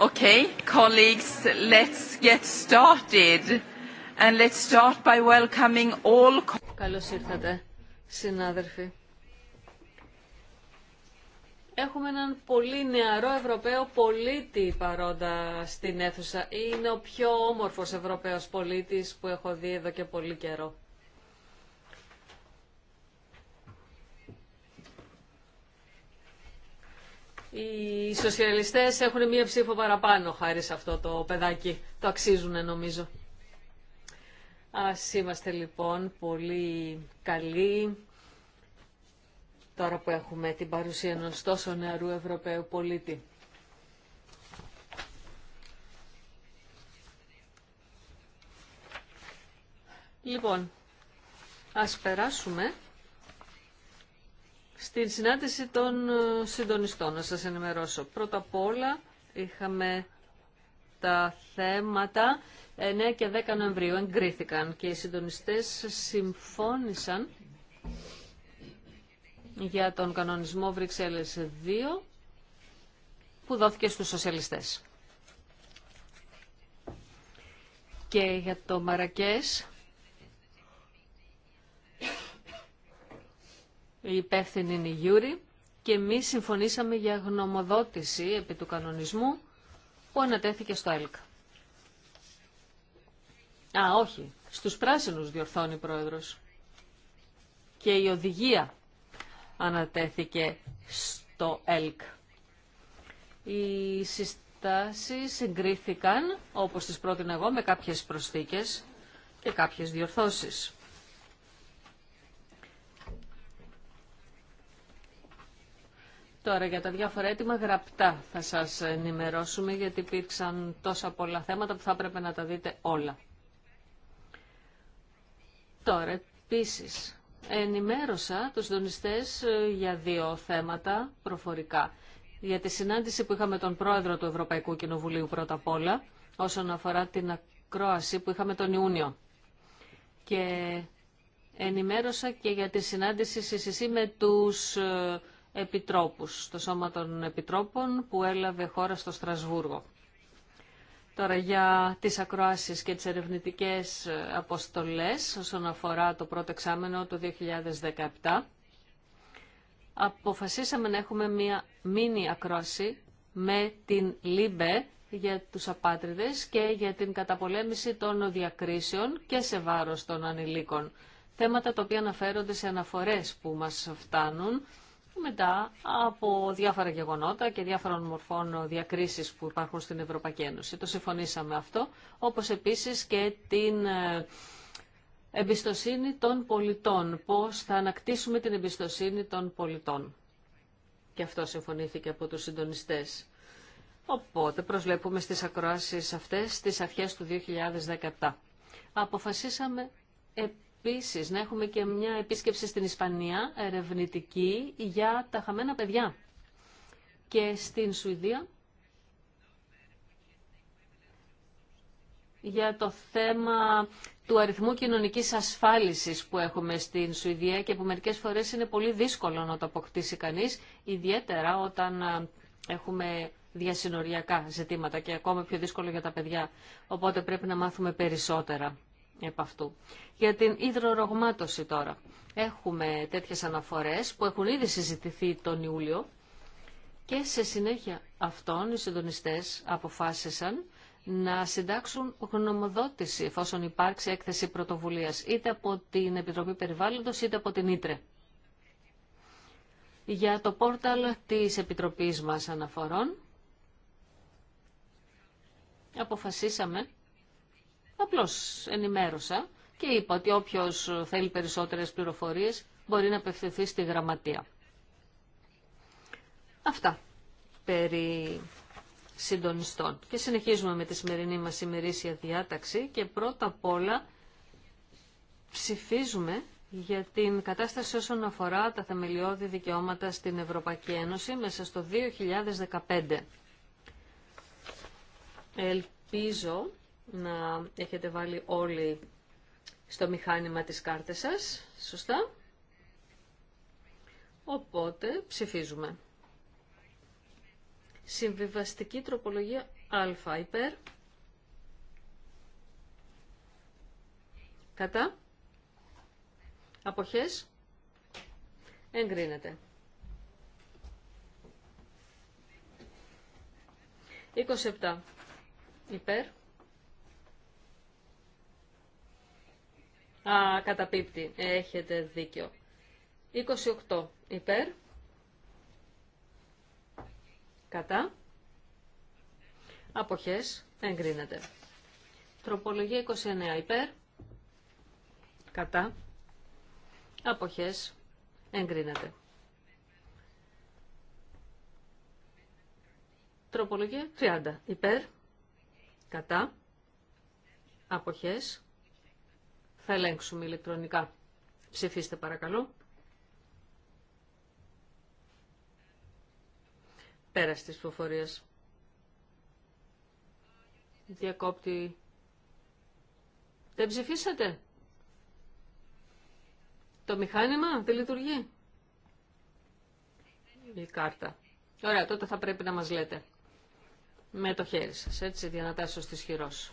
Okay, Καλώς ήρθατε, συνάδελφοι. Έχουμε έναν πολύ νεαρό Ευρωπαίο πολίτη παρόντα στην αίθουσα. Είναι ο πιο όμορφος Ευρωπαίος πολίτης που έχω δει εδώ και πολύ καιρό. Οι σοσιαλιστές έχουν μία ψήφο παραπάνω χάρη σε αυτό το παιδάκι. Το αξίζουν νομίζω. Ας είμαστε λοιπόν πολύ καλοί τώρα που έχουμε την παρουσία ενό τόσο νεαρού Ευρωπαίου πολίτη. Λοιπόν, ας περάσουμε στην συνάντηση των ε, συντονιστών, να σας ενημερώσω. Πρώτα απ' όλα είχαμε τα θέματα 9 και 10 Νοεμβρίου εγκρίθηκαν και οι συντονιστές συμφώνησαν για τον κανονισμό Βρυξέλλες 2 που δόθηκε στους σοσιαλιστές. Και για το Μαρακές η υπεύθυνη είναι η Γιούρη και εμείς συμφωνήσαμε για γνωμοδότηση επί του κανονισμού που ανατέθηκε στο ΕΛΚ. Α, όχι. Στους πράσινους διορθώνει η Πρόεδρος. Και η οδηγία ανατέθηκε στο ΕΛΚ. Οι συστάσεις συγκρίθηκαν, όπως τις πρότεινα εγώ, με κάποιες προσθήκες και κάποιες διορθώσεις. Τώρα για τα διάφορα έτοιμα γραπτά θα σας ενημερώσουμε γιατί υπήρξαν τόσα πολλά θέματα που θα έπρεπε να τα δείτε όλα. Τώρα επίση. Ενημέρωσα τους δωνιστές ε, για δύο θέματα προφορικά. Για τη συνάντηση που είχαμε τον πρόεδρο του Ευρωπαϊκού Κοινοβουλίου πρώτα απ' όλα, όσον αφορά την ακρόαση που είχαμε τον Ιούνιο. Και ενημέρωσα και για τη συνάντηση με τους ε, επιτρόπους, στο Σώμα των Επιτρόπων που έλαβε χώρα στο Στρασβούργο. Τώρα για τις ακροάσεις και τις ερευνητικές ε, αποστολές όσον αφορά το πρώτο εξάμενο του 2017, αποφασίσαμε να έχουμε μία μίνι ακρόαση με την ΛΥΜΠΕ για τους απάτριδες και για την καταπολέμηση των διακρίσεων και σε βάρος των ανηλίκων. Θέματα τα οποία αναφέρονται σε αναφορές που μας φτάνουν μετά από διάφορα γεγονότα και διάφορων μορφών διακρίσεις που υπάρχουν στην Ευρωπαϊκή Ένωση. Το συμφωνήσαμε αυτό, όπως επίσης και την ε, εμπιστοσύνη των πολιτών, πώς θα ανακτήσουμε την εμπιστοσύνη των πολιτών. Και αυτό συμφωνήθηκε από τους συντονιστέ. Οπότε προσβλέπουμε στις ακροάσεις αυτές στις αρχές του 2017. Αποφασίσαμε Επίση, να έχουμε και μια επίσκεψη στην Ισπανία ερευνητική για τα χαμένα παιδιά. Και στην Σουηδία για το θέμα του αριθμού κοινωνικής ασφάλισης που έχουμε στην Σουηδία και που μερικές φορές είναι πολύ δύσκολο να το αποκτήσει κανείς, ιδιαίτερα όταν έχουμε διασυνοριακά ζητήματα και ακόμα πιο δύσκολο για τα παιδιά. Οπότε πρέπει να μάθουμε περισσότερα. Για την υδρορογμάτωση τώρα. Έχουμε τέτοιες αναφορές που έχουν ήδη συζητηθεί τον Ιούλιο και σε συνέχεια αυτών οι συντονιστές αποφάσισαν να συντάξουν γνωμοδότηση εφόσον υπάρξει έκθεση πρωτοβουλίας είτε από την Επιτροπή Περιβάλλοντος είτε από την Ήτρε. Για το πόρταλ της Επιτροπής μας Αναφορών αποφασίσαμε Απλώς ενημέρωσα και είπα ότι όποιος θέλει περισσότερες πληροφορίες μπορεί να απευθυνθεί στη γραμματεία. Αυτά περί συντονιστών. Και συνεχίζουμε με τη σημερινή μας ημερήσια διάταξη και πρώτα απ' όλα ψηφίζουμε για την κατάσταση όσον αφορά τα θεμελιώδη δικαιώματα στην Ευρωπαϊκή Ένωση μέσα στο 2015. Ελπίζω να έχετε βάλει όλοι στο μηχάνημα τις κάρτες σας, σωστά. Οπότε ψηφίζουμε. Συμβιβαστική τροπολογία α υπέρ. Κατά. Αποχές. Εγκρίνεται. 27. Υπέρ. Α, καταπίπτει. Έχετε δίκιο. 28 υπέρ. Κατά. Αποχές. Εγκρίνεται. Τροπολογία 29 υπέρ. Κατά. Αποχές. Εγκρίνεται. Τροπολογία 30 υπέρ. Κατά. Αποχές. Θα ελέγξουμε ηλεκτρονικά. Ψηφίστε παρακαλώ. Πέρας της προφορίας. Διακόπτη. Δεν ψηφίσατε. Το μηχάνημα δεν λειτουργεί. Η κάρτα. Ωραία, τότε θα πρέπει να μας λέτε. Με το χέρι σας, έτσι, διανατάσσεως της χειρός.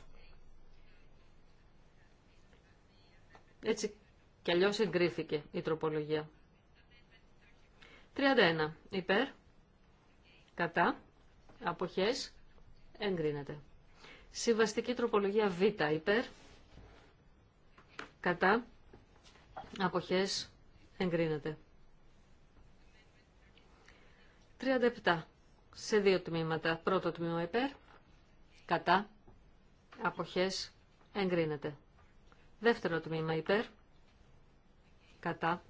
Έτσι κι αλλιώς εγκρίθηκε η τροπολογία. 31. Υπέρ. Κατά. Αποχές. Εγκρίνεται. Συμβαστική τροπολογία Β. Υπέρ. Κατά. Αποχές. Εγκρίνεται. 37. Σε δύο τμήματα. Πρώτο τμήμα υπέρ. Κατά. Αποχές. Εγκρίνεται. Δεύτερο τμήμα υπέρ. Κατά.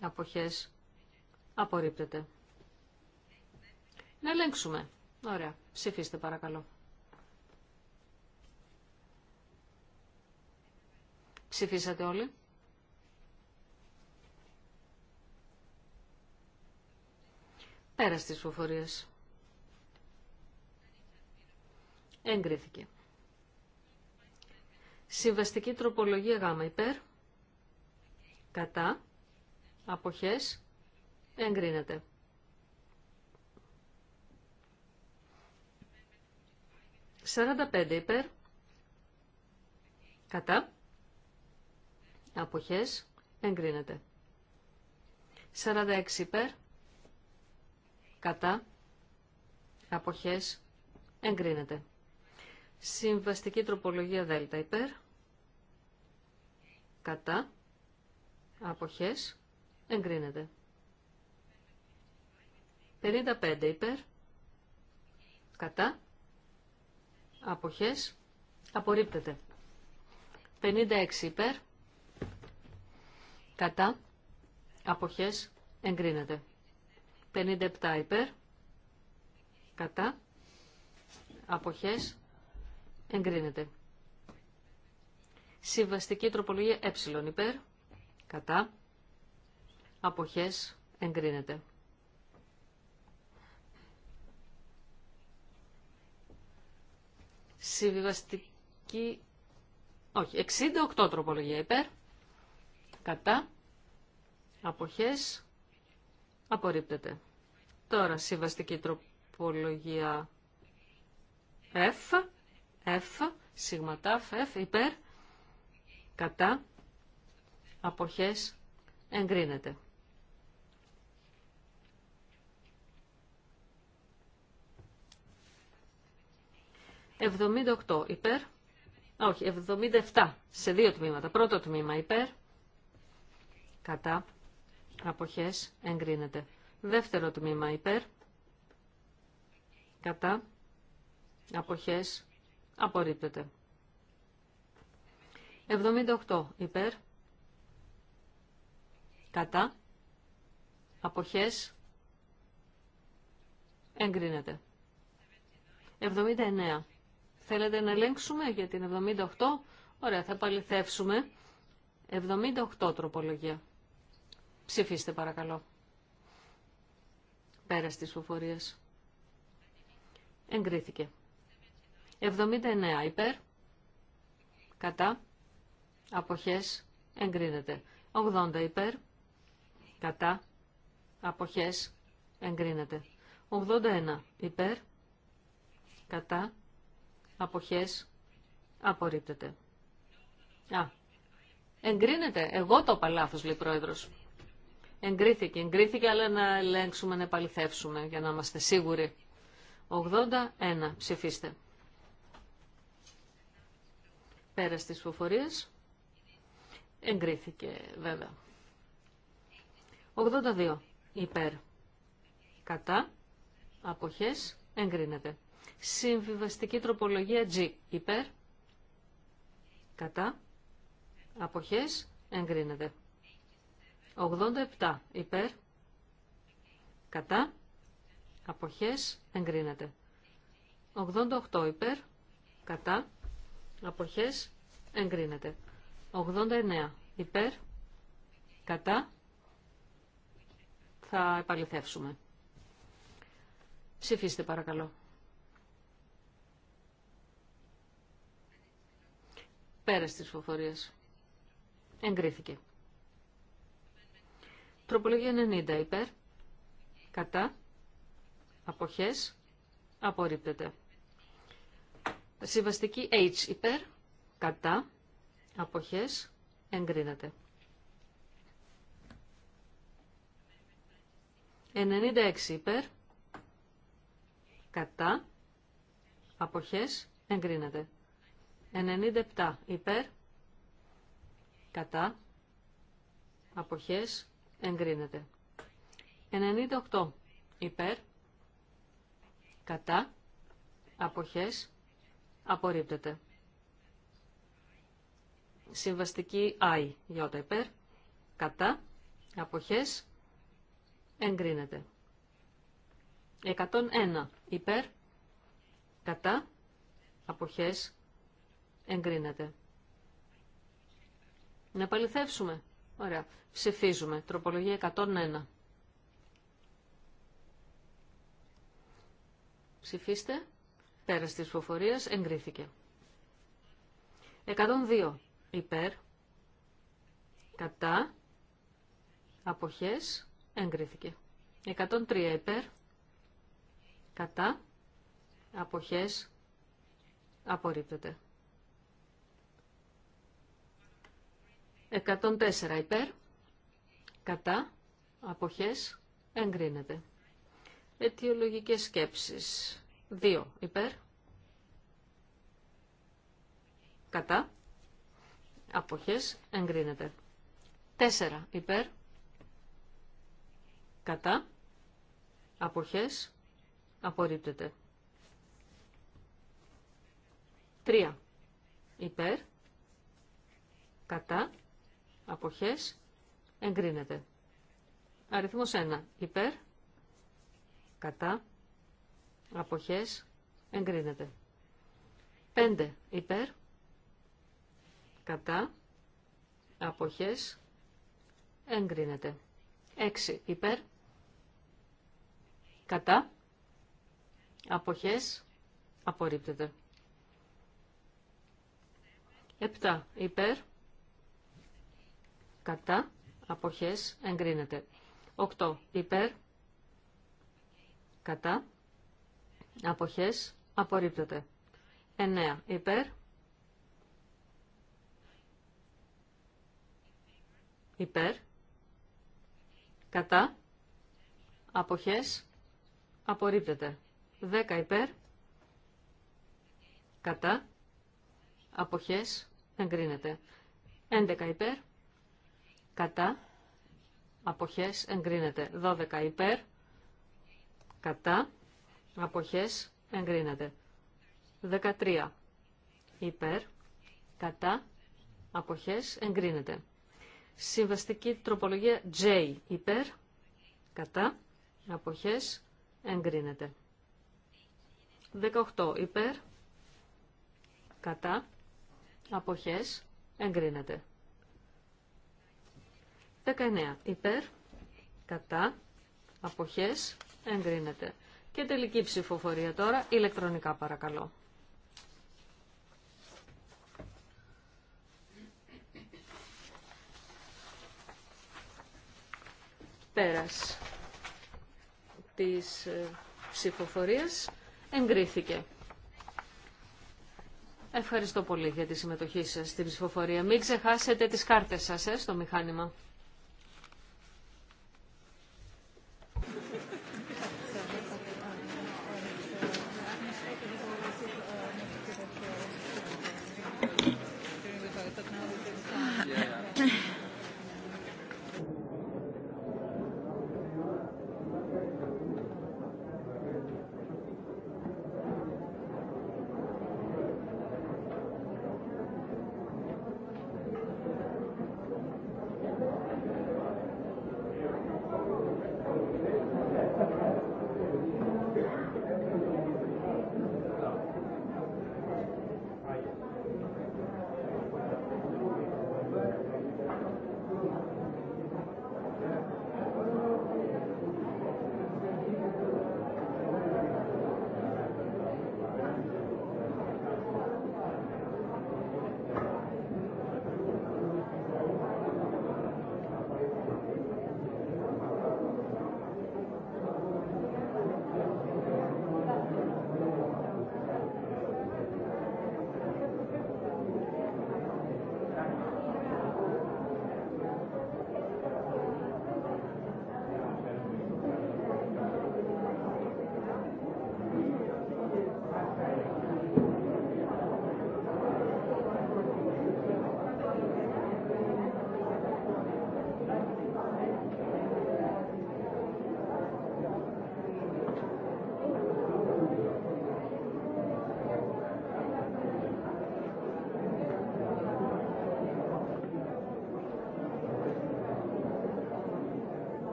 Αποχές. Απορρίπτεται. Να ελέγξουμε. Ωραία. Ψηφίστε παρακαλώ. Ψηφίσατε όλοι. Πέρα στις φοφορίες. Εγκρίθηκε. Συμβαστική τροπολογία Γ υπέρ, κατά, αποχές, εγκρίνεται. Σαράντα πέντε υπέρ, κατά, αποχές, εγκρίνεται. Σαράντα έξι υπέρ, κατά, αποχές, εγκρίνεται. Συμβαστική τροπολογία δέλτα υπέρ, κατά, αποχές, εγκρίνεται. 55 υπέρ, κατά, αποχές, απορρίπτεται. 56 υπέρ, κατά, αποχές, εγκρίνεται. 57 υπέρ, κατά, αποχές, εγκρίνεται. Συμβαστική τροπολογία ε υπέρ, κατά, αποχές εγκρίνεται. Συμβαστική, όχι, 68 τροπολογία υπέρ, κατά, αποχές απορρίπτεται. Τώρα συμβαστική τροπολογία F, F, σιγματάφ, F, υπέρ, κατά, αποχές, εγκρίνεται. 78 υπέρ, όχι, 77 σε δύο τμήματα. Πρώτο τμήμα υπέρ, κατά, αποχές, εγκρίνεται. Δεύτερο τμήμα υπέρ, κατά, αποχές, απορρίπτεται. 78 υπέρ, κατά, αποχές, εγκρίνεται. 79. Θέλετε να ελέγξουμε για την 78. Ωραία, θα παληθεύσουμε. 78 τροπολογία. Ψηφίστε παρακαλώ. Πέρα στις φοφορίες. Εγκρίθηκε. 79 υπέρ. Κατά αποχές εγκρίνεται. 80 υπέρ, κατά, αποχές εγκρίνεται. 81 υπέρ, κατά, αποχές απορρίπτεται. Α, εγκρίνεται. Εγώ το είπα λάθος, λέει πρόεδρος. Εγκρίθηκε, εγκρίθηκε, αλλά να ελέγξουμε, να επαληθεύσουμε για να είμαστε σίγουροι. 81. Ψηφίστε. Πέρα στις φοφορίες. Εγκρίθηκε βέβαια. 82 υπέρ. Κατά. Αποχές. Εγκρίνεται. Συμβιβαστική τροπολογία G. Υπέρ. Κατά. Αποχές. Εγκρίνεται. 87 υπέρ. Κατά. Αποχές. Εγκρίνεται. 88 υπέρ. Κατά. Αποχές. Εγκρίνεται. 89 υπέρ, κατά, θα επαληθεύσουμε. Ψηφίστε παρακαλώ. Πέρα στις φοφορίες. Εγκρίθηκε. Τροπολογία 90 υπέρ, κατά, αποχές, απορρίπτεται. Συμβαστική H υπέρ, κατά, αποχές εγκρίνεται. 96 υπέρ, κατά, αποχές εγκρίνεται. 97 υπέρ, κατά, αποχές εγκρίνεται. 98 υπέρ, κατά, αποχές απορρίπτεται. Συμβαστική I για υπέρ, κατά, αποχές, εγκρίνεται. 101 υπέρ, κατά, αποχές, εγκρίνεται. Να παληθεύσουμε. Ωραία. Ψηφίζουμε. Τροπολογία 101. Ψηφίστε. Πέρα τη φοφορίες, εγκρίθηκε. 102 υπέρ, κατά, αποχές, εγκρίθηκε. 103 υπέρ, κατά, αποχές, απορρίπτεται. 104 υπέρ, κατά, αποχές, εγκρίνεται. Αιτιολογικές σκέψεις. 2 υπέρ, κατά, Αποχές εγκρίνεται. 4 υπέρ. Κατά. Αποχές απορρίπτεται. 3 υπέρ. Κατά. Αποχές εγκρίνεται. Αριθμός 1 υπέρ. Κατά. Αποχές εγκρίνεται. 5 υπέρ κατά, αποχές, εγκρίνεται. 6 υπέρ, κατά, αποχές, απορρίπτεται. 7 υπέρ, κατά, αποχές, εγκρίνεται. 8 υπέρ, κατά, αποχές, απορρίπτεται. 9 υπέρ, υπέρ, κατά, αποχές, απορρίπτεται. 10 υπέρ, κατά, αποχές, εγκρίνεται. 11 υπέρ, κατά, αποχές, εγκρίνεται. 12 υπέρ, κατά, αποχές, εγκρίνεται. 13 υπέρ, κατά, αποχές, εγκρίνεται. Συμβαστική τροπολογία J υπέρ, κατά, αποχές, εγκρίνεται. 18 υπέρ, κατά, αποχές, εγκρίνεται. 19 υπέρ, κατά, αποχές, εγκρίνεται. Και τελική ψηφοφορία τώρα, ηλεκτρονικά παρακαλώ. Πέρας της ε, ψηφοφορίας εγκρίθηκε. Ευχαριστώ πολύ για τη συμμετοχή σας στην ψηφοφορία. Μην ξεχάσετε τις κάρτες σας ε, στο μηχάνημα.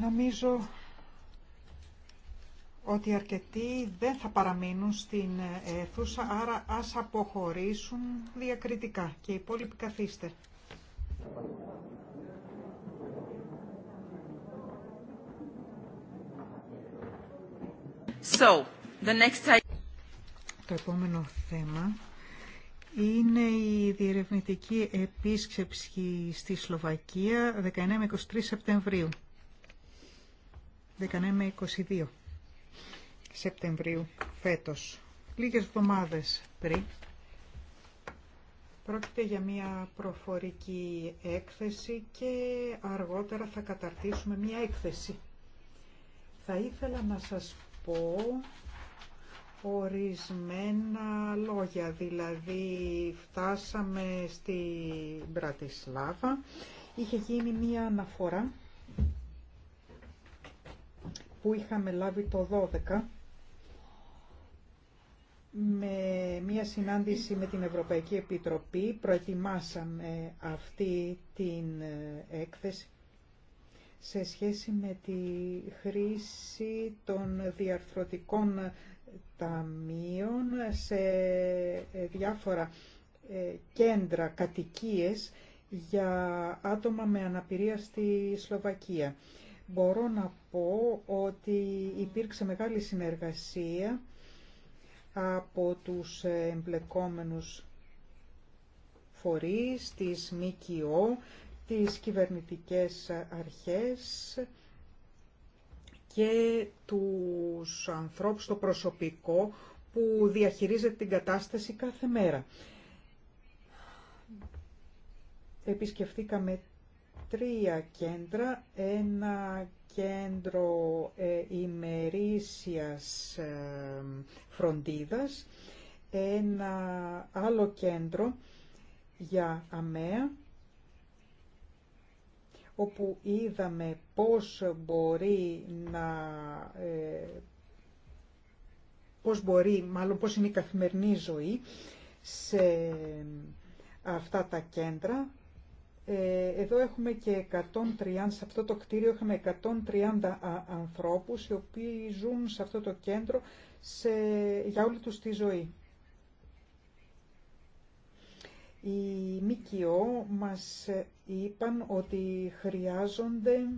Νομίζω ότι αρκετοί δεν θα παραμείνουν στην αίθουσα, άρα ας αποχωρήσουν διακριτικά και οι υπόλοιποι καθίστε. So, the next... Το επόμενο θέμα είναι η διερευνητική επίσκεψη στη Σλοβακία 19 με 23 Σεπτεμβρίου. 19 με 22 Σεπτεμβρίου φέτος. Λίγες εβδομάδες πριν. Πρόκειται για μια προφορική έκθεση και αργότερα θα καταρτήσουμε μια έκθεση. Θα ήθελα να σας πω ορισμένα λόγια. Δηλαδή φτάσαμε στη Μπρατισλάβα, είχε γίνει μία αναφορά που είχαμε λάβει το 12 με μία συνάντηση με την Ευρωπαϊκή Επιτροπή προετοιμάσαμε αυτή την ε, έκθεση σε σχέση με τη χρήση των διαρθρωτικών ταμείων σε ε, διάφορα ε, κέντρα κατοικίες για άτομα με αναπηρία στη Σλοβακία. Μπορώ να πω ότι υπήρξε μεγάλη συνεργασία από τους εμπλεκόμενους φορείς, της ΜΚΟ, τις κυβερνητικές αρχές και τους ανθρώπους, το προσωπικό που διαχειρίζεται την κατάσταση κάθε μέρα. Επισκεφτήκαμε τρία κέντρα, ένα κέντρο ε, ημερήσιας ε, φροντίδας, ένα άλλο κέντρο για αμαία όπου είδαμε πώς μπορεί να... Ε, πώς μπορεί, μάλλον πώς είναι η καθημερινή ζωή σε αυτά τα κέντρα. Ε, εδώ έχουμε και 130, σε αυτό το κτίριο είχαμε 130 ανθρώπους οι οποίοι ζουν σε αυτό το κέντρο σε, για όλη τους τη ζωή. Οι ΜΚΟ μας είπαν ότι χρειάζονται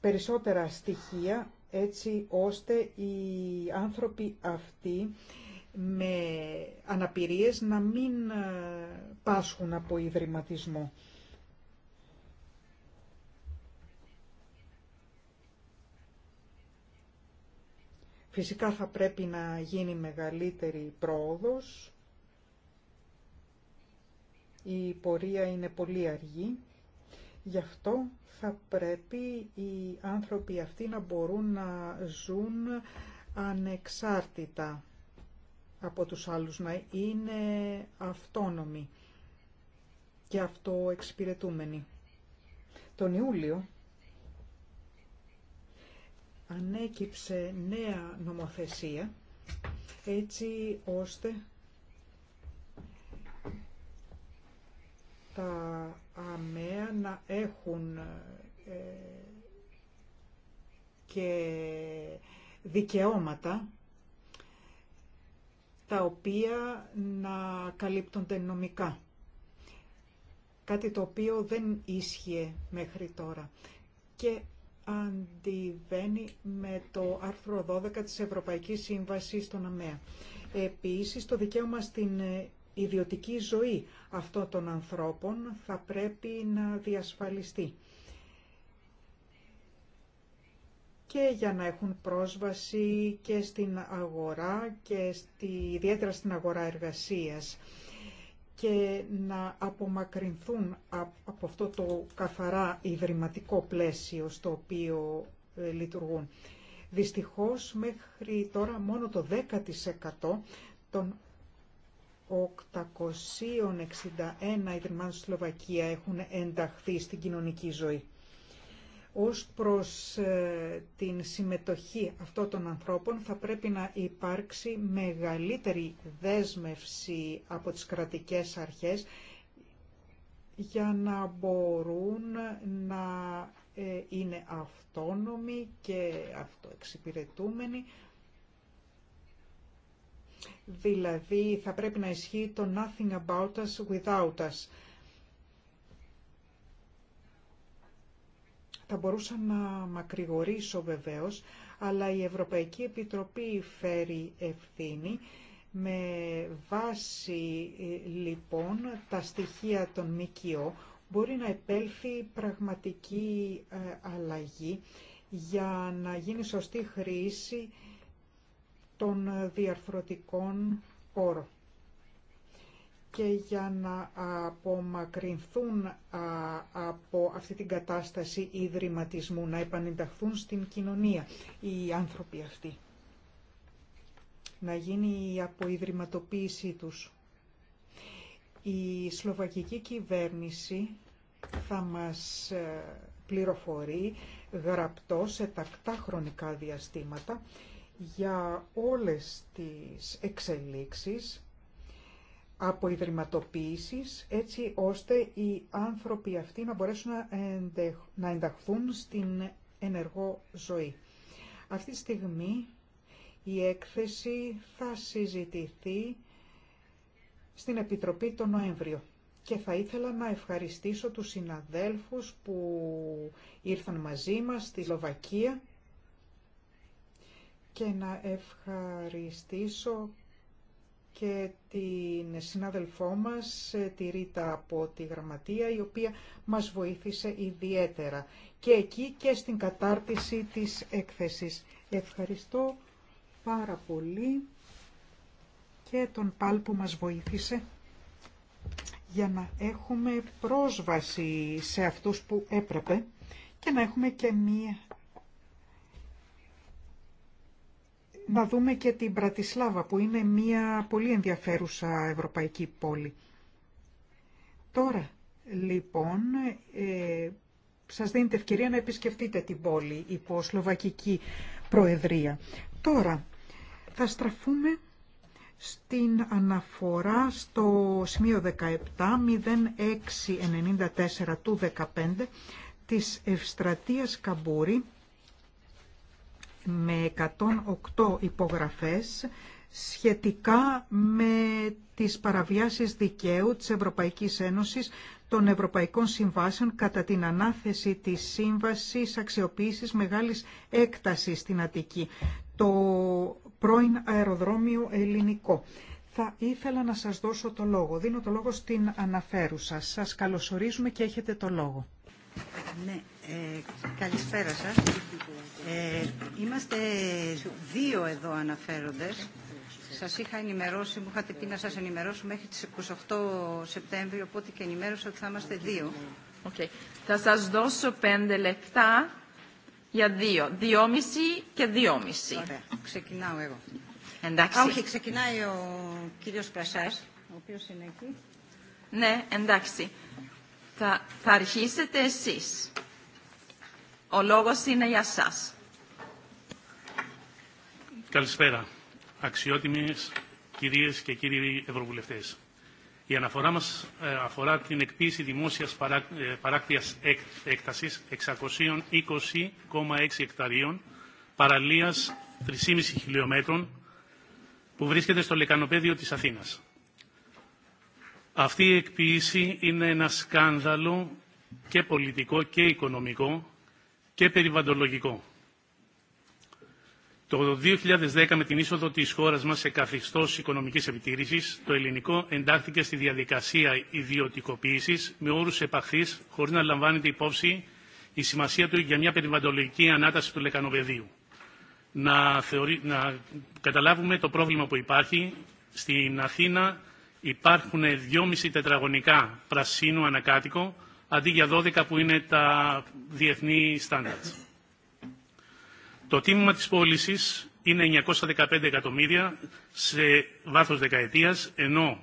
περισσότερα στοιχεία έτσι ώστε οι άνθρωποι αυτοί με αναπηρίες να μην ε, πάσχουν από ιδρυματισμό. Φυσικά θα πρέπει να γίνει μεγαλύτερη πρόοδος η πορεία είναι πολύ αργή, γι' αυτό θα πρέπει οι άνθρωποι αυτοί να μπορούν να ζουν ανεξάρτητα από τους άλλους, να είναι αυτόνομοι και αυτοεξυπηρετούμενοι. Τον Ιούλιο ανέκυψε νέα νομοθεσία έτσι ώστε τα ΑΜΕΑ να έχουν ε, και δικαιώματα τα οποία να καλύπτονται νομικά. Κάτι το οποίο δεν ίσχυε μέχρι τώρα. Και αντιβαίνει με το άρθρο 12 της Ευρωπαϊκής Σύμβασης των ΑΜΕΑ. Επίσης, το δικαίωμα στην ιδιωτική ζωή αυτών των ανθρώπων θα πρέπει να διασφαλιστεί. και για να έχουν πρόσβαση και στην αγορά και στη, ιδιαίτερα στην αγορά εργασίας και να απομακρυνθούν από αυτό το καθαρά ιδρυματικό πλαίσιο στο οποίο ε, λειτουργούν. Δυστυχώς μέχρι τώρα μόνο το 10% των 861 Ιδρυμάτων στη Σλοβακία έχουν ενταχθεί στην κοινωνική ζωή. Ως προς ε, την συμμετοχή αυτών των ανθρώπων θα πρέπει να υπάρξει μεγαλύτερη δέσμευση από τις κρατικές αρχές για να μπορούν να ε, είναι αυτόνομοι και αυτοεξυπηρετούμενοι Δηλαδή θα πρέπει να ισχύει το nothing about us without us. Θα μπορούσα να μακρηγορήσω βεβαίως, αλλά η Ευρωπαϊκή Επιτροπή φέρει ευθύνη με βάση ε, λοιπόν τα στοιχεία των ΜΚΟ μπορεί να επέλθει πραγματική ε, αλλαγή για να γίνει σωστή χρήση των διαρθρωτικών όρο. Και για να απομακρυνθούν από αυτή την κατάσταση ιδρυματισμού, να επανενταχθούν στην κοινωνία οι άνθρωποι αυτοί. Να γίνει η αποϊδρυματοποίησή τους. Η Σλοβακική κυβέρνηση θα μας ε, πληροφορεί γραπτό σε τακτά χρονικά διαστήματα για όλες τις εξελίξεις από ιδρυματοποίησης, έτσι ώστε οι άνθρωποι αυτοί να μπορέσουν να ενταχθούν στην ενεργό ζωή. Αυτή τη στιγμή η έκθεση θα συζητηθεί στην Επιτροπή τον Νοέμβριο. Και θα ήθελα να ευχαριστήσω τους συναδέλφους που ήρθαν μαζί μας στη Σλοβακία και να ευχαριστήσω και την συνάδελφό μας, τη Ρίτα από τη Γραμματεία, η οποία μας βοήθησε ιδιαίτερα και εκεί και στην κατάρτιση της έκθεσης. Ευχαριστώ πάρα πολύ και τον Παλ που μας βοήθησε για να έχουμε πρόσβαση σε αυτούς που έπρεπε και να έχουμε και μία να δούμε και την Πρατισλάβα που είναι μια πολύ ενδιαφέρουσα ευρωπαϊκή πόλη. Τώρα, λοιπόν, ε, σας δίνετε ευκαιρία να επισκεφτείτε την πόλη υπό Σλοβακική Προεδρία. Τώρα, θα στραφούμε στην αναφορά στο σημείο 17.06.94 του 15 της Ευστρατείας Καμπούρη με 108 υπογραφές σχετικά με τις παραβιάσεις δικαίου της Ευρωπαϊκής Ένωσης των Ευρωπαϊκών Συμβάσεων κατά την ανάθεση της Σύμβασης Αξιοποίησης Μεγάλης Έκτασης στην Αττική, το πρώην αεροδρόμιο ελληνικό. Θα ήθελα να σας δώσω το λόγο. Δίνω το λόγο στην αναφέρουσα. Σας καλωσορίζουμε και έχετε το λόγο. Ναι. Ε, καλησπέρα σας. Ε, είμαστε δύο εδώ αναφέροντες. Σας είχα ενημερώσει, μου είχατε πει να σας ενημερώσω μέχρι τις 28 Σεπτέμβρη, οπότε και ενημέρωσα ότι θα είμαστε δύο. Okay. Θα σας δώσω πέντε λεπτά για δύο. Δυόμιση και δυόμιση. Ωραία. Ξεκινάω εγώ. Εντάξει. Α, όχι, ξεκινάει ο κύριος Πρασάς, ο οποίος είναι εκεί. Ναι, εντάξει. Θα, θα αρχίσετε εσείς. Ο λόγος είναι για σας. Καλησπέρα. Αξιότιμες κυρίες και κύριοι Ευρωβουλευτές. Η αναφορά μας ε, αφορά την εκποίηση δημόσιας ε, παράκτειας έκτασης 620,6 εκταρίων παραλίας 3,5 χιλιόμετρων που βρίσκεται στο λεκανοπέδιο της Αθήνας. Αυτή η εκποίηση είναι ένα σκάνδαλο και πολιτικό και οικονομικό και περιβαντολογικό. Το 2010 με την είσοδο της χώρας μας σε καθιστός οικονομικής επιτήρησης, το ελληνικό εντάχθηκε στη διαδικασία ιδιωτικοποίησης με όρους επαχθής χωρίς να λαμβάνεται υπόψη η σημασία του για μια περιβαντολογική ανάταση του λεκανοπεδίου. Να, θεωρεί, να καταλάβουμε το πρόβλημα που υπάρχει. Στην Αθήνα υπάρχουν 2,5 τετραγωνικά πρασίνου ανακάτοικο αντί για 12 που είναι τα διεθνή standards. Το τίμημα της πώληση είναι 915 εκατομμύρια σε βάθος δεκαετίας, ενώ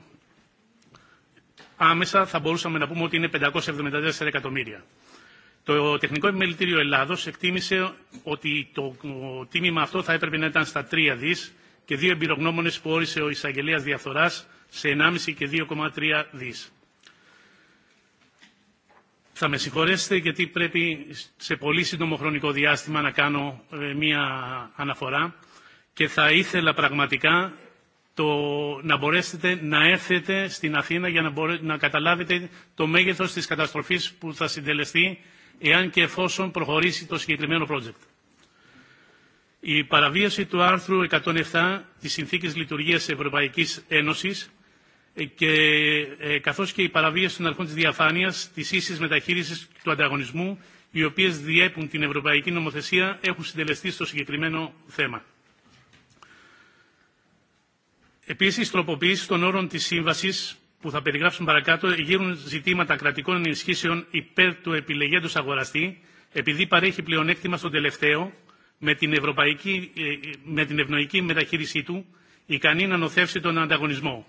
άμεσα θα μπορούσαμε να πούμε ότι είναι 574 εκατομμύρια. Το Τεχνικό Επιμελητήριο Ελλάδος εκτίμησε ότι το τίμημα αυτό θα έπρεπε να ήταν στα 3 δις και δύο εμπειρογνώμονες που όρισε ο Ισαγγελίας διαφθοράς σε 1,5 και 2,3 δις. Θα με συγχωρέσετε γιατί πρέπει σε πολύ σύντομο χρονικό διάστημα να κάνω ε, μία αναφορά και θα ήθελα πραγματικά το να μπορέσετε να έρθετε στην Αθήνα για να, να καταλάβετε το μέγεθος της καταστροφής που θα συντελεστεί εάν και εφόσον προχωρήσει το συγκεκριμένο project. Η παραβίαση του άρθρου 107 της Συνθήκης Λειτουργίας Ευρωπαϊκής Ένωσης ε, και ε, καθώς και η παραβίαση των αρχών της διαφάνειας, της ίσης μεταχείρισης του ανταγωνισμού, οι οποίες διέπουν την ευρωπαϊκή νομοθεσία, έχουν συντελεστεί στο συγκεκριμένο θέμα. Επίσης, οι τροποποιήσεις των όρων της σύμβασης που θα περιγράψουν παρακάτω γύρουν ζητήματα κρατικών ενισχύσεων υπέρ του επιλεγέντος αγοραστή, επειδή παρέχει πλεονέκτημα στον τελευταίο, με την, ευρωπαϊκή, ε, με την ευνοϊκή μεταχείρισή του, ικανή να νοθεύσει τον ανταγωνισμό.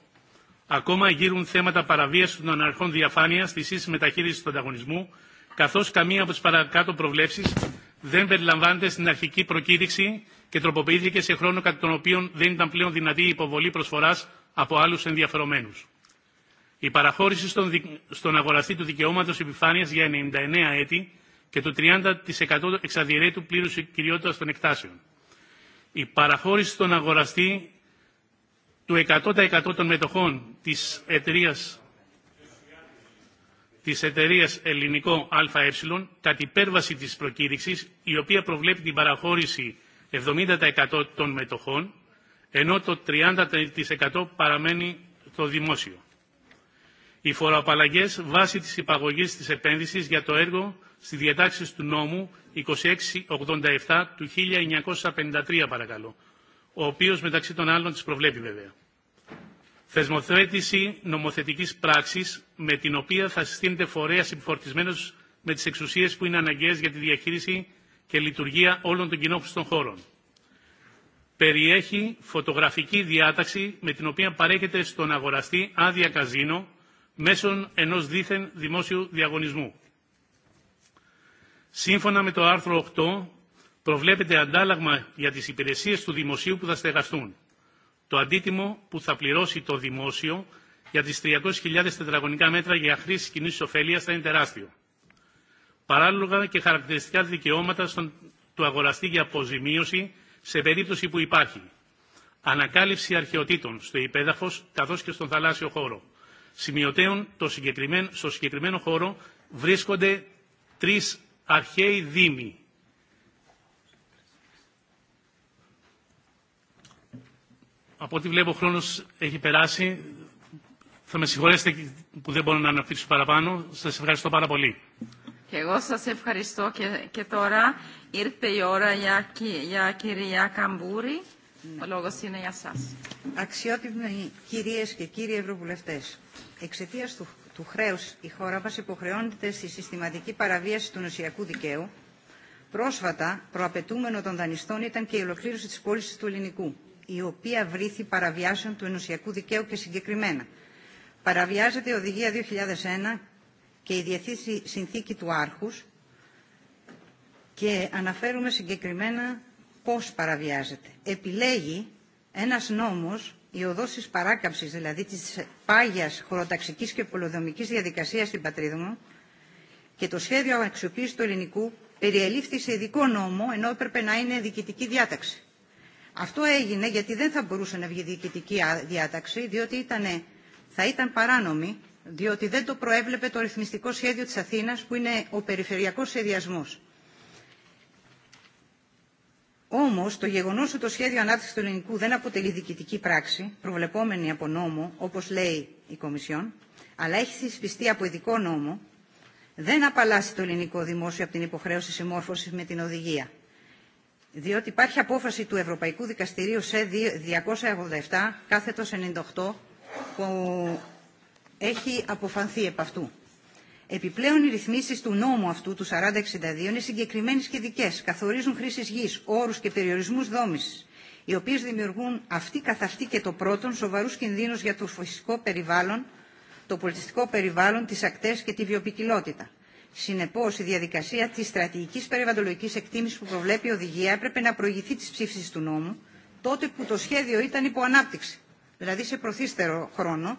Ακόμα γύρουν θέματα παραβίαση των αναρχών διαφάνεια τη ίση μεταχείριση του ανταγωνισμού, καθώ καμία από τι παρακάτω προβλέψει δεν περιλαμβάνεται στην αρχική προκήρυξη και τροποποιήθηκε σε χρόνο κατά τον οποίο δεν ήταν πλέον δυνατή η υποβολή προσφορά από άλλου ενδιαφερομένου. Η παραχώρηση στον, στον αγοραστή του δικαιώματο επιφάνεια για 99 έτη και το 30% εξαδιαιρέτου πλήρου κυριότητα των εκτάσεων. Η παραχώρηση στον αγοραστή του 100% των μετοχών της εταιρείας, της εταιρείας ελληνικό ΑΕ κατ' υπέρβαση της προκήρυξης, η οποία προβλέπει την παραχώρηση 70% των μετοχών, ενώ το 30% παραμένει το δημόσιο. Οι φοροαπαλλαγές βάσει της υπαγωγής της επένδυσης για το έργο στη διατάξεις του νόμου 2687 του 1953 παρακαλώ ο οποίος μεταξύ των άλλων τις προβλέπει βέβαια. Θεσμοθέτηση νομοθετικής πράξης με την οποία θα συστήνεται φορέας επιφορτισμένος με τις εξουσίες που είναι αναγκαίες για τη διαχείριση και λειτουργία όλων των κοινόχρηστων χώρων. Περιέχει φωτογραφική διάταξη με την οποία παρέχεται στον αγοραστή άδεια καζίνο μέσω ενός δίθεν δημόσιου διαγωνισμού. Σύμφωνα με το άρθρο 8 προβλέπεται αντάλλαγμα για τις υπηρεσίες του δημοσίου που θα στεγαστούν. Το αντίτιμο που θα πληρώσει το δημόσιο για τις 300.000 τετραγωνικά μέτρα για χρήση κοινή ωφέλεια θα είναι τεράστιο. Παράλογα και χαρακτηριστικά δικαιώματα στον, του αγοραστή για αποζημίωση σε περίπτωση που υπάρχει. Ανακάλυψη αρχαιοτήτων στο υπέδαφο καθώ και στον θαλάσσιο χώρο. Σημειωτέων στο συγκεκριμένο χώρο βρίσκονται τρει αρχαίοι δήμοι από ό,τι βλέπω ο χρόνος έχει περάσει. Θα με συγχωρέσετε που δεν μπορώ να αναπτύξω παραπάνω. Σας ευχαριστώ πάρα πολύ. Και εγώ σας ευχαριστώ και, και τώρα ήρθε η ώρα για, για κυρία Καμπούρη. Ναι. Ο λόγος είναι για σας. Αξιότιμοι κυρίες και κύριοι ευρωβουλευτές, εξαιτία του, του χρέους η χώρα μας υποχρεώνεται στη συστηματική παραβίαση του νοσιακού δικαίου. Πρόσφατα, προαπαιτούμενο των δανειστών ήταν και η ολοκλήρωση της πώληση του ελληνικού η οποία βρήθη παραβιάσεων του ενωσιακού δικαίου και συγκεκριμένα. Παραβιάζεται η Οδηγία 2001 και η Διεθνή Συνθήκη του Άρχους και αναφέρουμε συγκεκριμένα πώς παραβιάζεται. Επιλέγει ένας νόμος, η οδός της παράκαμψης, δηλαδή της πάγιας χωροταξικής και πολυδομικής διαδικασίας στην πατρίδα μου και το σχέδιο αξιοποίηση του ελληνικού περιελήφθη σε ειδικό νόμο, ενώ έπρεπε να είναι διοικητική διάταξη. Αυτό έγινε γιατί δεν θα μπορούσε να βγει διοικητική διάταξη, διότι θα ήταν παράνομη, διότι δεν το προέβλεπε το ρυθμιστικό σχέδιο της Αθήνας, που είναι ο περιφερειακός σχεδιασμός. Όμω, το γεγονό ότι το σχέδιο ανάπτυξη του ελληνικού δεν αποτελεί διοικητική πράξη, προβλεπόμενη από νόμο, όπω λέει η Κομισιόν, αλλά έχει συσπιστεί από ειδικό νόμο, δεν απαλλάσσει το ελληνικό δημόσιο από την υποχρέωση συμμόρφωση με την οδηγία διότι υπάρχει απόφαση του Ευρωπαϊκού Δικαστηρίου σε 287 κάθετος 98 που έχει αποφανθεί επ' αυτού. Επιπλέον, οι ρυθμίσει του νόμου αυτού του 4062 είναι συγκεκριμένε και δικέ. Καθορίζουν χρήσει γη, όρου και περιορισμού δόμηση, οι οποίε δημιουργούν αυτή καθ' αυτή και το πρώτον σοβαρού κινδύνου για το φυσικό περιβάλλον, το πολιτιστικό περιβάλλον, τι ακτέ και τη βιοπικιλότητα. Συνεπώ, η διαδικασία τη στρατηγική περιβαλλοντολογική εκτίμηση που προβλέπει η οδηγία έπρεπε να προηγηθεί τη ψήφιση του νόμου τότε που το σχέδιο ήταν υπό ανάπτυξη, δηλαδή σε προθύστερο χρόνο,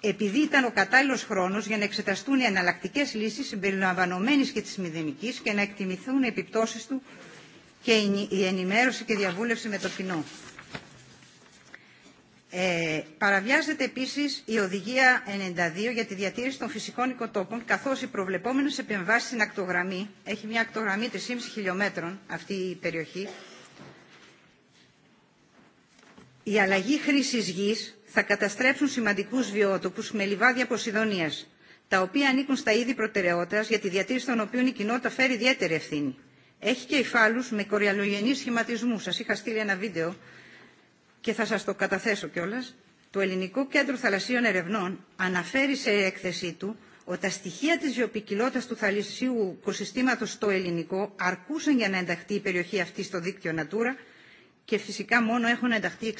επειδή ήταν ο κατάλληλο χρόνο για να εξεταστούν οι εναλλακτικέ λύσει συμπεριλαμβανομένη και τη μηδενική και να εκτιμηθούν οι επιπτώσει του και η ενημέρωση και διαβούλευση με το κοινό. Ε, παραβιάζεται επίση η Οδηγία 92 για τη διατήρηση των φυσικών οικοτόπων, καθώ οι προβλεπόμενε επεμβάσει στην ακτογραμμή, έχει μια ακτογραμμή 3,5 χιλιόμετρων αυτή η περιοχή, η αλλαγή χρήση γη θα καταστρέψουν σημαντικού βιότοπου με λιβάδια Ποσειδονία, τα οποία ανήκουν στα είδη προτεραιότητα για τη διατήρηση των οποίων η κοινότητα φέρει ιδιαίτερη ευθύνη. Έχει και υφάλου με κοριαλογενεί σχηματισμού. Σα είχα στείλει ένα βίντεο και θα σας το καταθέσω κιόλας, το Ελληνικό Κέντρο Θαλασσίων Ερευνών αναφέρει σε έκθεσή του ότι τα στοιχεία της βιοπικιλότητας του θαλασσίου οικοσυστήματος στο ελληνικό αρκούσαν για να ενταχθεί η περιοχή αυτή στο δίκτυο Natura και φυσικά μόνο έχουν ενταχθεί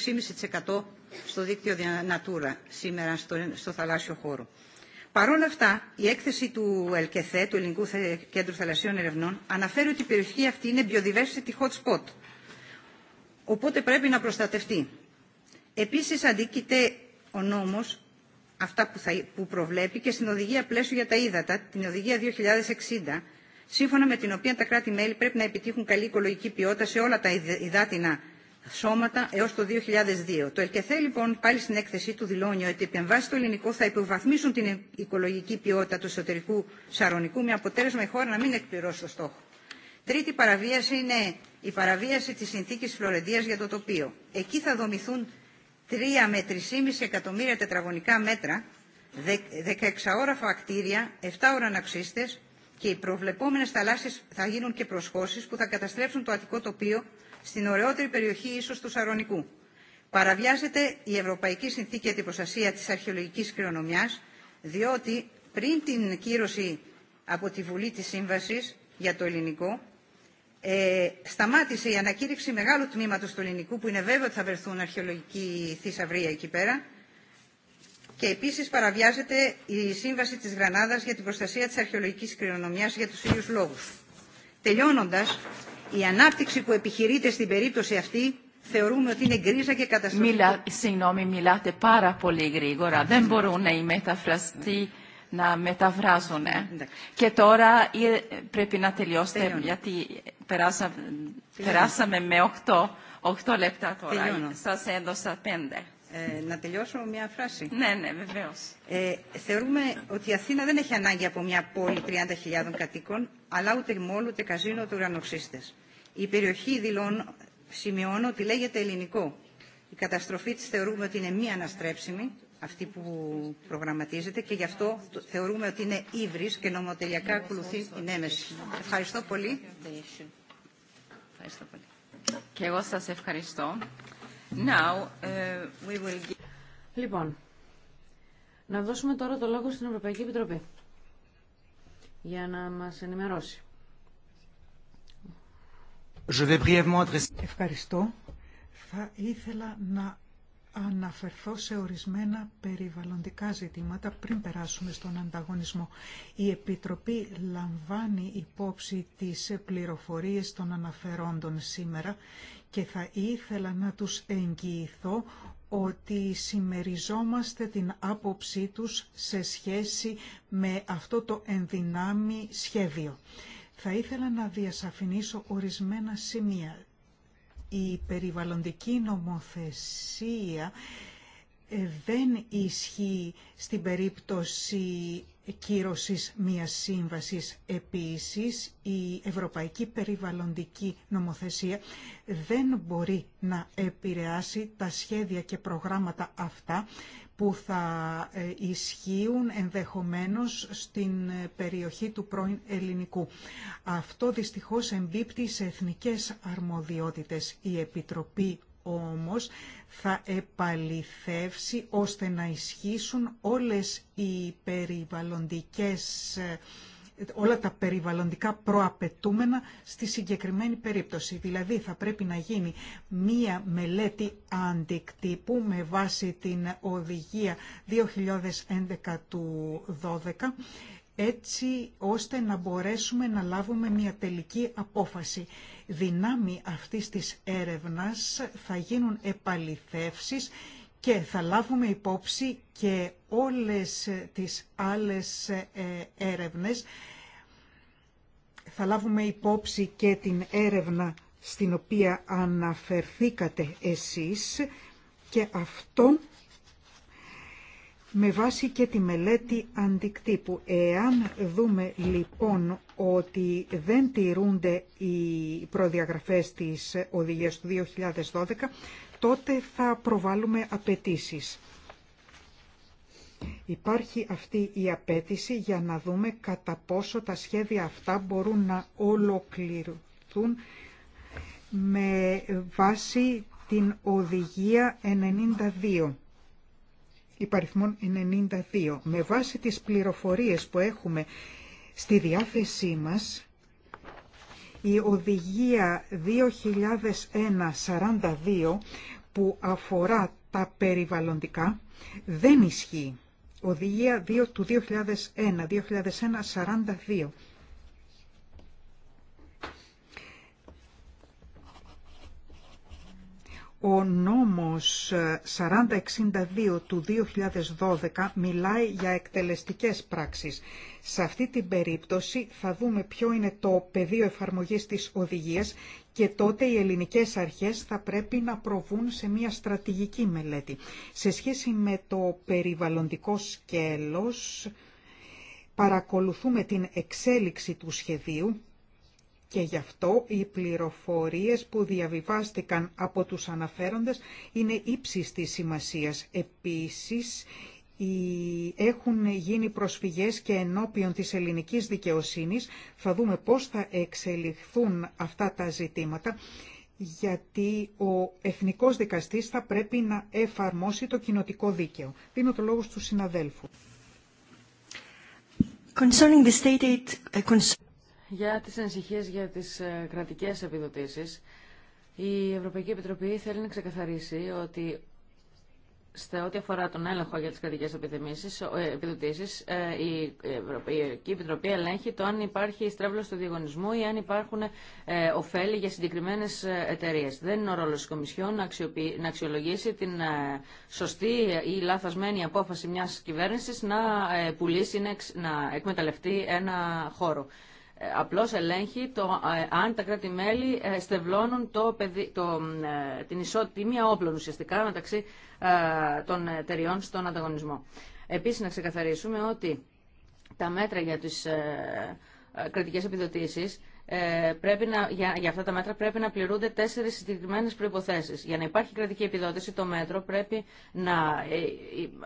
6,5% στο δίκτυο Natura σήμερα στο, στο θαλάσσιο χώρο. Παρ' όλα αυτά, η έκθεση του ΕΛΚΕΘΕ, του Ελληνικού Κέντρου Θαλασσίων Ερευνών, αναφέρει ότι η περιοχή αυτή είναι biodiversity hot spot Οπότε πρέπει να προστατευτεί. Επίσης αντίκειται ο νόμος αυτά που, θα, που προβλέπει και στην οδηγία πλαίσιο για τα ύδατα, την οδηγία 2060, σύμφωνα με την οποία τα κράτη-μέλη πρέπει να επιτύχουν καλή οικολογική ποιότητα σε όλα τα υδάτινα σώματα έως το 2002. Το ΕΛΚΕΘΕ λοιπόν πάλι στην έκθεσή του δηλώνει ότι οι επεμβάσεις στο ελληνικό θα υποβαθμίσουν την ε- οικολογική ποιότητα του εσωτερικού σαρονικού με αποτέλεσμα η χώρα να μην εκπληρώσει το στόχο. Τρίτη παραβίαση είναι η παραβίαση της συνθήκης Φλωρεντίας για το τοπίο. Εκεί θα δομηθούν 3 με 3,5 εκατομμύρια τετραγωνικά μέτρα, 16 όραφα ακτήρια, 7 οραναξίστες και οι προβλεπόμενες θαλάσσεις θα γίνουν και προσχώσεις που θα καταστρέψουν το Αττικό τοπίο στην ωραιότερη περιοχή ίσως του Σαρονικού. Παραβιάζεται η Ευρωπαϊκή Συνθήκη για την Προστασία της Αρχαιολογικής Κληρονομιάς, διότι πριν την κύρωση από τη Βουλή της Σύμβασης για το ελληνικό, ε, σταμάτησε η ανακήρυξη μεγάλου τμήματος του ελληνικού που είναι βέβαιο ότι θα βρεθούν αρχαιολογικοί θησαυρία εκεί πέρα και επίσης παραβιάζεται η σύμβαση της Γρανάδας για την προστασία της αρχαιολογικής κληρονομιάς για τους ίδιους λόγους. Τελειώνοντας, η ανάπτυξη που επιχειρείται στην περίπτωση αυτή θεωρούμε ότι είναι γκρίζα και καταστροφή. Μιλά, συγγνώμη, μιλάτε πάρα πολύ γρήγορα. Δεν μπορούν οι μεταφραστοί να μεταφράζουν. Και τώρα ε, πρέπει να τελειώσετε γιατί περάσαμε με 8, 8 λεπτά τώρα. Τελειώνω. Σας έδωσα 5. Ε, να τελειώσω μια φράση. Ναι, ναι, βεβαίω. Ε, θεωρούμε ότι η Αθήνα δεν έχει ανάγκη από μια πόλη 30.000 κατοίκων, αλλά ούτε μόλου, ούτε καζίνο, ούτε ουρανοξύστες Η περιοχή δηλώνω, σημειώνω ότι λέγεται ελληνικό. Η καταστροφή τη θεωρούμε ότι είναι μη αναστρέψιμη αυτή που προγραμματίζεται και γι' αυτό θεωρούμε ότι είναι ύβρις και νομοτελειακά ακολουθεί την έμεση. Ευχαριστώ πολύ. Ευχαριστώ πολύ. Και εγώ σας ευχαριστώ. Now, ε, we will Λοιπόν, να δώσουμε τώρα το λόγο στην Ευρωπαϊκή Επιτροπή για να μας ενημερώσει. Ευχαριστώ. Θα ήθελα να αναφερθώ σε ορισμένα περιβαλλοντικά ζητήματα πριν περάσουμε στον ανταγωνισμό. Η Επιτροπή λαμβάνει υπόψη τις πληροφορίες των αναφερόντων σήμερα και θα ήθελα να τους εγγυηθώ ότι συμμεριζόμαστε την άποψή τους σε σχέση με αυτό το ενδυνάμει σχέδιο. Θα ήθελα να διασαφηνίσω ορισμένα σημεία η περιβαλλοντική νομοθεσία ε, δεν ισχύει στην περίπτωση κύρωσης μιας σύμβασης. Επίσης, η Ευρωπαϊκή Περιβαλλοντική Νομοθεσία δεν μπορεί να επηρεάσει τα σχέδια και προγράμματα αυτά που θα ε, ισχύουν ενδεχομένως στην ε, περιοχή του πρώην ελληνικού. Αυτό δυστυχώς εμπίπτει σε εθνικές αρμοδιότητες. Η Επιτροπή όμως θα επαληθεύσει ώστε να ισχύσουν όλες οι περιβαλλοντικές ε, όλα τα περιβαλλοντικά προαπαιτούμενα στη συγκεκριμένη περίπτωση. Δηλαδή θα πρέπει να γίνει μία μελέτη αντικτύπου με βάση την οδηγία 2011 του 12 έτσι ώστε να μπορέσουμε να λάβουμε μια τελική απόφαση. Δυνάμει αυτής της έρευνας θα γίνουν επαληθεύσεις και θα λάβουμε υπόψη και όλες τις άλλες ε, έρευνες. Θα λάβουμε υπόψη και την έρευνα στην οποία αναφερθήκατε εσείς και αυτό με βάση και τη μελέτη αντικτύπου. Εάν δούμε λοιπόν ότι δεν τηρούνται οι προδιαγραφές της οδηγίας του 2012, τότε θα προβάλλουμε απαιτήσει. Υπάρχει αυτή η απέτηση για να δούμε κατά πόσο τα σχέδια αυτά μπορούν να ολοκληρωθούν με βάση την οδηγία 92 υπαριθμών 92. Με βάση τις πληροφορίες που έχουμε στη διάθεσή μας η οδηγία 2001-42 που αφορά τα περιβαλλοντικά δεν ισχύει. Οδηγία 2, του 2001-42 Ο νόμος 4062 ε, του 2012 μιλάει για εκτελεστικές πράξεις. Σε αυτή την περίπτωση θα δούμε ποιο είναι το πεδίο εφαρμογής της οδηγίας και τότε οι ελληνικές αρχές θα πρέπει να προβούν σε μια στρατηγική μελέτη. Σε σχέση με το περιβαλλοντικό σκέλος, παρακολουθούμε την εξέλιξη του σχεδίου και γι' αυτό οι πληροφορίες που διαβιβάστηκαν από τους αναφέροντες είναι ύψης της σημασίας. Επίσης, έχουν γίνει προσφυγές και ενώπιον της ελληνικής δικαιοσύνης. Θα δούμε πώς θα εξελιχθούν αυτά τα ζητήματα, γιατί ο εθνικός δικαστής θα πρέπει να εφαρμόσει το κοινοτικό δίκαιο. Δίνω το λόγο στους συναδέλφους. Concerning the uh, για τις ενσυχίες για τις ε, κρατικές επιδοτήσεις. Η Ευρωπαϊκή Επιτροπή θέλει να ξεκαθαρίσει ότι σε ό,τι αφορά τον έλεγχο για τις κρατικές ε, επιδοτήσεις, ε, η Ευρωπαϊκή Επιτροπή ελέγχει το αν υπάρχει στρέβλος του διαγωνισμού ή αν υπάρχουν ωφέλη για συγκεκριμένες εταιρείε. Δεν είναι ο ρόλος της Κομισιόν να αξιολογήσει την σωστή ή λαθασμένη απόφαση μιας κυβέρνησης να πουλήσει, να εκμεταλλευτεί ένα χώρο. Ε, απλώς ελέγχει το, ε, αν τα κράτη-μέλη ε, στευλώνουν το, το, την ισότιμια όπλων ουσιαστικά μεταξύ των εταιριών στον ανταγωνισμό. Επίσης να ξεκαθαρίσουμε ότι τα μέτρα για τις κρατικές επιδοτήσεις πρέπει να, για, για αυτά τα μέτρα πρέπει να πληρούνται τέσσερι συγκεκριμένε προποθέσει. Για να υπάρχει κρατική επιδότηση, το μέτρο πρέπει να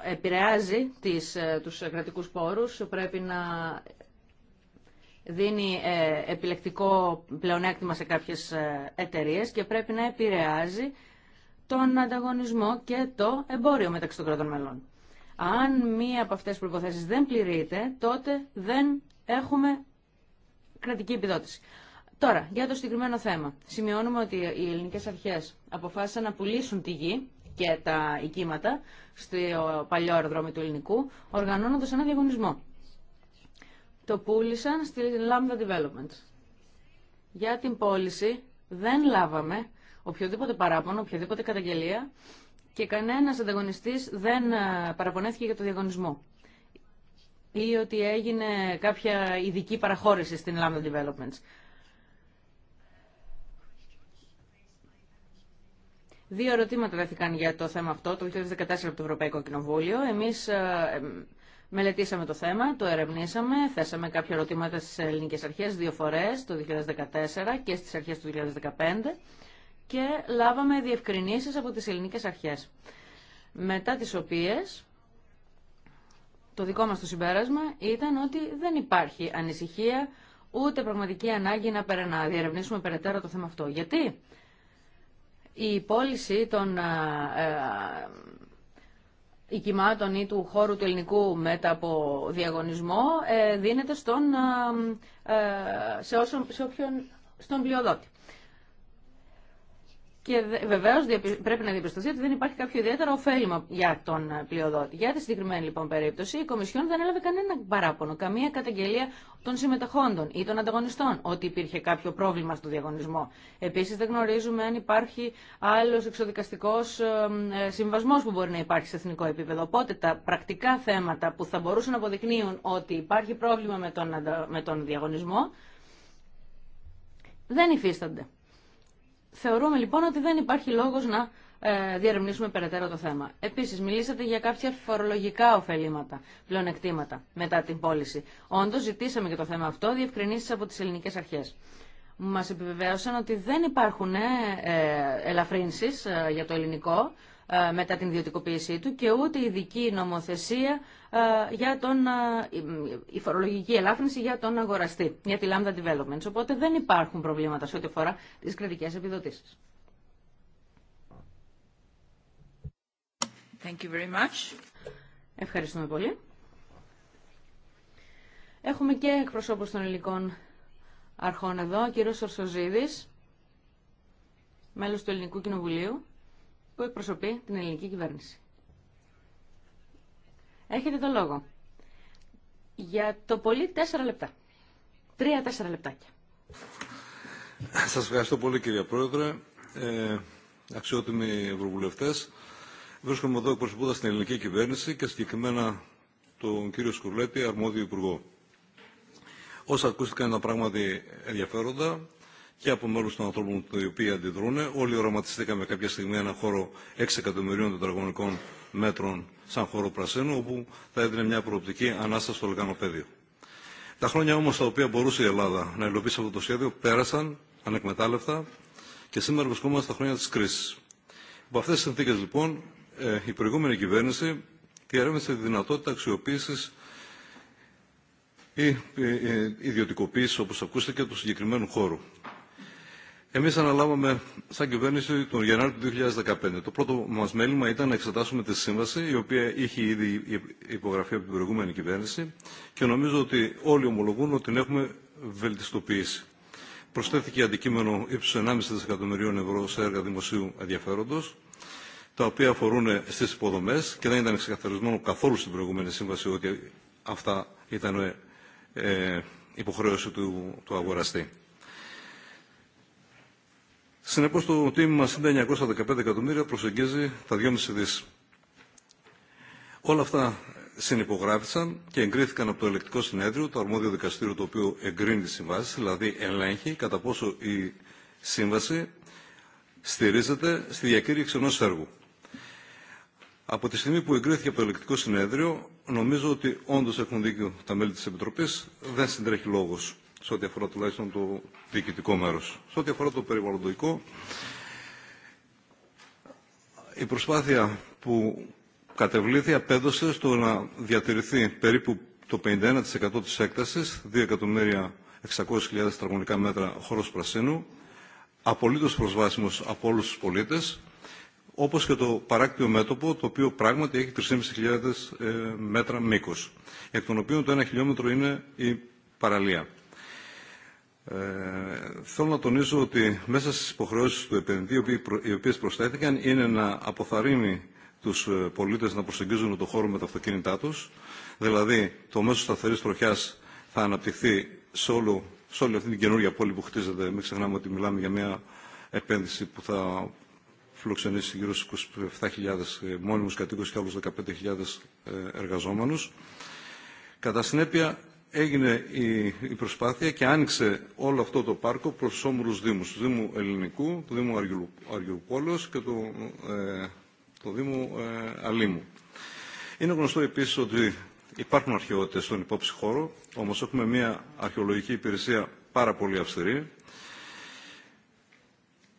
επηρεάζει τις, τους κρατικούς πόρους, πρέπει να δίνει ε, επιλεκτικό πλεονέκτημα σε κάποιες ε, εταιρείε και πρέπει να επηρεάζει τον ανταγωνισμό και το εμπόριο μεταξύ των κρατών μελών. Αν μία από αυτές τις προϋποθέσεις δεν πληρείται, τότε δεν έχουμε κρατική επιδότηση. Τώρα, για το συγκεκριμένο θέμα. Σημειώνουμε ότι οι ελληνικές αρχές αποφάσισαν να πουλήσουν τη γη και τα οικήματα στο παλιό αεροδρόμιο του ελληνικού, οργανώνοντας ένα διαγωνισμό το πούλησαν στη Lambda Development. Για την πώληση δεν λάβαμε οποιοδήποτε παράπονο, οποιαδήποτε καταγγελία και κανένας ανταγωνιστής δεν ε, παραπονέθηκε για το διαγωνισμό ή ότι έγινε κάποια ειδική παραχώρηση στην Lambda Developments. Δύο ερωτήματα βρέθηκαν για το θέμα αυτό το 2014 από το Ευρωπαϊκό Κοινοβούλιο. Εμείς ε, Μελετήσαμε το θέμα, το ερευνήσαμε, θέσαμε κάποια ερωτήματα στις ελληνικές αρχές δύο φορές, το 2014 και στις αρχές του 2015 και λάβαμε διευκρινήσεις από τις ελληνικές αρχές. Μετά τις οποίες το δικό μας το συμπέρασμα ήταν ότι δεν υπάρχει ανησυχία ούτε πραγματική ανάγκη να, να διερευνήσουμε περαιτέρω το θέμα αυτό. Γιατί η πώληση των ε, ε, οικημάτων ή του χώρου του ελληνικού μετά από διαγωνισμό ε, δίνεται στον, ε, ε, σε, όσον, σε όποιον, στον πλειοδότη και βεβαίω πρέπει να διαπιστωθεί ότι δεν υπάρχει κάποιο ιδιαίτερο ωφέλιμα για τον πλειοδότη. Για τη συγκεκριμένη λοιπόν περίπτωση, η Κομισιόν δεν έλαβε κανένα παράπονο, καμία καταγγελία των συμμετεχόντων ή των ανταγωνιστών ότι υπήρχε κάποιο πρόβλημα στο διαγωνισμό. Επίση, δεν γνωρίζουμε αν υπάρχει άλλο εξοδικαστικό ε, συμβασμό που μπορεί να υπάρχει σε εθνικό επίπεδο. Οπότε τα πρακτικά θέματα που θα μπορούσαν να αποδεικνύουν ότι υπάρχει πρόβλημα με τον, με τον διαγωνισμό δεν υφίστανται. Θεωρούμε λοιπόν ότι δεν υπάρχει λόγος να ε, διαρευνήσουμε περαιτέρω το θέμα. Επίσης, μιλήσατε για κάποια φορολογικά ωφελήματα, πλεονεκτήματα μετά την πώληση. Όντως, ζητήσαμε για το θέμα αυτό διευκρινήσεις από τις ελληνικές αρχές. Μας επιβεβαίωσαν ότι δεν υπάρχουν ε, ε ελαφρύνσεις ε, για το ελληνικό ε, μετά την ιδιωτικοποίησή του και ούτε ειδική νομοθεσία ε, για τον, ε, η φορολογική ελάφρυνση για τον αγοραστή, για τη Lambda Developments. Οπότε δεν υπάρχουν προβλήματα σε ό,τι αφορά τις κρατικές επιδοτήσεις. Thank you very much. Ευχαριστούμε πολύ. Έχουμε και εκπροσώπους των ελληνικών αρχών εδώ, ο κύριος Ορσοζίδης, μέλος του Ελληνικού Κοινοβουλίου που εκπροσωπεί την ελληνική κυβέρνηση. Έχετε το λόγο. Για το πολύ τέσσερα λεπτά. Τρία-τέσσερα λεπτάκια. Σας ευχαριστώ πολύ κύριε Πρόεδρε, ε, αξιότιμοι ευρωβουλευτές. Βρίσκομαι εδώ εκπροσωπούντα την ελληνική κυβέρνηση και συγκεκριμένα τον κύριο Σκουρλέτη, αρμόδιο υπουργό. Όσα ακούστηκαν ήταν πράγματι ενδιαφέροντα και από μέρου των ανθρώπων οι οποίοι αντιδρούν. Όλοι οραματιστήκαμε κάποια στιγμή ένα χώρο 6 εκατομμυρίων τετραγωνικών μέτρων σαν χώρο πρασίνου, όπου θα έδινε μια προοπτική ανάσταση στο λεκανοπέδιο. Τα χρόνια όμω τα οποία μπορούσε η Ελλάδα να υλοποιήσει αυτό το σχέδιο πέρασαν ανεκμετάλλευτα και σήμερα βρισκόμαστε στα χρόνια τη κρίση. Υπό αυτέ τι συνθήκε λοιπόν ε, η προηγούμενη κυβέρνηση διαρρεύνησε τη δυνατότητα αξιοποίηση ή ε, ε, ιδιωτικοποίηση, όπω ακούστηκε, του συγκεκριμένου χώρου. Εμεί αναλάβαμε σαν κυβέρνηση τον Γενάρη του 2015. Το πρώτο μας μέλημα ήταν να εξετάσουμε τη σύμβαση, η οποία είχε ήδη υπογραφεί από την προηγούμενη κυβέρνηση και νομίζω ότι όλοι ομολογούν ότι την έχουμε βελτιστοποιήσει. Προσθέθηκε αντικείμενο ύψου 1,5 δισεκατομμυρίων ευρώ σε έργα δημοσίου ενδιαφέροντο, τα οποία αφορούν στις υποδομές και δεν ήταν εξεκαθαρισμένο καθόλου στην προηγούμενη σύμβαση ότι αυτά ήταν ε, ε, υποχρέωση του, του αγοραστή. Συνεπώς το τίμημα συν 915 εκατομμύρια προσεγγίζει τα 2,5 δις. Όλα αυτά συνυπογράφησαν και εγκρίθηκαν από το ελεκτικό συνέδριο, το αρμόδιο δικαστήριο το οποίο εγκρίνει τη συμβαση, δηλαδή ελέγχει κατά πόσο η σύμβαση στηρίζεται στη διακήρυξη ενό έργου. Από τη στιγμή που εγκρίθηκε από το ελεκτικό συνέδριο, νομίζω ότι όντω έχουν δίκιο τα μέλη τη Επιτροπή δεν συντρέχει λόγο σε ό,τι αφορά τουλάχιστον το διοικητικό μέρος. Σε ό,τι αφορά το περιβαλλοντικό, η προσπάθεια που κατεβλήθη απέδωσε στο να διατηρηθεί περίπου το 51% της έκτασης, 2.600.000 τετραγωνικά μέτρα χώρος πρασίνου, απολύτως προσβάσιμος από όλους τους πολίτες, όπως και το παράκτιο μέτωπο, το οποίο πράγματι έχει 3.500 ε, μέτρα μήκος, εκ των οποίων το 1 χιλιόμετρο είναι η παραλία. Ε, θέλω να τονίσω ότι μέσα στις υποχρεώσεις του επενδυτή, οι οποίες προσθέθηκαν, είναι να αποθαρρύνει τους ε, πολίτες να προσεγγίζουν το χώρο με τα αυτοκίνητά τους. Δηλαδή, το μέσο σταθερής τροχιάς θα αναπτυχθεί σε, όλο, σε όλη αυτή την καινούργια πόλη που χτίζεται. Μην ξεχνάμε ότι μιλάμε για μια επένδυση που θα φιλοξενήσει γύρω στους 27.000 ε, μόνιμους κατοίκους και άλλους 15.000 ε, εργαζόμενους. Κατά συνέπεια, έγινε η προσπάθεια και άνοιξε όλο αυτό το πάρκο προς τους όμορους Δήμους, του Δήμου Ελληνικού, του Δήμου Αργιουπόλεως και του, ε, Δήμου ε, Είναι γνωστό επίσης ότι υπάρχουν αρχαιότητες στον υπόψη χώρο, όμως έχουμε μια αρχαιολογική υπηρεσία πάρα πολύ αυστηρή.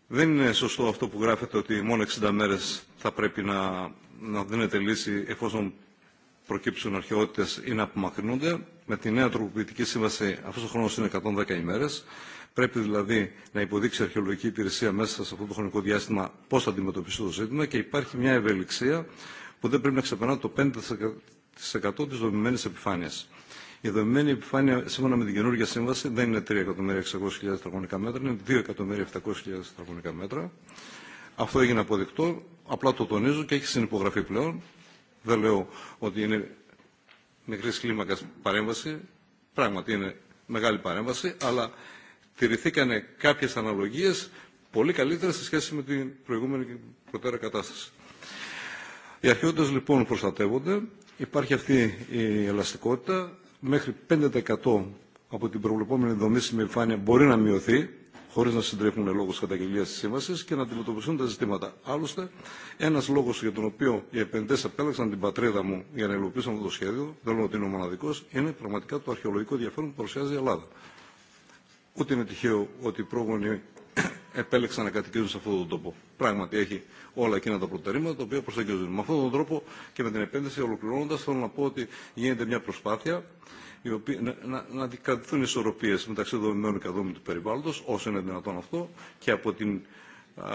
Δεν είναι σωστό αυτό που γράφεται ότι μόνο 60 μέρες θα πρέπει να, να δίνεται λύση εφόσον προκύψουν αρχαιότητες ή να απομακρυνούνται. Με τη νέα τροποποιητική σύμβαση αυτό ο χρόνο είναι 110 ημέρε. Πρέπει δηλαδή να υποδείξει η αρχαιολογική υπηρεσία μέσα σε αυτό το χρονικό διάστημα πώ θα αντιμετωπιστεί το ζήτημα και υπάρχει μια ευελιξία που δεν πρέπει να ξεπερνά το 5% τη δομημένη επιφάνεια. Η δομημένη επιφάνεια, σύμφωνα με την καινούργια σύμβαση, δεν είναι 3.600.000 τετραγωνικά μέτρα, είναι 2.700.000 τετραγωνικά μέτρα. Αυτό έγινε αποδεκτό, απλά το τονίζω και έχει συνυπογραφεί πλέον. Δεν λέω ότι είναι μικρή κλίμακα παρέμβαση, πράγματι είναι μεγάλη παρέμβαση, αλλά τηρηθήκανε κάποιες αναλογίες πολύ καλύτερα σε σχέση με την προηγούμενη και προτέρα κατάσταση. Οι αρχαιότητες λοιπόν προστατεύονται, υπάρχει αυτή η ελαστικότητα, μέχρι 5% από την προβλεπόμενη δομή στην επιφάνεια μπορεί να μειωθεί, χωρί να συντρέχουν λόγω καταγγελία τη σύμβαση και να αντιμετωπιστούν τα ζητήματα. Άλλωστε, ένα λόγο για τον οποίο οι επενδυτέ επέλεξαν την πατρίδα μου για να υλοποιήσουν αυτό το σχέδιο, δεν λέω ότι είναι ο μοναδικό, είναι πραγματικά το αρχαιολογικό ενδιαφέρον που παρουσιάζει η Ελλάδα. Ούτε είναι τυχαίο ότι οι πρόγονοι επέλεξαν να κατοικίζουν σε αυτόν τον τόπο. Πράγματι έχει όλα εκείνα τα προτερήματα τα οποία προσεγγίζουν. Με αυτόν τον τρόπο και με την επένδυση ολοκληρώνοντα, θέλω να πω ότι γίνεται μια προσπάθεια να, να δικατηθούν ισορροπίες μεταξύ δομημένων και δομημένων του περιβάλλοντος, όσο είναι δυνατόν αυτό, και από την α,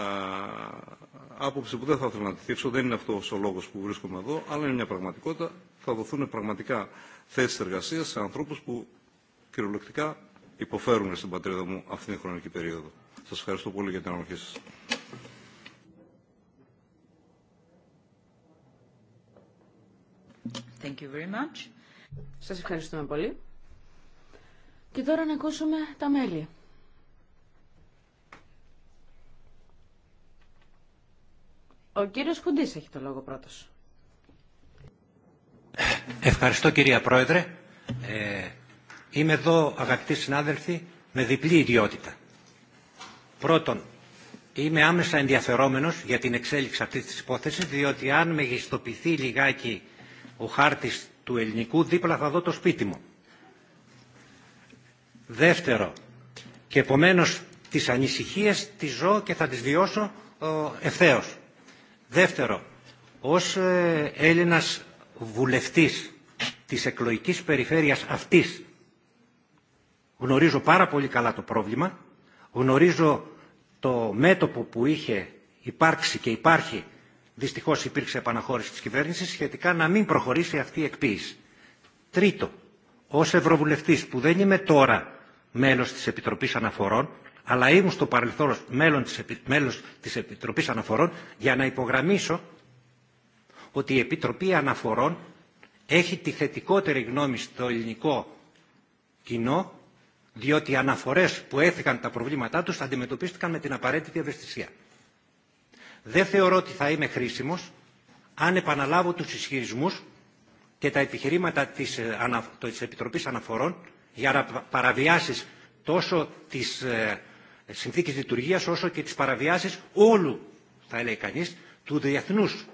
άποψη που δεν θα ήθελα να τη δεν είναι αυτός ο λόγος που βρίσκομαι εδώ, αλλά είναι μια πραγματικότητα, θα δοθούν πραγματικά θέσεις εργασίας σε ανθρώπους που κυριολεκτικά υποφέρουν στην πατρίδα μου αυτήν την χρονική περίοδο. Σας ευχαριστώ πολύ για την ανοχή σας. Thank you very much. Σας ευχαριστούμε πολύ. Και τώρα να ακούσουμε τα μέλη. Ο κύριος Χουντής έχει το λόγο πρώτος. Ευχαριστώ κυρία Πρόεδρε. Ε, είμαι εδώ αγαπητοί συνάδελφοι με διπλή ιδιότητα. Πρώτον, είμαι άμεσα ενδιαφερόμενος για την εξέλιξη αυτής της υπόθεσης διότι αν μεγιστοποιηθεί λιγάκι ο χάρτης του ελληνικού, δίπλα θα δω το σπίτι μου. Δεύτερο, και επομένω τις ανησυχίες τις ζω και θα τις βιώσω ευθέως. Δεύτερο, ως ε, Έλληνας βουλευτής της εκλογικής περιφέρειας αυτής γνωρίζω πάρα πολύ καλά το πρόβλημα, γνωρίζω το μέτωπο που είχε υπάρξει και υπάρχει Δυστυχώ υπήρξε επαναχώρηση τη κυβέρνηση σχετικά να μην προχωρήσει αυτή η εκποίηση. Τρίτο, ω Ευρωβουλευτή που δεν είμαι τώρα μέλο τη Επιτροπή Αναφορών, αλλά ήμουν στο παρελθόν μέλο τη Επιτροπή Αναφορών για να υπογραμμίσω ότι η Επιτροπή Αναφορών έχει τη θετικότερη γνώμη στο ελληνικό κοινό, διότι οι αναφορές που έθηκαν τα προβλήματά του αντιμετωπίστηκαν με την απαραίτητη ευαισθησία δεν θεωρώ ότι θα είμαι χρήσιμος αν επαναλάβω τους ισχυρισμούς και τα επιχειρήματα της, ε, της Επιτροπής Αναφορών για παραβιάσεις τόσο της ε, συνθήκης λειτουργίας όσο και τις παραβιάσεις όλου, θα έλεγε κανείς, του διεθνούς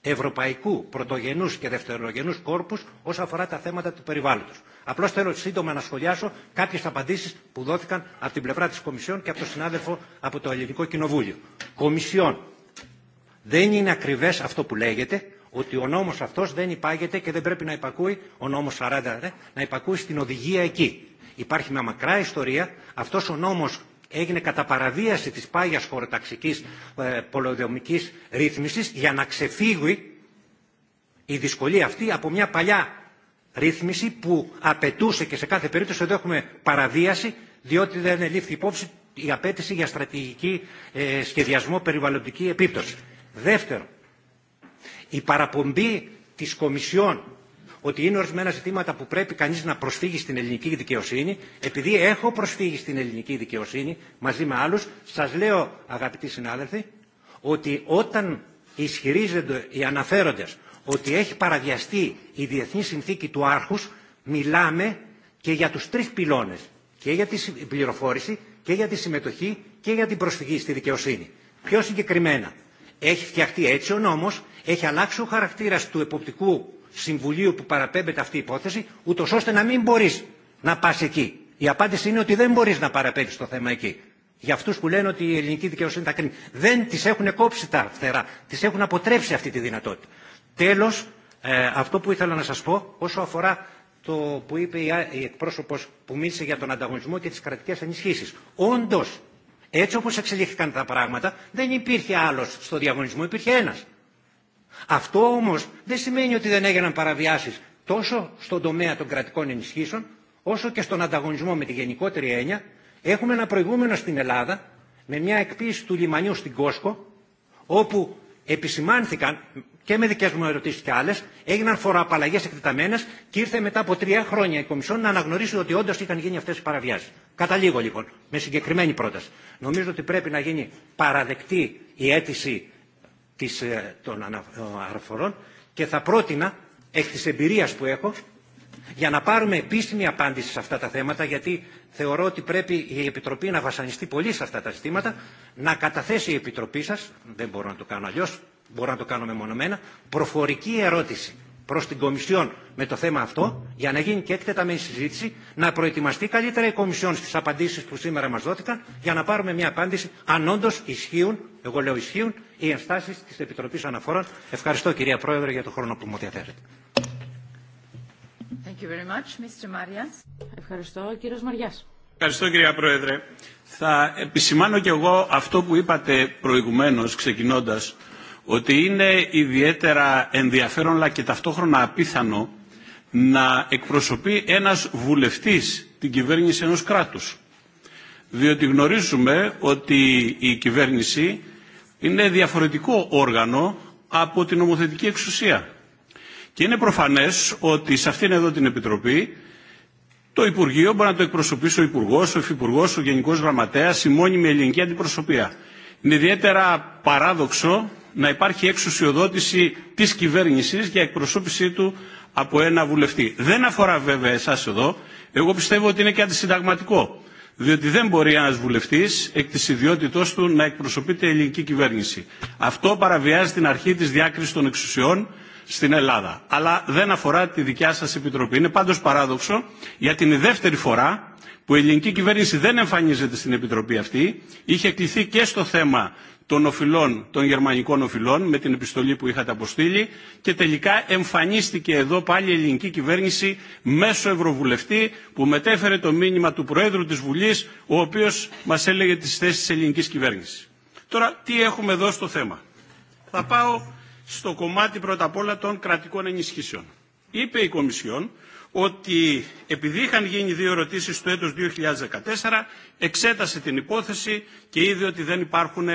ευρωπαϊκού πρωτογενούς και δευτερογενούς κόρπους όσον αφορά τα θέματα του περιβάλλοντος. Απλώς θέλω σύντομα να σχολιάσω κάποιες απαντήσεις που δόθηκαν από την πλευρά της Κομισιόν και από τον συνάδελφο από το Ελληνικό Κοινοβούλιο. Κομισιόν, δεν είναι ακριβές αυτό που λέγεται, ότι ο νόμος αυτό δεν υπάγεται και δεν πρέπει να υπακούει, ο νόμο 40, να υπακούει στην οδηγία εκεί. Υπάρχει μια μακρά ιστορία, αυτό ο νόμος έγινε κατά παραβίαση τη πάγια χωροταξική ε, ρύθμιση, για να ξεφύγει η δυσκολία αυτή από μια παλιά ρύθμιση που απαιτούσε και σε κάθε περίπτωση εδώ έχουμε παραβίαση διότι δεν λήφθη υπόψη η απέτηση για στρατηγική ε, σχεδιασμό περιβαλλοντική επίπτωση. Δεύτερον, η παραπομπή της Κομισιόν ότι είναι ορισμένα ζητήματα που πρέπει κανείς να προσφύγει στην ελληνική δικαιοσύνη. Επειδή έχω προσφύγει στην ελληνική δικαιοσύνη μαζί με άλλους, σας λέω αγαπητοί συνάδελφοι, ότι όταν ισχυρίζονται οι αναφέροντες ότι έχει παραδιαστεί η Διεθνή Συνθήκη του Άρχους, μιλάμε και για τους τρεις πυλώνες, και για την πληροφόρηση, και για τη συμμετοχή και για την προσφυγή στη δικαιοσύνη. Πιο συγκεκριμένα, έχει φτιαχτεί έτσι ο νόμος, έχει αλλάξει ο χαρακτήρας του εποπτικού συμβουλίου που παραπέμπεται αυτή η υπόθεση, ούτω ώστε να μην μπορείς να πας εκεί. Η απάντηση είναι ότι δεν μπορείς να παραπέμπεις το θέμα εκεί. Για αυτούς που λένε ότι η ελληνική δικαιοσύνη τα κρίνει. Δεν τις έχουν κόψει τα φτερά, τις έχουν αποτρέψει αυτή τη δυνατότητα. Τέλος, ε, αυτό που ήθελα να σας πω όσο αφορά το που είπε η εκπρόσωπος που μίλησε για τον ανταγωνισμό και τις κρατικέ ενισχύσεις. Όντω. Έτσι όπως εξελίχθηκαν τα πράγματα δεν υπήρχε άλλος στο διαγωνισμό, υπήρχε ένας. Αυτό όμως δεν σημαίνει ότι δεν έγιναν παραβιάσεις τόσο στον τομέα των κρατικών ενισχύσεων όσο και στον ανταγωνισμό με τη γενικότερη έννοια. Έχουμε ένα προηγούμενο στην Ελλάδα με μια εκποίηση του λιμανιού στην Κόσκο όπου επισημάνθηκαν και με δικέ μου ερωτήσει και άλλε, έγιναν φοροαπαλλαγέ εκτεταμένε και ήρθε μετά από τρία χρόνια η Κομισιόν να αναγνωρίσει ότι όντω είχαν γίνει αυτέ οι παραβιάσει. Καταλήγω λοιπόν, με συγκεκριμένη πρόταση. Νομίζω ότι πρέπει να γίνει παραδεκτή η αίτηση ε, των αναφορών ε, και θα πρότεινα εκ τη εμπειρία που έχω για να πάρουμε επίσημη απάντηση σε αυτά τα θέματα γιατί θεωρώ ότι πρέπει η Επιτροπή να βασανιστεί πολύ σε αυτά τα ζητήματα να καταθέσει η Επιτροπή σας δεν μπορώ να το κάνω αλλιώς μπορώ να το κάνω μεμονωμένα, προφορική ερώτηση προ την Κομισιόν με το θέμα αυτό, για να γίνει και με συζήτηση, να προετοιμαστεί καλύτερα η Κομισιόν στι απαντήσει που σήμερα μα δόθηκαν, για να πάρουμε μια απάντηση αν όντω ισχύουν, εγώ λέω ισχύουν, οι ενστάσει τη Επιτροπή Αναφορών. Ευχαριστώ κυρία Πρόεδρε για τον χρόνο που μου διαθέτετε. Ευχαριστώ, κύριος Μαριάς. Ευχαριστώ, κυρία Πρόεδρε. Θα επισημάνω κι εγώ αυτό που είπατε προηγουμένως, ξεκινώντας, ότι είναι ιδιαίτερα ενδιαφέρον αλλά και ταυτόχρονα απίθανο να εκπροσωπεί ένας βουλευτής την κυβέρνηση ενός κράτους. Διότι γνωρίζουμε ότι η κυβέρνηση είναι διαφορετικό όργανο από την νομοθετική εξουσία. Και είναι προφανές ότι σε αυτήν εδώ την Επιτροπή το Υπουργείο μπορεί να το εκπροσωπήσει ο Υπουργό, ο Υφυπουργό, ο Γενικό Γραμματέα, η μόνιμη ελληνική αντιπροσωπεία. Είναι ιδιαίτερα παράδοξο να υπάρχει εξουσιοδότηση της κυβέρνησης για εκπροσώπησή του από ένα βουλευτή. Δεν αφορά βέβαια εσάς εδώ. Εγώ πιστεύω ότι είναι και αντισυνταγματικό. Διότι δεν μπορεί ένα βουλευτή εκ τη ιδιότητό του να εκπροσωπείται η ελληνική κυβέρνηση. Αυτό παραβιάζει την αρχή τη διάκριση των εξουσιών στην Ελλάδα. Αλλά δεν αφορά τη δικιά σα επιτροπή. Είναι πάντως παράδοξο για την δεύτερη φορά που η ελληνική κυβέρνηση δεν εμφανίζεται στην επιτροπή αυτή. Είχε κληθεί και στο θέμα των οφειλών, των γερμανικών οφειλών με την επιστολή που είχατε αποστείλει και τελικά εμφανίστηκε εδώ πάλι η ελληνική κυβέρνηση μέσω Ευρωβουλευτή που μετέφερε το μήνυμα του Προέδρου της Βουλής ο οποίος μας έλεγε τις θέσεις της ελληνικής κυβέρνησης. Τώρα τι έχουμε εδώ στο θέμα. Θα πάω στο κομμάτι πρώτα απ' όλα των κρατικών ενισχύσεων. Είπε η Κομισιόν ότι επειδή είχαν γίνει δύο ερωτήσεις το έτος 2014, εξέτασε την υπόθεση και είδε ότι δεν υπάρχουν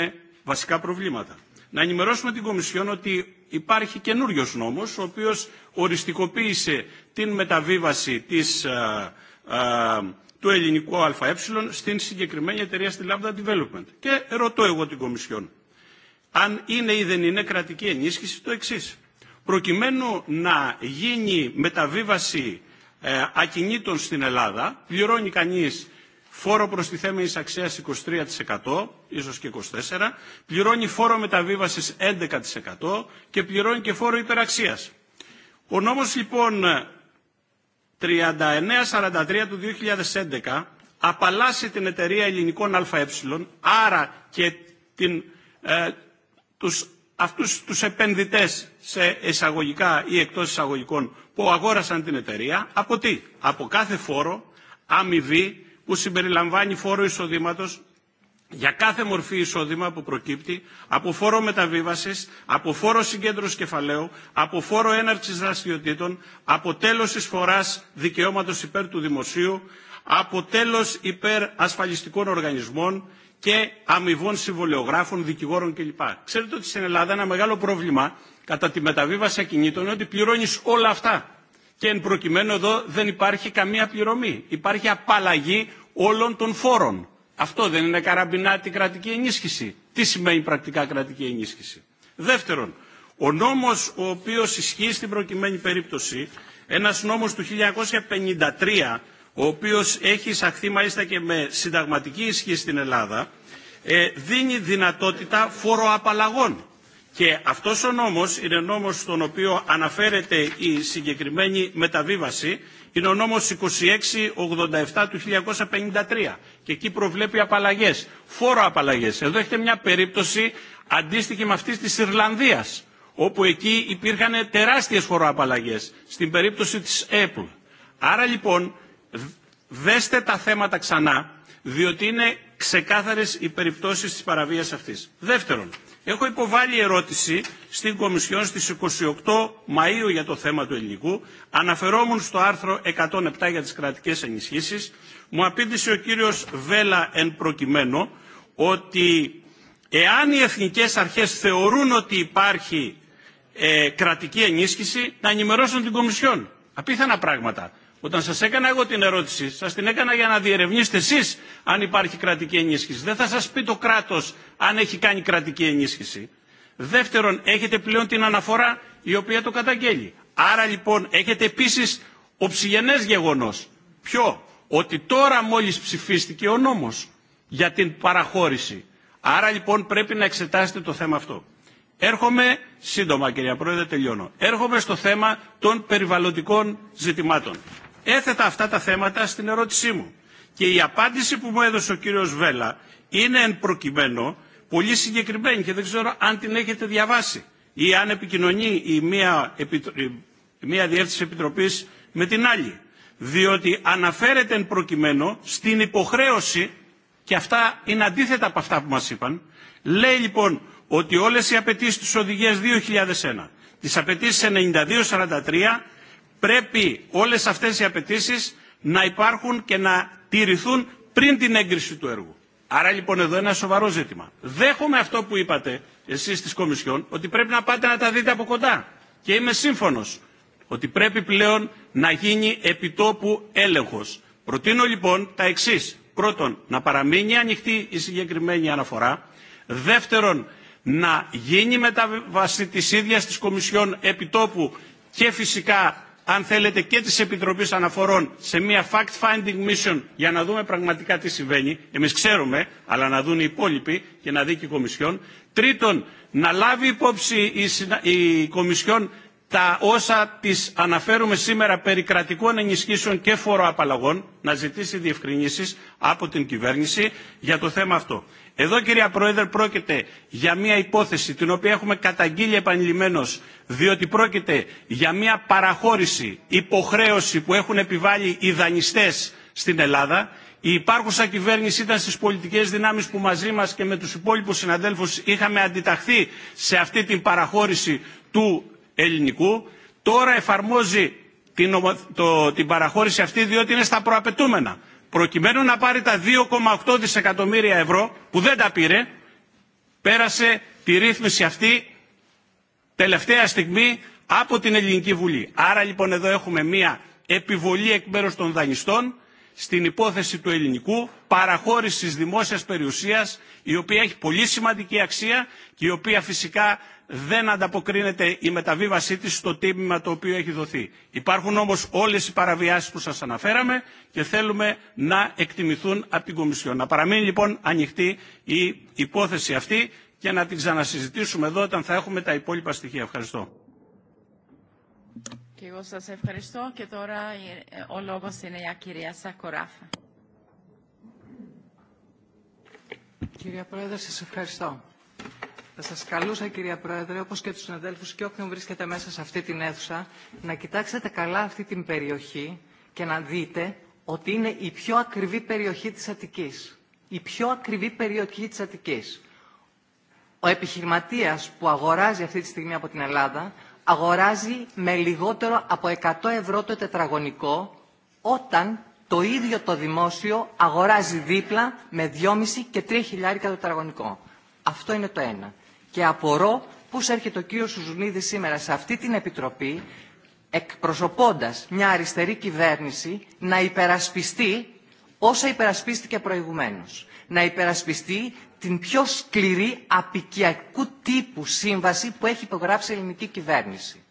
βασικά προβλήματα. Να ενημερώσουμε την Κομισιόν ότι υπάρχει καινούριο νόμος, ο οποίος οριστικοποίησε την μεταβίβαση της, α, ε, ε, του ελληνικού ΑΕ στην συγκεκριμένη εταιρεία στη Lambda Development. Και ρωτώ εγώ την Κομισιόν, αν είναι ή δεν είναι κρατική ενίσχυση το εξή. Προκειμένου να γίνει μεταβίβαση ε, ακινήτων στην Ελλάδα, πληρώνει κανείς φόρο τη προστιθέμενης αξίας 23%, ίσως και 24%, πληρώνει φόρο μεταβίβασης 11% και πληρώνει και φόρο υπεραξίας. Ο νόμος λοιπόν 3943 του 2011 απαλλάσσει την εταιρεία ελληνικών ΑΕ, άρα και την, ε, τους, αυτούς τους επενδυτές σε εισαγωγικά ή εκτός εισαγωγικών που αγόρασαν την εταιρεία, από τι? Από κάθε φόρο, αμοιβή, που συμπεριλαμβάνει φόρο εισοδήματος για κάθε μορφή εισόδημα που προκύπτει, από φόρο μεταβίβασης, από φόρο συγκέντρωση κεφαλαίου, από φόρο έναρξης δραστηριοτήτων, από τέλος εισφοράς δικαιώματος υπέρ του δημοσίου, από τέλος υπέρ ασφαλιστικών οργανισμών και αμοιβών συμβολιογράφων, δικηγόρων κλπ. Ξέρετε ότι στην Ελλάδα ένα μεγάλο πρόβλημα κατά τη μεταβίβαση ακινήτων είναι ότι πληρώνεις όλα αυτά και εν προκειμένου εδώ δεν υπάρχει καμία πληρωμή. Υπάρχει απαλλαγή όλων των φόρων. Αυτό δεν είναι καραμπινάτη κρατική ενίσχυση. Τι σημαίνει πρακτικά κρατική ενίσχυση. Δεύτερον, ο νόμος ο οποίος ισχύει στην προκειμένη περίπτωση, ένας νόμος του 1953, ο οποίος έχει εισαχθεί μάλιστα και με συνταγματική ισχύ στην Ελλάδα, ε, δίνει δυνατότητα φοροαπαλλαγών και αυτός ο νόμος είναι νόμος στον οποίο αναφέρεται η συγκεκριμένη μεταβίβαση. Είναι ο νόμος 2687 του 1953 και εκεί προβλέπει απαλλαγές, φόρο Εδώ έχετε μια περίπτωση αντίστοιχη με αυτή της Ιρλανδίας, όπου εκεί υπήρχαν τεράστιες φοροαπαλλαγές, στην περίπτωση της Apple. Άρα λοιπόν δέστε τα θέματα ξανά, διότι είναι ξεκάθαρες οι περιπτώσεις της παραβίας αυτής. Δεύτερον, Έχω υποβάλει ερώτηση στην Κομισιόν στις 28 Μαΐου για το θέμα του ελληνικού. Αναφερόμουν στο άρθρο 107 για τις κρατικές ενισχύσεις. Μου απήντησε ο κύριος Βέλα εν προκειμένο ότι εάν οι εθνικές αρχές θεωρούν ότι υπάρχει ε, κρατική ενίσχυση, να ενημερώσουν την Κομισιόν. Απίθανα πράγματα. Όταν σας έκανα εγώ την ερώτηση, σας την έκανα για να διερευνήσετε εσείς αν υπάρχει κρατική ενίσχυση. Δεν θα σας πει το κράτος αν έχει κάνει κρατική ενίσχυση. Δεύτερον, έχετε πλέον την αναφορά η οποία το καταγγέλει. Άρα λοιπόν έχετε επίσης οψιγενές γεγονός. Ποιο? Ότι τώρα μόλις ψηφίστηκε ο νόμος για την παραχώρηση. Άρα λοιπόν πρέπει να εξετάσετε το θέμα αυτό. Έρχομαι, σύντομα κυρία Πρόεδρε, τελειώνω. Έρχομαι στο θέμα των περιβαλλοντικών ζητημάτων. Έθετα αυτά τα θέματα στην ερώτησή μου. Και η απάντηση που μου έδωσε ο κύριος Βέλα είναι εν προκειμένου πολύ συγκεκριμένη και δεν ξέρω αν την έχετε διαβάσει ή αν επικοινωνεί η μία, η μια επιτρο... διεύθυνση επιτροπής με την άλλη. Διότι αναφέρεται εν προκειμένου στην υποχρέωση και αυτά είναι αντίθετα από αυτά που μας είπαν. Λέει λοιπόν ότι όλες οι απαιτήσει της οδηγίας 2001, τις απαιτήσει 92-43 πρέπει όλες αυτές οι απαιτήσει να υπάρχουν και να τηρηθούν πριν την έγκριση του έργου. Άρα λοιπόν εδώ είναι ένα σοβαρό ζήτημα. Δέχομαι αυτό που είπατε εσείς της Κομισιόν ότι πρέπει να πάτε να τα δείτε από κοντά. Και είμαι σύμφωνος ότι πρέπει πλέον να γίνει επιτόπου έλεγχος. Προτείνω λοιπόν τα εξή. Πρώτον, να παραμείνει ανοιχτή η συγκεκριμένη αναφορά. Δεύτερον, να γίνει μεταβασή της ίδιας της Κομισιόν επιτόπου και φυσικά αν θέλετε και τη επιτροπή Αναφορών σε μια fact-finding mission για να δούμε πραγματικά τι συμβαίνει. εμεί ξέρουμε, αλλά να δουν οι υπόλοιποι και να δει και η Κομισιόν. Τρίτον, να λάβει υπόψη η, η Κομισιόν τα όσα τις αναφέρουμε σήμερα περί κρατικών ενισχύσεων και φοροαπαλλαγών, να ζητήσει διευκρινήσεις από την κυβέρνηση για το θέμα αυτό. Εδώ κυρία Πρόεδρε πρόκειται για μια υπόθεση την οποία έχουμε καταγγείλει επανειλημμένως διότι πρόκειται για μια παραχώρηση, υποχρέωση που έχουν επιβάλει οι δανειστές στην Ελλάδα η υπάρχουσα κυβέρνηση ήταν στις πολιτικές δυνάμεις που μαζί μας και με τους υπόλοιπους συναδέλφους είχαμε αντιταχθεί σε αυτή την παραχώρηση του ελληνικού τώρα εφαρμόζει την, το, την παραχώρηση αυτή διότι είναι στα προαπαιτούμενα. Προκειμένου να πάρει τα 2,8 δισεκατομμύρια ευρώ που δεν τα πήρε, πέρασε τη ρύθμιση αυτή τελευταία στιγμή από την Ελληνική Βουλή. Άρα λοιπόν εδώ έχουμε μία επιβολή εκ μέρους των δανειστών στην υπόθεση του ελληνικού παραχώρησης δημόσιας περιουσίας η οποία έχει πολύ σημαντική αξία και η οποία φυσικά δεν ανταποκρίνεται η μεταβίβασή της στο τίμημα το οποίο έχει δοθεί. Υπάρχουν όμως όλες οι παραβιάσεις που σας αναφέραμε και θέλουμε να εκτιμηθούν από την Κομισιόν. Να παραμείνει λοιπόν ανοιχτή η υπόθεση αυτή και να την ξανασυζητήσουμε εδώ όταν θα έχουμε τα υπόλοιπα στοιχεία. Ευχαριστώ. Και εγώ σας ευχαριστώ και τώρα ο λόγος είναι για κυρία Σακοράφα. Κυρία Πρόεδρε, σας ευχαριστώ. Θα σας καλούσα, κυρία Πρόεδρε, όπως και τους συναδέλφους και όποιον βρίσκεται μέσα σε αυτή την αίθουσα, να κοιτάξετε καλά αυτή την περιοχή και να δείτε ότι είναι η πιο ακριβή περιοχή της Αττικής. Η πιο ακριβή περιοχή της Αττικής. Ο επιχειρηματίας που αγοράζει αυτή τη στιγμή από την Ελλάδα, αγοράζει με λιγότερο από 100 ευρώ το τετραγωνικό, όταν το ίδιο το δημόσιο αγοράζει δίπλα με 2,5 και 3 χιλιάρικα το τετραγωνικό. Αυτό είναι το ένα και απορώ πώς έρχεται ο κύριος Σουζουνίδη σήμερα σε αυτή την Επιτροπή εκπροσωπώντας μια αριστερή κυβέρνηση να υπερασπιστεί όσα υπερασπίστηκε προηγουμένως. Να υπερασπιστεί την πιο σκληρή απικιακού τύπου σύμβαση που έχει υπογράψει η ελληνική κυβέρνηση.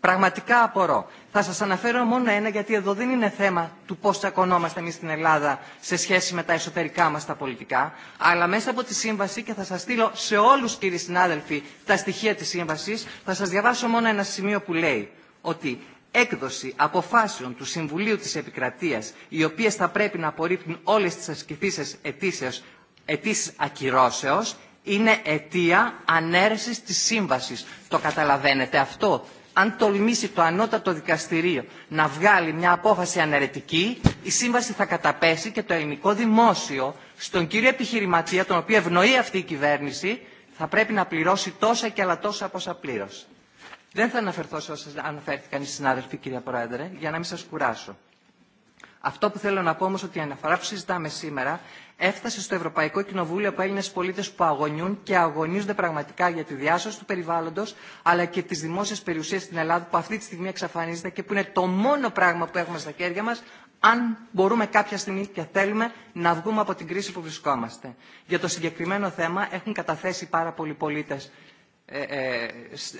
Πραγματικά απορώ. Θα σας αναφέρω μόνο ένα γιατί εδώ δεν είναι θέμα του πώς τσακωνόμαστε εμείς στην Ελλάδα σε σχέση με τα εσωτερικά μας τα πολιτικά, αλλά μέσα από τη σύμβαση και θα σας στείλω σε όλους κύριοι συνάδελφοι τα στοιχεία της σύμβασης, θα σας διαβάσω μόνο ένα σημείο που λέει ότι έκδοση αποφάσεων του Συμβουλίου της Επικρατείας, οι οποίες θα πρέπει να απορρίπτουν όλες τις ασκηθήσεις αιτήσεις ακυρώσεως, είναι αιτία ανέρεσης της σύμβασης. Το καταλαβαίνετε αυτό αν τολμήσει το ανώτατο δικαστηρίο να βγάλει μια απόφαση αναιρετική, η σύμβαση θα καταπέσει και το ελληνικό δημόσιο, στον κύριο επιχειρηματία, τον οποίο ευνοεί αυτή η κυβέρνηση, θα πρέπει να πληρώσει τόσα και άλλα τόσα από όσα πλήρωσε. Δεν θα αναφερθώ σε όσα αναφέρθηκαν οι συνάδελφοι, κυρία Πρόεδρε, για να μην σα κουράσω. Αυτό που θέλω να πω όμω ότι η αναφορά που συζητάμε σήμερα έφτασε στο Ευρωπαϊκό Κοινοβούλιο από Έλληνε πολίτε που αγωνιούν και αγωνίζονται πραγματικά για τη διάσωση του περιβάλλοντο αλλά και τη δημόσια περιουσία στην Ελλάδα που αυτή τη στιγμή εξαφανίζεται και που είναι το μόνο πράγμα που έχουμε στα χέρια μα αν μπορούμε κάποια στιγμή και θέλουμε να βγούμε από την κρίση που βρισκόμαστε. Για το συγκεκριμένο θέμα έχουν καταθέσει πάρα πολλοί πολίτε ε, ε,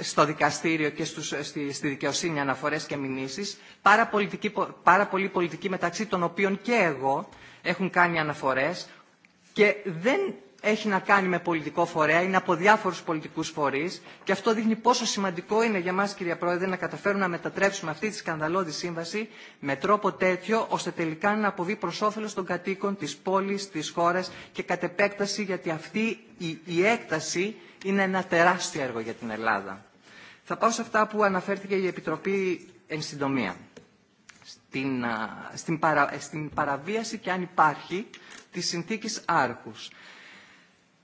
στο δικαστήριο και στους, ε, στη, στη δικαιοσύνη αναφορές και μηνύσεις. Πάρα, πολιτική, πάρα πολλοί πολιτικοί μεταξύ των οποίων και εγώ έχουν κάνει αναφορές και δεν έχει να κάνει με πολιτικό φορέα, είναι από διάφορους πολιτικούς φορείς και αυτό δείχνει πόσο σημαντικό είναι για μας κυρία Πρόεδρε να καταφέρουμε να μετατρέψουμε αυτή τη σκανδαλώδη σύμβαση με τρόπο τέτοιο ώστε τελικά να αποβεί προ όφελο των κατοίκων της πόλης, της χώρας και κατ' επέκταση γιατί αυτή η έκταση είναι ένα τεράστιο έργο για την Ελλάδα. Θα πάω σε αυτά που αναφέρθηκε η Επιτροπή εν συντομία. Στην, στην, παραβίαση και αν υπάρχει της συνθήκης άρχους.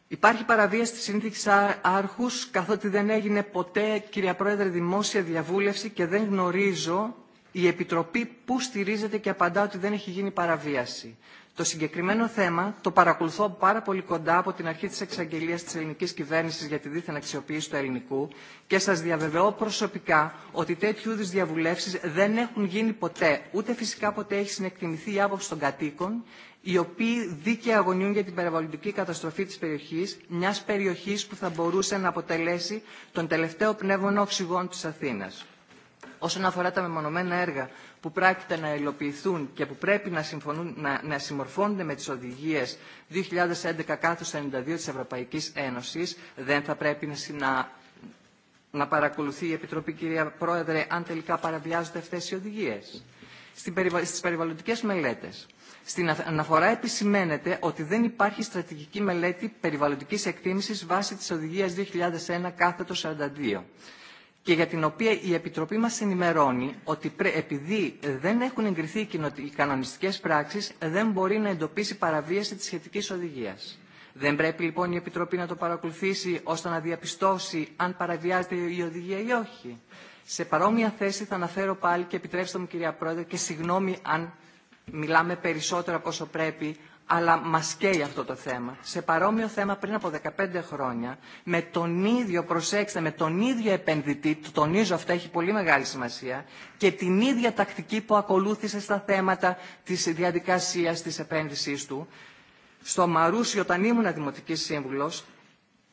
Υπάρχει παραβίαση της συνθήκης άρχους καθότι δεν έγινε ποτέ, κυρία Πρόεδρε, δημόσια διαβούλευση και δεν γνωρίζω η Επιτροπή που στηρίζεται και απαντά ότι δεν έχει γίνει παραβίαση. Το συγκεκριμένο θέμα το παρακολουθώ πάρα πολύ κοντά από την αρχή της εξαγγελίας της ελληνικής κυβέρνησης για τη δίθεν αξιοποίηση του ελληνικού και σας διαβεβαιώ προσωπικά ότι τέτοιου είδους διαβουλεύσεις δεν έχουν γίνει ποτέ, ούτε φυσικά ποτέ έχει συνεκτιμηθεί η άποψη των κατοίκων, οι οποίοι δίκαια αγωνιούν για την περιβαλλοντική καταστροφή της περιοχής, μιας περιοχής που θα μπορούσε να αποτελέσει τον τελευταίο πνεύμα οξυγόνου της Αθήνας. Όσον αφορά τα μεμονωμένα έργα που πρόκειται να υλοποιηθούν και που πρέπει να, να, να συμμορφώνονται με τις οδηγίες 2011-92 της Ευρωπαϊκής Ένωσης δεν θα πρέπει να, να παρακολουθεί η Επιτροπή, κυρία Πρόεδρε, αν τελικά παραβιάζονται αυτές οι οδηγίες. Στις περιβαλλοντικές μελέτες. Στην αναφορά επισημαίνεται ότι δεν υπάρχει στρατηγική μελέτη περιβαλλοντικής εκτίμησης βάσει της οδηγίας 2001 κάθετο 42 και για την οποία η Επιτροπή μας ενημερώνει ότι επειδή δεν έχουν εγκριθεί οι κανονιστικές πράξεις, δεν μπορεί να εντοπίσει παραβίαση της σχετικής οδηγίας. Δεν πρέπει λοιπόν η Επιτροπή να το παρακολουθήσει ώστε να διαπιστώσει αν παραβιάζεται η οδηγία ή όχι. Σε παρόμοια θέση θα αναφέρω πάλι και επιτρέψτε μου κυρία Πρόεδρε και συγγνώμη αν μιλάμε περισσότερα από όσο πρέπει αλλά μα καίει αυτό το θέμα. Σε παρόμοιο θέμα πριν από 15 χρόνια, με τον ίδιο, προσέξτε, με τον ίδιο επενδυτή, το τονίζω αυτό έχει πολύ μεγάλη σημασία, και την ίδια τακτική που ακολούθησε στα θέματα της διαδικασία, τη επένδυσής του, στο Μαρούσι όταν ήμουν δημοτική σύμβουλος,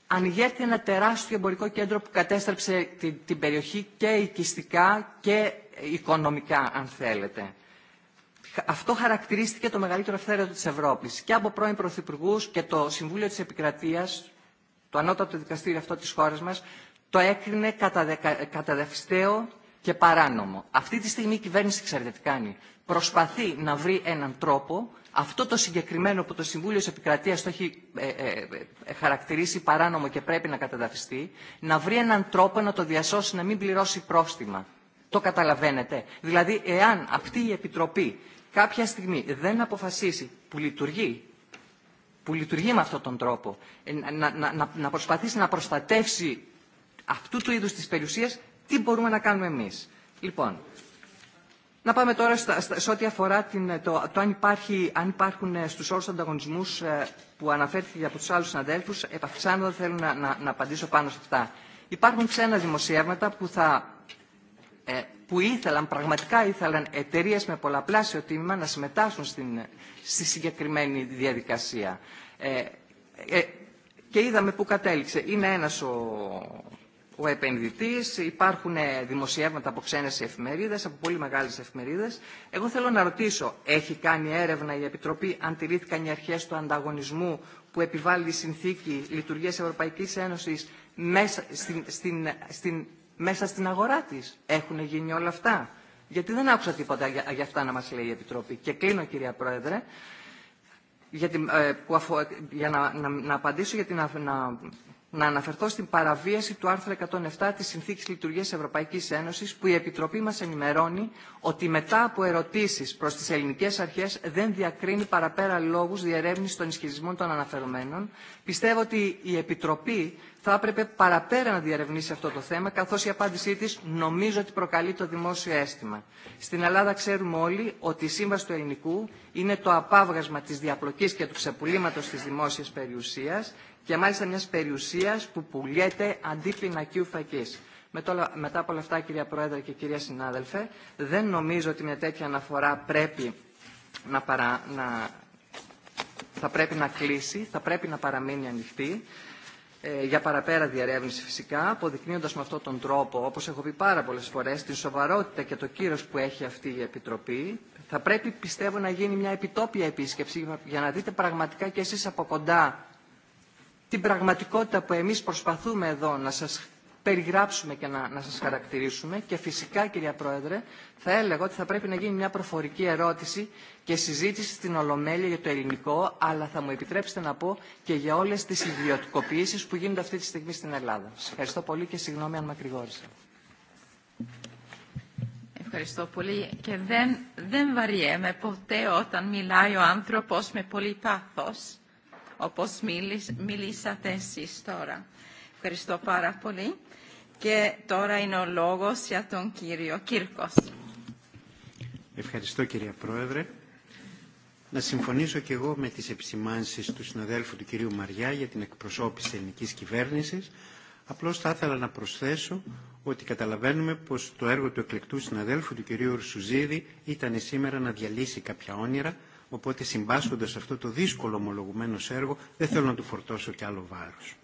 ανοιγέται ένα τεράστιο εμπορικό κέντρο που κατέστρεψε την, την περιοχή και οικιστικά και οικονομικά, αν θέλετε αυτό χαρακτηρίστηκε το μεγαλύτερο ευθέρετο της Ευρώπης και από πρώην Πρωθυπουργού και το Συμβούλιο της Επικρατείας, το ανώτατο δικαστήριο αυτό της χώρας μας, το έκρινε καταδευστέο και παράνομο. Αυτή τη στιγμή η κυβέρνηση, ξέρετε τι κάνει. Προσπαθεί να βρει έναν τρόπο, αυτό το συγκεκριμένο που το Συμβούλιο της Επικρατείας το έχει ε, ε, ε, χαρακτηρίσει παράνομο και πρέπει να καταδαφιστεί, να βρει έναν τρόπο να το διασώσει, να μην πληρώσει πρόστιμα. Το καταλαβαίνετε. Δηλαδή, εάν αυτή η Επιτροπή κάποια στιγμή δεν αποφασίσει που λειτουργεί, που λειτουργεί με αυτόν τον τρόπο, ε, να, να, να προσπαθήσει να προστατεύσει αυτού του είδους της περιουσίας, τι μπορούμε να κάνουμε εμείς. Λοιπόν, να πάμε τώρα σε ό,τι αφορά την, το, το αν, υπάρχει, αν υπάρχουν ε, στους όρους ανταγωνισμούς ε, που αναφέρθηκε από τους άλλους συναδέλφους, δεν θέλω να, να, να απαντήσω πάνω σε αυτά. Υπάρχουν ξένα δημοσιεύματα που θα ε, που ήθελαν, πραγματικά ήθελαν εταιρείε με πολλαπλάσιο τίμημα να συμμετάσχουν στην, στη συγκεκριμένη διαδικασία. Ε, ε, και είδαμε που κατέληξε. Είναι ένας ο, ο επενδυτής, υπάρχουν ε, δημοσιεύματα από ξένες εφημερίδες, από πολύ μεγάλες εφημερίδες. Εγώ θέλω να ρωτήσω, έχει κάνει έρευνα η Επιτροπή αν τηρήθηκαν οι αρχές του ανταγωνισμού που επιβάλλει η Συνθήκη Λειτουργίας Ευρωπαϊκής Ένωσης στην, στην, στην μέσα στην αγορά τη Έχουν γίνει όλα αυτά. Γιατί δεν άκουσα τίποτα για, για αυτά να μας λέει η Επιτροπή. Και κλείνω κυρία Πρόεδρε, για, ε, που να, να, απαντήσω για την, να, να αναφερθώ στην παραβίαση του άρθρου 107 της Συνθήκης Λειτουργίας Ευρωπαϊκής Ένωσης που η Επιτροπή μας ενημερώνει ότι μετά από ερωτήσεις προς τις ελληνικές αρχές δεν διακρίνει παραπέρα λόγους διερεύνηση των ισχυρισμών των αναφερομένων. Πιστεύω ότι η Επιτροπή θα έπρεπε παραπέρα να διαρευνήσει αυτό το θέμα, καθώς η απάντησή της νομίζω ότι προκαλεί το δημόσιο αίσθημα. Στην Ελλάδα ξέρουμε όλοι ότι η Σύμβαση του Ελληνικού είναι το απάβγασμα της διαπλοκής και του ξεπουλήματος της δημόσιας περιουσίας και μάλιστα μιας περιουσίας που πουλιέται αντί πινακίου φακής. Μετά από όλα αυτά, κυρία Πρόεδρε και κυρία συνάδελφε, δεν νομίζω ότι μια τέτοια αναφορά πρέπει να, παρα... να... θα πρέπει να κλείσει, θα πρέπει να παραμείνει ανοιχτή. Ε, για παραπέρα διαρεύνηση φυσικά, αποδεικνύοντας με αυτόν τον τρόπο, όπως έχω πει πάρα πολλές φορές, την σοβαρότητα και το κύρος που έχει αυτή η Επιτροπή. Θα πρέπει, πιστεύω, να γίνει μια επιτόπια επίσκεψη για να δείτε πραγματικά και εσείς από κοντά την πραγματικότητα που εμείς προσπαθούμε εδώ να σας περιγράψουμε και να, να σας χαρακτηρίσουμε. Και φυσικά, κυρία Πρόεδρε, θα έλεγα ότι θα πρέπει να γίνει μια προφορική ερώτηση και συζήτηση στην Ολομέλεια για το ελληνικό, αλλά θα μου επιτρέψετε να πω και για όλες τις ιδιωτικοποιήσεις που γίνονται αυτή τη στιγμή στην Ελλάδα. Σας ευχαριστώ πολύ και συγγνώμη αν μακρηγόρησα. Ευχαριστώ πολύ και δεν, δεν βαριέμαι ποτέ όταν μιλάει ο άνθρωπος με πολύ πάθος, όπως μιλήσατε εσείς τώρα. Ευχαριστώ πάρα πολύ. Και τώρα είναι ο λόγος για τον κύριο Κύρκος. Ευχαριστώ κυρία Πρόεδρε. Να συμφωνήσω και εγώ με τις επισημάνσεις του συναδέλφου του κυρίου Μαριά για την εκπροσώπηση της ελληνικής κυβέρνησης. Απλώς θα ήθελα να προσθέσω ότι καταλαβαίνουμε πως το έργο του εκλεκτού συναδέλφου του κυρίου Ρουσουζίδη ήταν σήμερα να διαλύσει κάποια όνειρα, οπότε συμπάσχοντας αυτό το δύσκολο ομολογουμένο έργο δεν θέλω να του φορτώσω κι άλλο βάρος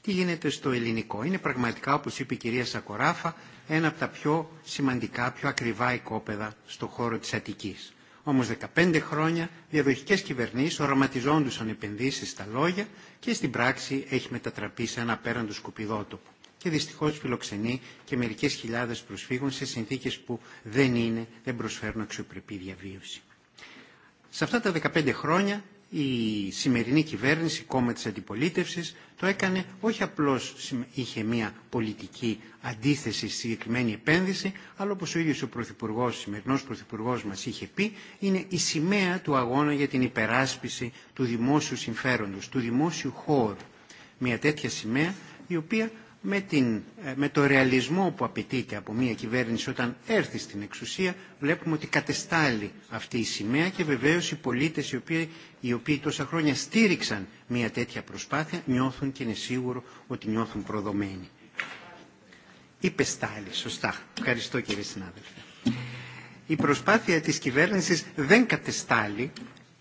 τι γίνεται στο ελληνικό. Είναι πραγματικά, όπως είπε η κυρία Σακοράφα, ένα από τα πιο σημαντικά, πιο ακριβά οικόπεδα στο χώρο της Αττικής. Όμως 15 χρόνια διαδοχικές κυβερνήσεις οραματιζόντουσαν επενδύσεις στα λόγια και στην πράξη έχει μετατραπεί σε ένα απέραντο σκουπιδότοπο και δυστυχώς φιλοξενεί και μερικές χιλιάδες προσφύγων σε συνθήκες που δεν είναι, δεν προσφέρουν αξιοπρεπή διαβίωση. Σε αυτά τα 15 χρόνια η σημερινή κυβέρνηση, κόμμα της αντιπολίτευσης, το έκανε όχι απλώς είχε μια πολιτική αντίθεση στη συγκεκριμένη επένδυση, αλλά όπως ο ίδιος ο Πρωθυπουργός, ο σημερινός Πρωθυπουργός μας είχε πει, είναι η σημαία του αγώνα για την υπεράσπιση του δημόσιου συμφέροντος, του δημόσιου χώρου. Μια τέτοια σημαία η οποία με, την, ε, με το ρεαλισμό που απαιτείται από μια κυβέρνηση όταν έρθει στην εξουσία βλέπουμε ότι κατεστάλλει αυτή η σημαία και βεβαίως οι πολίτες οι οποίοι, τόσα χρόνια στήριξαν μια τέτοια προσπάθεια νιώθουν και είναι σίγουρο ότι νιώθουν προδομένοι. Υπεστάλλει, σωστά. Ευχαριστώ κύριε συνάδελφε. Η προσπάθεια της κυβέρνησης δεν κατεστάλλει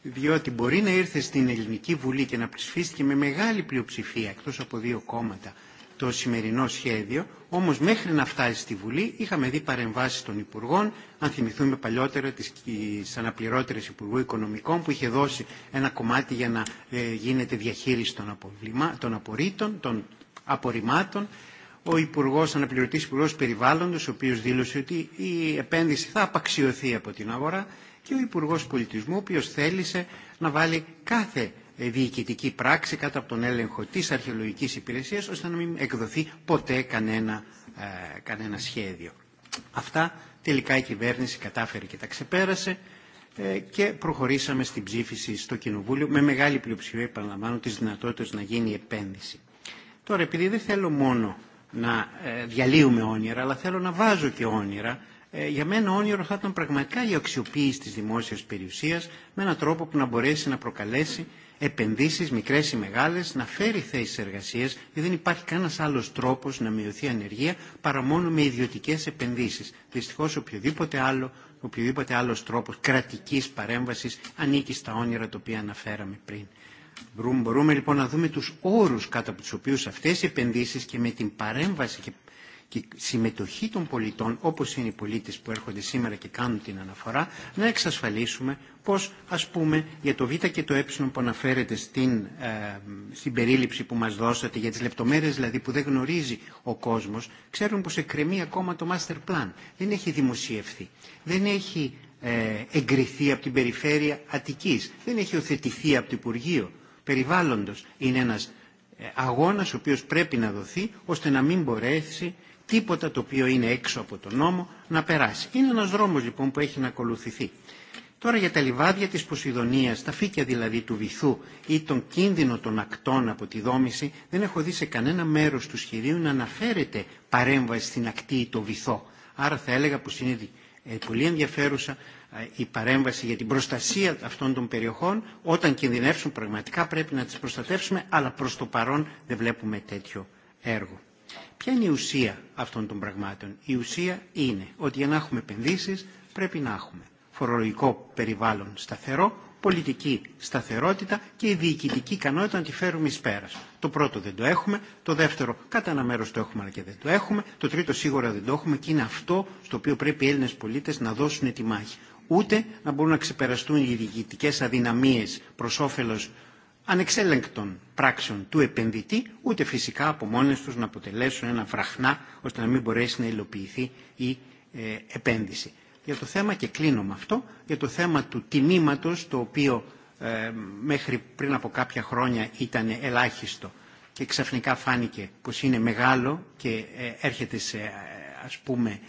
διότι μπορεί να ήρθε στην Ελληνική Βουλή και να πλησφίστηκε με μεγάλη πλειοψηφία εκτός από δύο κόμματα το σημερινό σχέδιο, όμως μέχρι να φτάσει στη Βουλή είχαμε δει παρεμβάσεις των Υπουργών, αν θυμηθούμε παλιότερα τις αναπληρώτερες Υπουργού Οικονομικών που είχε δώσει ένα κομμάτι για να ε, γίνεται διαχείριση των, αποβλήμα, των απορρίτων, των απορριμμάτων, ο Υπουργό, αναπληρωτή Υπουργό Περιβάλλοντο, ο οποίο δήλωσε ότι η επένδυση θα απαξιωθεί από την αγορά, και ο Υπουργό Πολιτισμού, ο οποίο θέλησε να βάλει κάθε ε, διοικητική πράξη κάτω από τον έλεγχο της αρχαιολογικής υπηρεσίας ώστε να μην εκδοθεί ποτέ κανένα, ε, κανένα σχέδιο. Αυτά τελικά η κυβέρνηση κατάφερε και τα ξεπέρασε ε, και προχωρήσαμε στην ψήφιση στο Κοινοβούλιο με μεγάλη πλειοψηφία, επαναλαμβάνω, τις δυνατότητε να γίνει επένδυση. Τώρα, επειδή δεν θέλω μόνο να διαλύουμε όνειρα, αλλά θέλω να βάζω και όνειρα, για μένα όνειρο θα ήταν πραγματικά η αξιοποίηση της δημόσιας περιουσίας με έναν τρόπο που να μπορέσει να προκαλέσει επενδύσεις μικρές ή μεγάλες, να φέρει θέσεις εργασίας, μικρέ η ανεργία παρά μόνο με ιδιωτικές επενδύσεις. Δυστυχώς οποιοδήποτε άλλο, οποιοδήποτε άλλος τρόπος κρατικής παρέμβασης ανήκει στα όνειρα τα οποία αναφέραμε πριν. Μπορούμε λοιπόν να φερει θέσει εργασιας γιατι δεν υπαρχει κανενας αλλος τροπος να μειωθει η ανεργια παρα μονο με ιδιωτικέ επενδυσεις δυστυχώ, οποιοδηποτε αλλο αλλος τροπος κρατικης παρεμβασης ανηκει στα ονειρα τα οποια αναφεραμε πριν μπορουμε λοιπον να δουμε τους όρους κάτω από τους οποίους αυτές οι επενδύσεις και με την παρέμβαση και και συμμετοχή των πολιτών, όπως είναι οι πολίτες που έρχονται σήμερα και κάνουν την αναφορά, να εξασφαλίσουμε πως, ας πούμε, για το Β και το Ε που αναφέρεται στην, ε, στην περίληψη που μας δώσατε, για τις λεπτομέρειες δηλαδή που δεν γνωρίζει ο κόσμος, ξέρουν πως εκκρεμεί ακόμα το master plan. Δεν έχει δημοσιευθεί. Δεν έχει ε, εγκριθεί από την περιφέρεια Αττικής. Δεν έχει οθετηθεί από το Υπουργείο Περιβάλλοντος. Είναι ένας ε, αγώνας ο οποίος πρέπει να δοθεί ώστε να μην μπορέσει τίποτα το οποίο είναι έξω από τον νόμο να περάσει. Είναι ένας δρόμος λοιπόν που έχει να ακολουθηθεί. Τώρα για τα λιβάδια της Ποσειδονίας, τα φύκια δηλαδή του βυθού ή τον κίνδυνο των ακτών από τη δόμηση, δεν έχω δει σε κανένα μέρος του σχεδίου να αναφέρεται παρέμβαση στην ακτή ή το βυθό. Άρα θα έλεγα πως είναι ε, πολύ ενδιαφέρουσα ε, η το βυθο αρα θα ελεγα που ειναι πολυ ενδιαφερουσα η παρεμβαση για την προστασία αυτών των περιοχών. Όταν κινδυνεύσουν πραγματικά πρέπει να τις προστατεύσουμε, αλλά προς το παρόν δεν βλέπουμε τέτοιο έργο. Ποια είναι η ουσία αυτών των πραγμάτων. Η ουσία είναι ότι για να έχουμε επενδύσει πρέπει να έχουμε φορολογικό περιβάλλον σταθερό, πολιτική σταθερότητα και η διοικητική ικανότητα να τη φέρουμε εις πέρας. Το πρώτο δεν το έχουμε, το δεύτερο κατά ένα μέρος το έχουμε αλλά και δεν το έχουμε, το τρίτο σίγουρα δεν το έχουμε και είναι αυτό στο οποίο πρέπει οι Έλληνες πολίτες να δώσουν τη μάχη. Ούτε να μπορούν να ξεπεραστούν οι διοικητικές αδυναμίες προς όφελος ανεξέλεγκτων πράξεων του επενδυτή, ούτε φυσικά από μόνες τους να αποτελέσουν ένα βραχνά ώστε να μην μπορέσει να υλοποιηθεί η ε, επένδυση. Για το θέμα, και κλείνω με αυτό, για το θέμα του τιμήματος, το οποίο ε, μέχρι πριν από κάποια χρόνια ήταν ελάχιστο και ξαφνικά φάνηκε πως είναι μεγάλο και ε, έρχεται σε, ε, ας πούμε,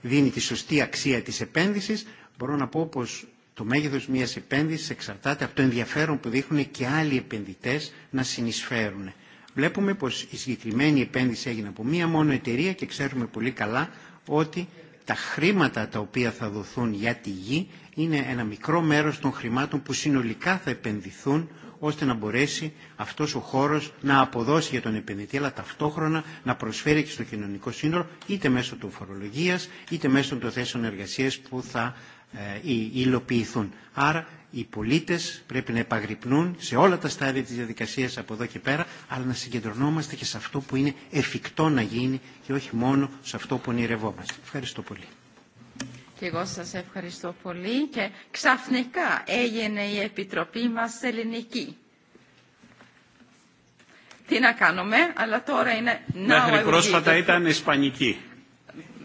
δίνει τη σωστή αξία της επένδυσης, μπορώ να πω πως το μέγεθο μια επένδυση εξαρτάται από το ενδιαφέρον που δείχνουν και άλλοι επενδυτέ να συνεισφέρουν. Βλέπουμε πω η συγκεκριμένη επένδυση έγινε από μία μόνο εταιρεία και ξέρουμε πολύ καλά ότι τα χρήματα τα οποία θα δοθούν για τη γη είναι ένα μικρό μέρο των χρημάτων που συνολικά θα επενδυθούν ώστε να μπορέσει αυτός ο χώρος να αποδώσει για τον επενδυτή αλλά ταυτόχρονα να προσφέρει και στο κοινωνικό σύνολο είτε μέσω του φορολογίας είτε μέσω των θέσεων εργασίας που θα ε, υλοποιηθούν. Άρα οι πολίτες πρέπει να επαγρυπνούν σε όλα τα στάδια της διαδικασίας από εδώ και πέρα, αλλά να συγκεντρωνόμαστε και σε αυτό που είναι εφικτό να γίνει και όχι μόνο σε αυτό που ονειρευόμαστε. Ευχαριστώ πολύ. Και εγώ σας ευχαριστώ πολύ και ξαφνικά έγινε η Επιτροπή μας ελληνική. Τι να κάνουμε, αλλά τώρα είναι... Μέχρι πρόσφατα ήταν ισπανική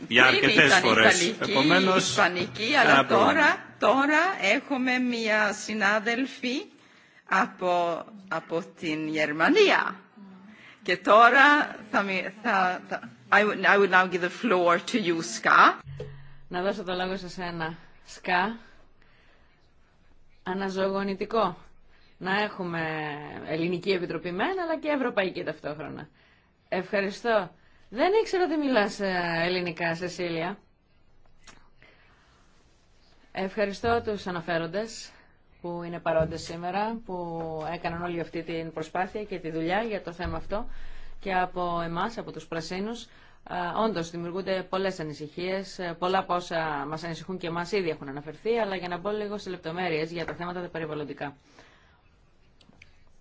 για αρκετέ φορέ Επομένω. Ισπανική, αλλά τώρα, τώρα έχουμε μια συνάδελφη από, από την Γερμανία. Και τώρα θα, θα, I, would, now give the floor to you, Ska. Να δώσω το λόγο σε σένα, Ska. Αναζωογονητικό. Να έχουμε Ελληνική Επιτροπή μένα, αλλά και Ευρωπαϊκή ταυτόχρονα. Ευχαριστώ. Δεν ήξερα ότι μιλάς ε, ελληνικά, Σεσίλια. Ευχαριστώ τους αναφέροντες που είναι παρόντες σήμερα, που έκαναν όλη αυτή την προσπάθεια και τη δουλειά για το θέμα αυτό και από εμάς, από τους Πρασίνους. Ε, όντως δημιουργούνται πολλές ανησυχίες, ε, πολλά από όσα μας ανησυχούν και εμάς ήδη έχουν αναφερθεί, αλλά για να μπω λίγο σε λεπτομέρειες για τα θέματα τα περιβαλλοντικά.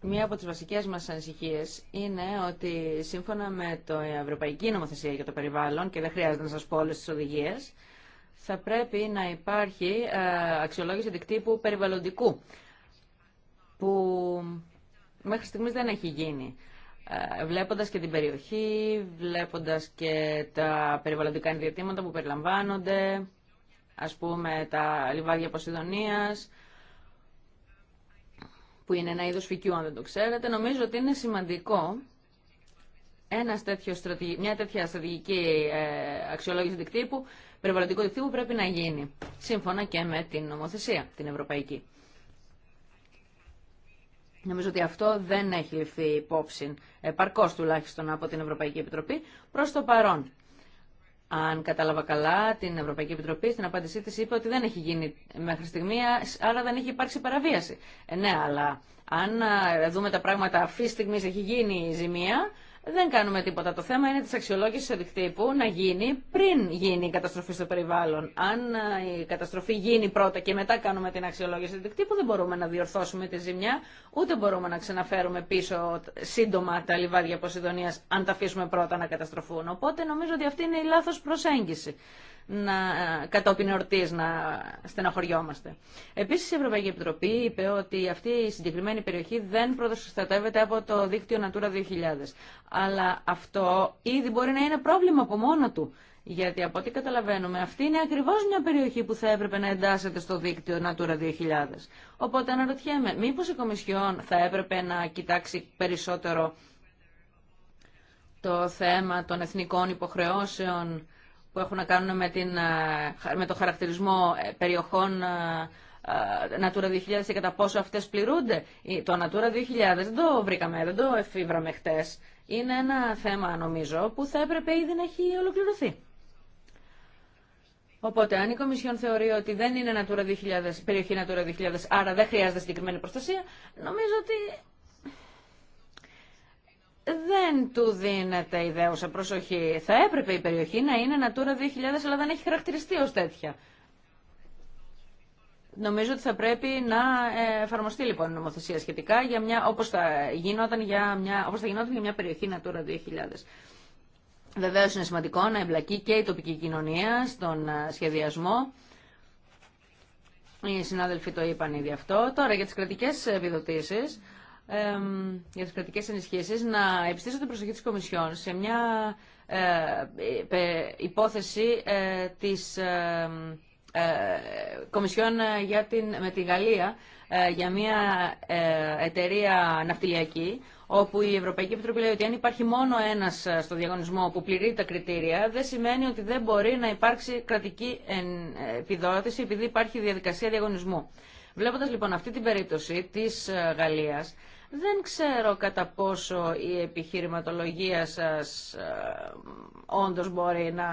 Μία από τις βασικές μας ανησυχίες είναι ότι σύμφωνα με το Ευρωπαϊκή Νομοθεσία για το Περιβάλλον και δεν χρειάζεται να σας πω όλες τις οδηγίες, θα πρέπει να υπάρχει ε, αξιολόγηση δικτύπου περιβαλλοντικού που μέχρι στιγμής δεν έχει γίνει. Ε, βλέποντας και την περιοχή, βλέποντας και τα περιβαλλοντικά ενδιατήματα που περιλαμβάνονται, ας πούμε τα λιβάδια Ποσειδονίας, που είναι ένα είδος φυκιού αν δεν το ξέρετε, νομίζω ότι είναι σημαντικό ένα μια τέτοια στρατηγική ε, αξιολόγηση δικτύπου, περιβαλλοντικού δικτύπου πρέπει να γίνει, σύμφωνα και με την νομοθεσία, την ευρωπαϊκή. Νομίζω ότι αυτό δεν έχει ληφθεί υπόψη, επαρκώς τουλάχιστον από την Ευρωπαϊκή Επιτροπή, προς το παρόν αν κατάλαβα καλά, την Ευρωπαϊκή Επιτροπή στην απάντησή τη είπε ότι δεν έχει γίνει μέχρι στιγμή, άρα δεν έχει υπάρξει παραβίαση. Ε, ναι, αλλά αν ε, δούμε τα πράγματα αυτή τη στιγμή έχει γίνει η ζημία, δεν κάνουμε τίποτα. Το θέμα είναι τη αξιολόγηση αντικτύπου να γίνει πριν γίνει η καταστροφή στο περιβάλλον. Αν ε, η καταστροφή γίνει πρώτα και μετά κάνουμε την αξιολόγηση αντικτύπου, δεν μπορούμε να διορθώσουμε τη ζημιά, ούτε μπορούμε να ξαναφέρουμε πίσω σύντομα τα λιβάδια Ποσειδονία, αν τα αφήσουμε πρώτα να καταστροφούν. Οπότε νομίζω ότι αυτή είναι η λάθο προσέγγιση να κατόπιν ορτής να στεναχωριόμαστε. Επίσης η Ευρωπαϊκή Επιτροπή είπε ότι αυτή η συγκεκριμένη περιοχή δεν προστατεύεται από το δίκτυο Natura 2000. Αλλά αυτό ήδη μπορεί να είναι πρόβλημα από μόνο του. Γιατί από ό,τι καταλαβαίνουμε, αυτή είναι ακριβώ μια περιοχή που θα έπρεπε να εντάσσεται στο δίκτυο Natura 2000. Οπότε αναρωτιέμαι, μήπω η Κομισιόν θα έπρεπε να κοιτάξει περισσότερο το θέμα των εθνικών υποχρεώσεων που έχουν να κάνουν με, την, ε, με το χαρακτηρισμό ε, περιοχών ε, Natura 2000 και κατά πόσο αυτές πληρούνται. Το Natura 2000 δεν το βρήκαμε, δεν το εφήβραμε χτες. Είναι ένα θέμα νομίζω που θα έπρεπε ήδη να έχει ολοκληρωθεί. Οπότε, αν η Κομισιόν θεωρεί ότι δεν είναι 2000, περιοχή Natura 2000, άρα δεν χρειάζεται συγκεκριμένη προστασία, νομίζω ότι δεν του δίνεται ιδέουσα προσοχή. Θα έπρεπε η περιοχή να είναι Natura 2000, αλλά δεν έχει χαρακτηριστεί ως τέτοια. Νομίζω ότι θα πρέπει να ε, εφαρμοστεί λοιπόν η νομοθεσία σχετικά για μια, όπως, θα γινόταν για μια, όπως θα γινόταν για μια περιοχή Natura 2000. Βεβαίω είναι σημαντικό να εμπλακεί και η τοπική κοινωνία στον ε, σχεδιασμό. Οι συνάδελφοι το είπαν ήδη αυτό. Τώρα για τις κρατικές επιδοτήσεις για τις κρατικές ενισχύσεις να επιστήσω την προσοχή της Κομισιόν σε μια ε, υπόθεση ε, της ε, Κομισιόν για την, με τη Γαλλία για μια εταιρεία ναυτιλιακή όπου η Ευρωπαϊκή Επιτροπή λέει ότι αν υπάρχει μόνο ένας στο διαγωνισμό που πληρεί τα κριτήρια δεν σημαίνει ότι δεν μπορεί να υπάρξει κρατική επιδότηση επειδή υπάρχει διαδικασία διαγωνισμού. Βλέποντας λοιπόν αυτή την περίπτωση της Γαλλίας δεν ξέρω κατά πόσο η επιχειρηματολογία σας ε, όντως μπορεί να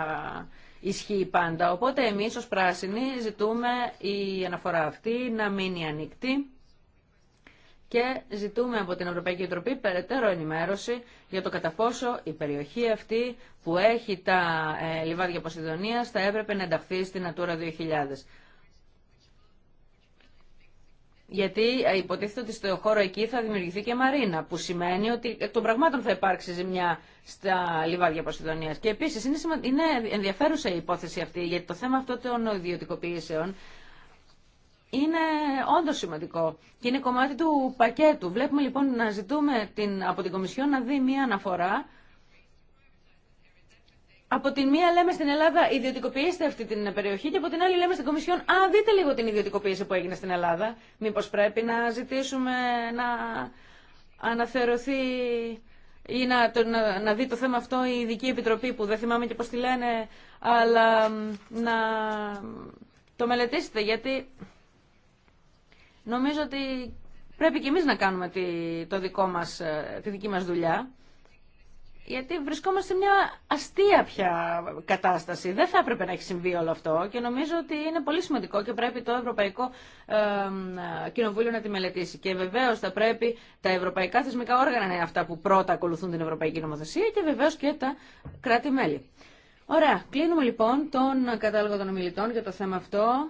ισχύει πάντα. Οπότε εμείς ως πράσινοι ζητούμε η αναφορά αυτή να μείνει ανοιχτή και ζητούμε από την Ευρωπαϊκή Επιτροπή περαιτέρω ενημέρωση για το κατά πόσο η περιοχή αυτή που έχει τα ε, λιβάδια Ποσειδονίας θα έπρεπε να ενταχθεί στην Natura 2000. Γιατί ε, υποτίθεται ότι στο χώρο εκεί θα δημιουργηθεί και μαρίνα, που σημαίνει ότι εκ των πραγμάτων θα υπάρξει ζημιά στα λιβάδια Ποσειδονία. Και επίση είναι, ενδιαφέρουσα η υπόθεση αυτή, γιατί το θέμα αυτό των ιδιωτικοποιήσεων είναι όντω σημαντικό και είναι κομμάτι του πακέτου. Βλέπουμε λοιπόν να ζητούμε την, από την Κομισιόν να δει μία αναφορά από την μία λέμε στην Ελλάδα ιδιωτικοποιήστε αυτή την περιοχή και από την άλλη λέμε στην Κομισιόν α, δείτε λίγο την ιδιωτικοποίηση που έγινε στην Ελλάδα. Μήπως πρέπει να ζητήσουμε να αναθερωθεί ή να, να, δει το θέμα αυτό η Ειδική Επιτροπή που δεν θυμάμαι και πώς τη λένε, αλλά να το μελετήσετε γιατί νομίζω ότι πρέπει και εμείς να κάνουμε τη, το δικό μας, ε, τη δική μας δουλειά γιατί βρισκόμαστε σε μια αστεία πια κατάσταση. Δεν θα έπρεπε να έχει συμβεί όλο αυτό και νομίζω ότι είναι πολύ σημαντικό και πρέπει το Ευρωπαϊκό Κοινοβούλιο να τη μελετήσει. Και βεβαίω θα πρέπει τα ευρωπαϊκά θεσμικά όργανα να είναι αυτά που πρώτα ακολουθούν την Ευρωπαϊκή Νομοθεσία και βεβαίω και τα κράτη-μέλη. Ωραία, κλείνουμε λοιπόν τον κατάλογο των ομιλητών για το θέμα αυτό.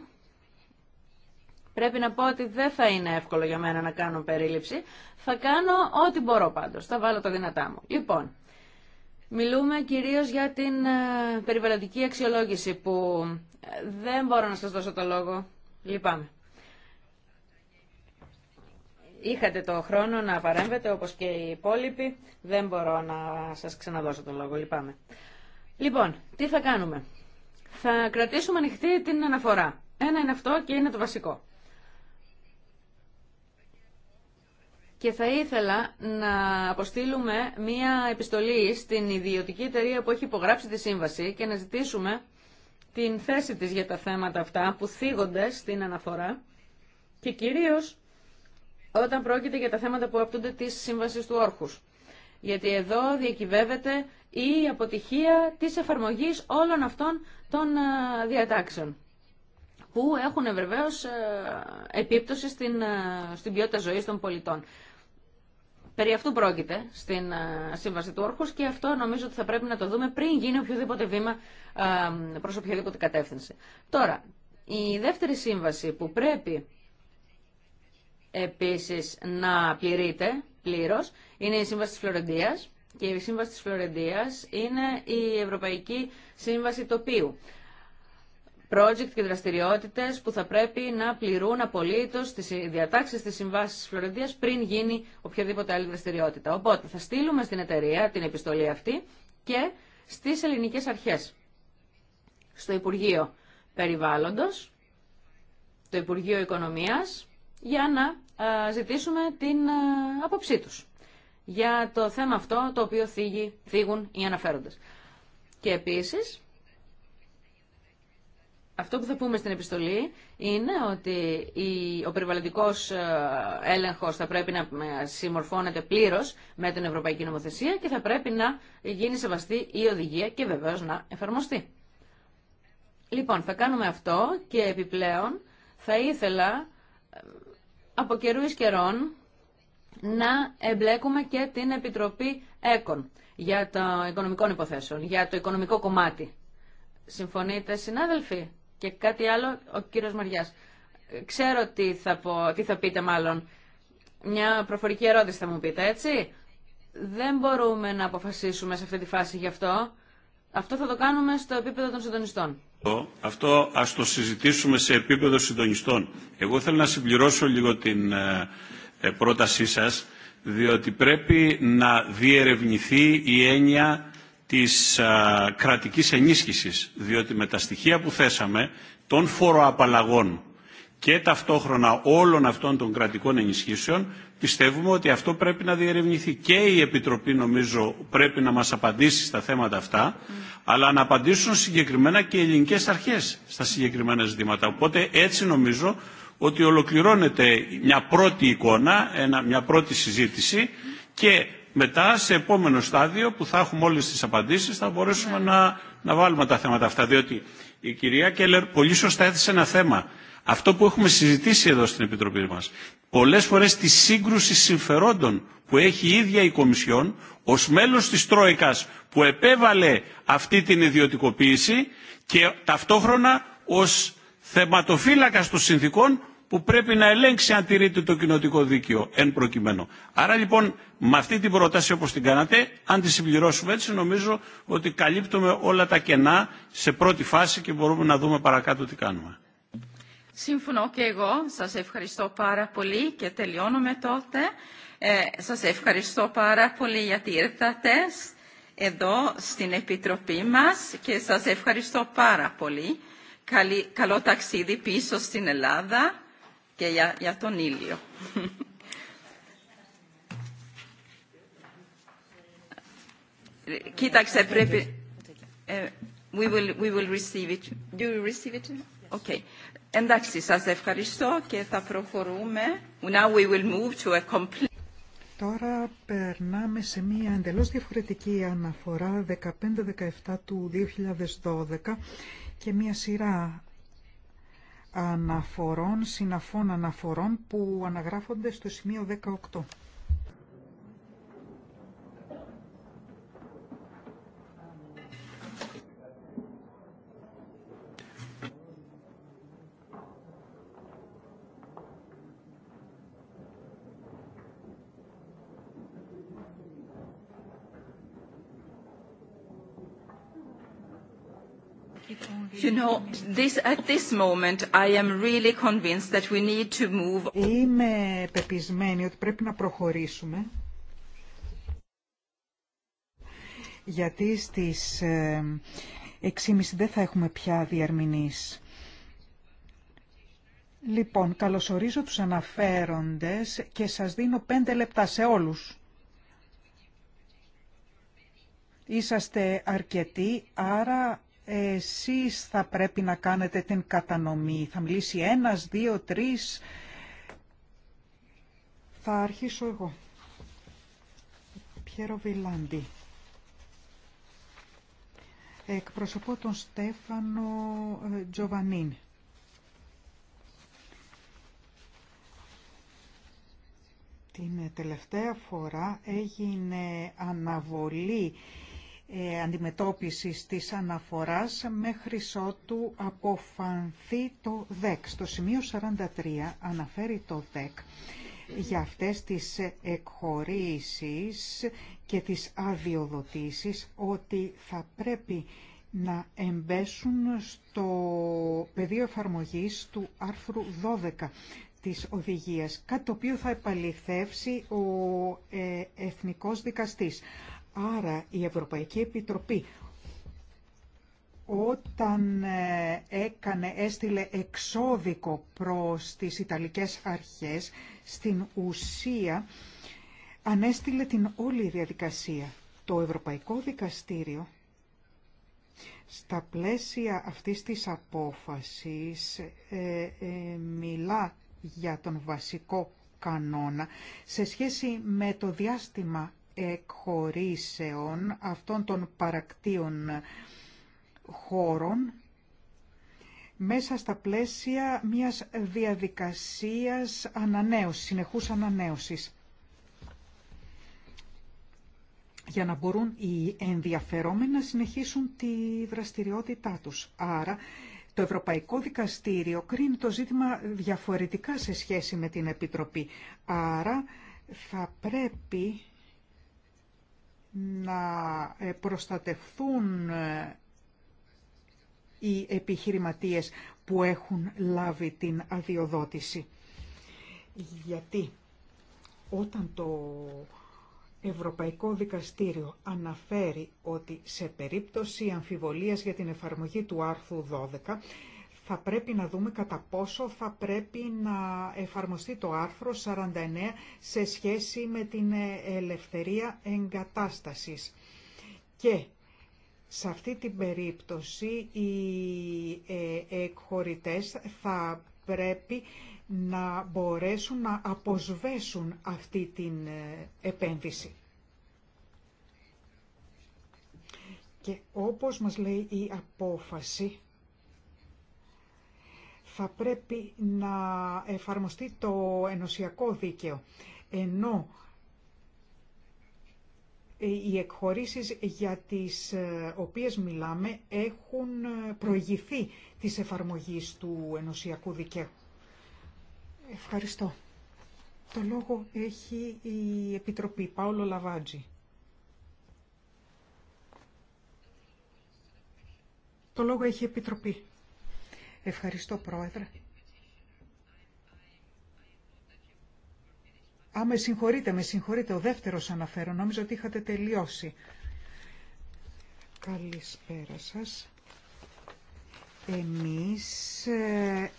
Πρέπει να πω ότι δεν θα είναι εύκολο για μένα να κάνω περίληψη. Θα κάνω ό,τι μπορώ πάντως. Θα βάλω τα δυνατά μου. Λοιπόν, Μιλούμε κυρίως για την ε, περιβαλλοντική αξιολόγηση που ε, δεν μπορώ να σας δώσω το λόγο. Λυπάμαι. Είχατε το χρόνο να παρέμβετε όπως και οι υπόλοιποι. Δεν μπορώ να σας ξαναδώσω το λόγο. Λυπάμαι. Λοιπόν, τι θα κάνουμε. Θα κρατήσουμε ανοιχτή την αναφορά. Ένα είναι αυτό και είναι το βασικό. Και θα ήθελα να αποστείλουμε μία επιστολή στην ιδιωτική εταιρεία που έχει υπογράψει τη σύμβαση και να ζητήσουμε την θέση της για τα θέματα αυτά που θίγονται στην αναφορά και κυρίως όταν πρόκειται για τα θέματα που απτούνται της σύμβασης του όρχους. Γιατί εδώ διακυβεύεται η αποτυχία της εφαρμογής όλων αυτών των διατάξεων που έχουν βεβαίω επίπτωση στην, στην ποιότητα ζωής των πολιτών. Περί αυτού πρόκειται στην ε, Σύμβαση του όρχου και αυτό νομίζω ότι θα πρέπει να το δούμε πριν γίνει οποιοδήποτε βήμα ε, προς οποιαδήποτε κατεύθυνση. Τώρα, η δεύτερη σύμβαση που πρέπει επίσης να πληρείται πλήρως είναι η Σύμβαση της Φλωρεντίας και η Σύμβαση της Φλωρεντίας είναι η Ευρωπαϊκή Σύμβαση Τοπίου project και δραστηριότητε που θα πρέπει να πληρούν απολύτω τι διατάξει τη συμβάση τη Φλωρεντίας πριν γίνει οποιαδήποτε άλλη δραστηριότητα. Οπότε θα στείλουμε στην εταιρεία την επιστολή αυτή και στι ελληνικέ αρχέ. Στο Υπουργείο Περιβάλλοντο, το Υπουργείο Οικονομία, για να ζητήσουμε την άποψή του για το θέμα αυτό το οποίο θίγουν οι αναφέροντες. Και επίσης αυτό που θα πούμε στην επιστολή είναι ότι ο περιβαλλοντικός ε, έλεγχος θα πρέπει να ε, συμμορφώνεται πλήρως με την Ευρωπαϊκή Νομοθεσία και θα πρέπει να γίνει σεβαστή η οδηγία και βεβαίως να εφαρμοστεί. Λοιπόν, θα κάνουμε αυτό και επιπλέον θα ήθελα ε, από καιρού εις καιρών να εμπλέκουμε και την Επιτροπή ΕΚΟΝ για το οικονομικό υποθέσεων, για το οικονομικό κομμάτι. Συμφωνείτε, συνάδελφοι. Και κάτι άλλο, ο κύριος Μαριάς. Ε, ξέρω τι θα, θα πείτε μάλλον. Μια προφορική ερώτηση θα μου πείτε, έτσι. Δεν μπορούμε να αποφασίσουμε σε αυτή τη φάση γι' αυτό. Αυτό θα το κάνουμε στο επίπεδο των συντονιστών. Αυτό ας το συζητήσουμε σε επίπεδο συντονιστών. Εγώ θέλω να συμπληρώσω λίγο την ε, ε, πρότασή σας, διότι πρέπει να διερευνηθεί η έννοια της α, κρατικής ενίσχυσης, διότι με τα στοιχεία που θέσαμε των φοροαπαλλαγών και ταυτόχρονα όλων αυτών των κρατικών ενισχύσεων, πιστεύουμε ότι αυτό πρέπει να διερευνηθεί. Και η Επιτροπή νομίζω πρέπει να μας απαντήσει στα θέματα αυτά, αλλά να απαντήσουν συγκεκριμένα και οι ελληνικές αρχές στα συγκεκριμένα ζητήματα. Οπότε έτσι νομίζω ότι ολοκληρώνεται μια πρώτη εικόνα, μια πρώτη συζήτηση και μετά σε επόμενο στάδιο που θα έχουμε όλες τις απαντήσεις θα μπορέσουμε να, να βάλουμε τα θέματα αυτά. Διότι η κυρία Κέλλερ πολύ σωστά έθεσε ένα θέμα. Αυτό που έχουμε συζητήσει εδώ στην Επιτροπή μας. Πολλές φορές τη σύγκρουση συμφερόντων που έχει η ίδια η Κομισιόν ως μέλος της Τρόικας που επέβαλε αυτή την ιδιωτικοποίηση και ταυτόχρονα ως θεματοφύλακας των συνθήκων που πρέπει να ελέγξει αν τηρείται το κοινοτικό δίκαιο εν προκειμένου. Άρα λοιπόν με αυτή την πρόταση όπως την κάνατε, αν τη συμπληρώσουμε έτσι νομίζω ότι καλύπτουμε όλα τα κενά σε πρώτη φάση και μπορούμε να δούμε παρακάτω τι κάνουμε. Σύμφωνο και εγώ. Σας ευχαριστώ πάρα πολύ και τελειώνουμε τότε. Ε, σας ευχαριστώ πάρα πολύ γιατί ήρθατε εδώ στην Επιτροπή μας και σας ευχαριστώ πάρα πολύ. καλό ταξίδι πίσω στην Ελλάδα και για, για τον ήλιο. Κοίταξε, πρέπει... Ε, we will, we will receive it. Do you receive it? Okay. Εντάξει, σας ευχαριστώ και θα προχωρούμε. Now we will move to a complete... Τώρα περνάμε σε μία εντελώς διαφορετική αναφορά 15-17 του 2012 και μία σειρά αναφορών, συναφών αναφορών που αναγράφονται στο σημείο 18. Είμαι πεπισμένη ότι πρέπει να προχωρήσουμε. Γιατί στις 6.30 ε, δεν θα έχουμε πια διαρμηνείς. Λοιπόν, καλωσορίζω τους αναφέροντες και σας δίνω πέντε λεπτά σε όλους. Είσαστε αρκετοί, άρα εσείς θα πρέπει να κάνετε την κατανομή. Θα μιλήσει ένας, δύο, τρεις. Θα αρχίσω εγώ. Πιέρο Βιλάντι. Εκπροσωπώ τον Στέφανο ε, Τζοβανίν. Την τελευταία φορά έγινε αναβολή ε, αντιμετώπισης της αναφοράς μέχρι ότου αποφανθεί το ΔΕΚ. Στο σημείο 43 αναφέρει το ΔΕΚ για αυτές τις εκχωρήσεις και τις αδειοδοτήσεις ότι θα πρέπει να εμπέσουν στο πεδίο εφαρμογής του άρθρου 12 της οδηγίας, κάτι το οποίο θα επαληθεύσει ο ε, Εθνικός Δικαστής. Άρα η Ευρωπαϊκή Επιτροπή όταν ε, έκανε, έστειλε εξώδικο προς τις Ιταλικές αρχές, στην ουσία ανέστειλε την όλη διαδικασία. Το Ευρωπαϊκό Δικαστήριο στα πλαίσια αυτής της απόφασης ε, ε, μιλά για τον βασικό κανόνα σε σχέση με το διάστημα εκχωρήσεων αυτών των παρακτήων χώρων μέσα στα πλαίσια μιας διαδικασίας ανανέωσης, συνεχούς ανανέωσης. για να μπορούν οι ενδιαφερόμενοι να συνεχίσουν τη δραστηριότητά τους. Άρα, το Ευρωπαϊκό Δικαστήριο κρίνει το ζήτημα διαφορετικά σε σχέση με την Επιτροπή. Άρα, θα πρέπει να ε, προστατευθούν ε, οι επιχειρηματίες που έχουν λάβει την αδειοδότηση. Γιατί όταν το Ευρωπαϊκό Δικαστήριο αναφέρει ότι σε περίπτωση αμφιβολίας για την εφαρμογή του άρθρου 12 θα πρέπει να δούμε κατά πόσο θα πρέπει να εφαρμοστεί το άρθρο 49 σε σχέση με την ελευθερία εγκατάστασης. Και σε αυτή την περίπτωση οι ε, εκχωρητές θα πρέπει να μπορέσουν να αποσβέσουν αυτή την ε, επένδυση. Και όπως μας λέει η απόφαση, θα πρέπει να εφαρμοστεί το ενωσιακό δίκαιο, ενώ οι εκχωρήσεις για τις ε, οποίες μιλάμε έχουν ε, προηγηθεί της εφαρμογής του ενωσιακού δικαίου. Ευχαριστώ. Το λόγο έχει η Επιτροπή Παόλο Λαβάντζη. Το λόγο έχει η Επιτροπή. Ευχαριστώ πρόεδρε. Α, με συγχωρείτε, με συγχωρείτε, ο δεύτερος αναφέρω. Νόμιζα ότι είχατε τελειώσει. Καλησπέρα σας. Εμείς ε,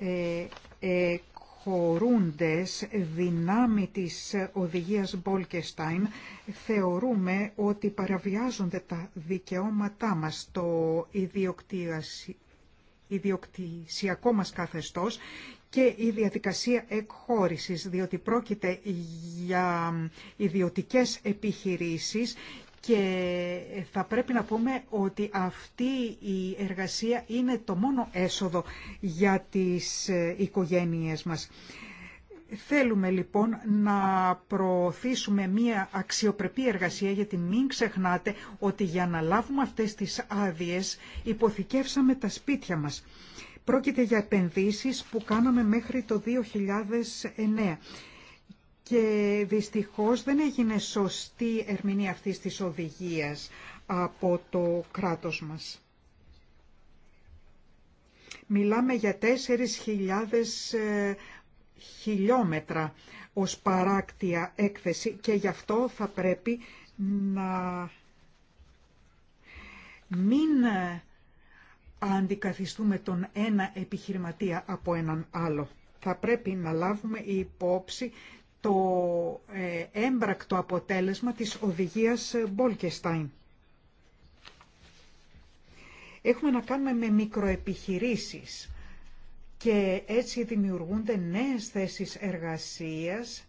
ε, ε χωρούντες δυνάμει της οδηγίας Μπόλκεστάιν θεωρούμε ότι παραβιάζονται τα δικαιώματά μας το ιδιοκτησιακό μας καθεστώς και η διαδικασία εκχώρησης, διότι πρόκειται για ιδιωτικές επιχειρήσεις και ε, θα πρέπει να πούμε ότι αυτή η εργασία είναι το μόνο έσοδο για τις ε, οικογένειές μας. Θέλουμε λοιπόν να προωθήσουμε μία αξιοπρεπή εργασία γιατί μην ξεχνάτε ότι για να λάβουμε αυτές τις άδειες υποθηκεύσαμε τα σπίτια μας. Πρόκειται για επενδύσεις που κάναμε μέχρι το 2009 και δυστυχώς δεν έγινε σωστή ερμηνεία αυτής της οδηγίας από το κράτος μας. Μιλάμε για 4.000 ε, χιλιόμετρα ως παράκτια έκθεση και γι' αυτό θα πρέπει να μην ε, αντικαθιστούμε τον ένα επιχειρηματία από έναν άλλο. Θα πρέπει να λάβουμε υπόψη το ε, έμπρακτο αποτέλεσμα της οδηγίας Μπόλκεστάιν. Έχουμε να κάνουμε με μικροεπιχειρήσεις και έτσι δημιουργούνται νέες θέσεις εργασίας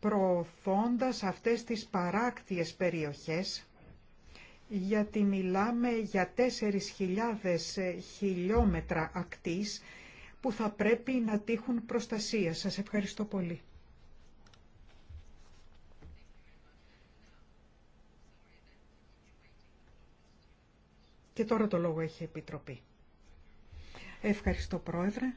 προωθώντας αυτές τις παράκτιες περιοχές γιατί μιλάμε για 4.000 ε, χιλιόμετρα ακτής που θα πρέπει να τύχουν προστασία. Σας ευχαριστώ πολύ. Και τώρα το λόγο έχει η Επιτροπή. Ευχαριστώ Πρόεδρε.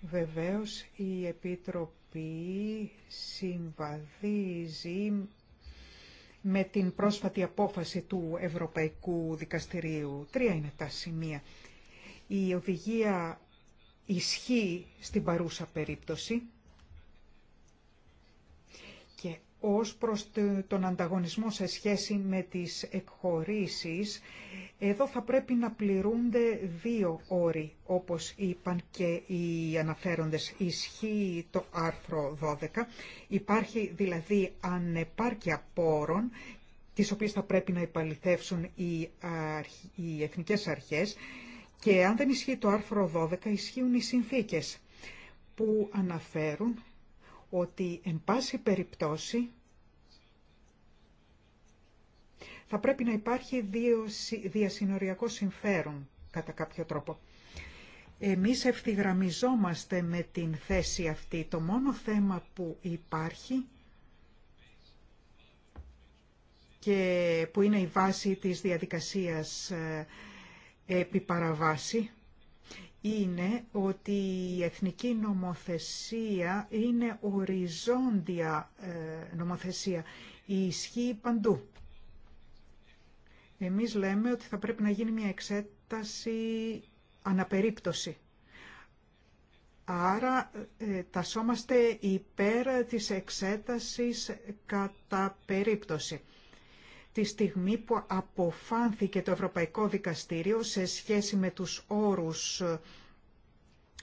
Βεβαίως η Επιτροπή συμβαδίζει με την πρόσφατη απόφαση του Ευρωπαϊκού Δικαστηρίου. Τρία είναι τα σημεία. Η οδηγία ισχύει στην παρούσα περίπτωση ως προς τον ανταγωνισμό σε σχέση με τις εκχωρήσεις, εδώ θα πρέπει να πληρούνται δύο όροι, όπως είπαν και οι αναφέροντες. Ισχύει το άρθρο 12, υπάρχει δηλαδή ανεπάρκεια πόρων, τις οποίες θα πρέπει να υπαλληθεύσουν οι, οι εθνικές αρχές, και αν δεν ισχύει το άρθρο 12, ισχύουν οι συνθήκες που αναφέρουν ότι εν πάση περιπτώσει θα πρέπει να υπάρχει δύο διασυνοριακό συμφέρον κατά κάποιο τρόπο. Εμείς ευθυγραμμιζόμαστε με την θέση αυτή. Το μόνο θέμα που υπάρχει και που είναι η βάση της διαδικασίας ε, επί είναι ότι η εθνική νομοθεσία είναι οριζόντια ε, νομοθεσία. Η Ισχύει παντού. Εμείς λέμε ότι θα πρέπει να γίνει μια εξέταση αναπερίπτωση. Άρα ε, τασόμαστε υπέρ της εξέτασης κατά περίπτωση. Τη στιγμή που αποφάνθηκε το Ευρωπαϊκό Δικαστήριο σε σχέση με τους όρους ε,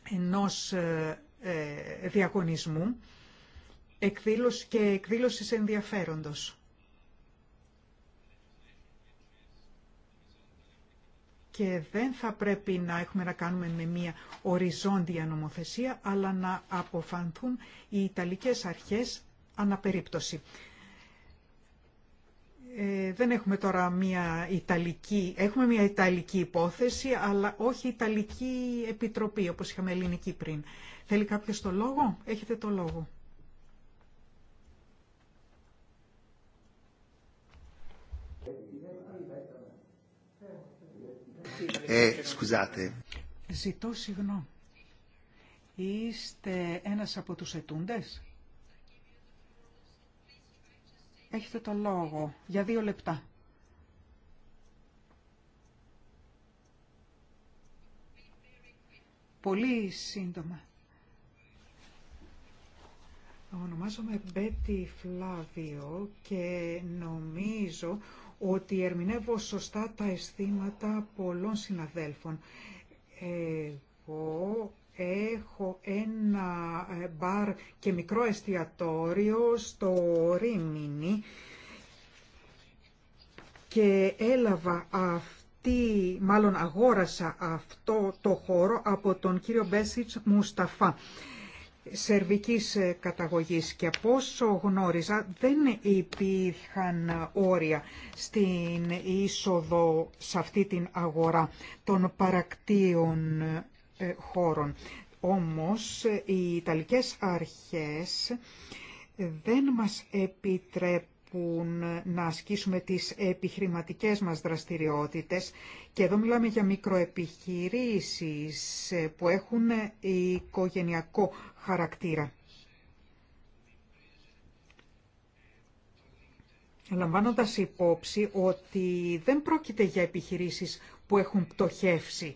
ενός ε, διαγωνισμού εκδήλωση και εκδήλωσης ενδιαφέροντος. και δεν θα πρέπει να έχουμε να κάνουμε με μια οριζόντια νομοθεσία, αλλά να αποφανθούν οι Ιταλικές αρχές αναπερίπτωση. Ε, δεν έχουμε τώρα μια Ιταλική, έχουμε μια Ιταλική υπόθεση, αλλά όχι Ιταλική επιτροπή, όπως είχαμε ελληνική πριν. Θέλει κάποιος το λόγο, έχετε το λόγο. Ε, σκουζάτε. Ζητώ συγγνώμη. Είστε ένας από τους ετούντες. Έχετε το λόγο για δύο λεπτά. Πολύ σύντομα. Ονομάζομαι Μπέτι Φλάβιο και νομίζω ότι ερμηνεύω σωστά τα αισθήματα πολλών συναδέλφων. Εγώ έχω ένα ε, μπαρ και μικρό εστιατόριο στο Ρίμινι και έλαβα αυτή, μάλλον αγόρασα αυτό το χώρο από τον κύριο Μπέσιτς Μουσταφά σερβικής ε, καταγωγής και από όσο γνώριζα δεν υπήρχαν όρια στην είσοδο σε αυτή την αγορά των παρακτήων ε, χώρων. Όμως ε, οι Ιταλικές αρχές δεν μας επιτρέπουν που να ασκήσουμε τις επιχειρηματικές μας δραστηριότητες και εδώ μιλάμε για μικροεπιχειρήσεις που έχουν οικογενειακό χαρακτήρα. Λαμβάνοντας υπόψη ότι δεν πρόκειται για επιχειρήσεις που έχουν πτωχεύσει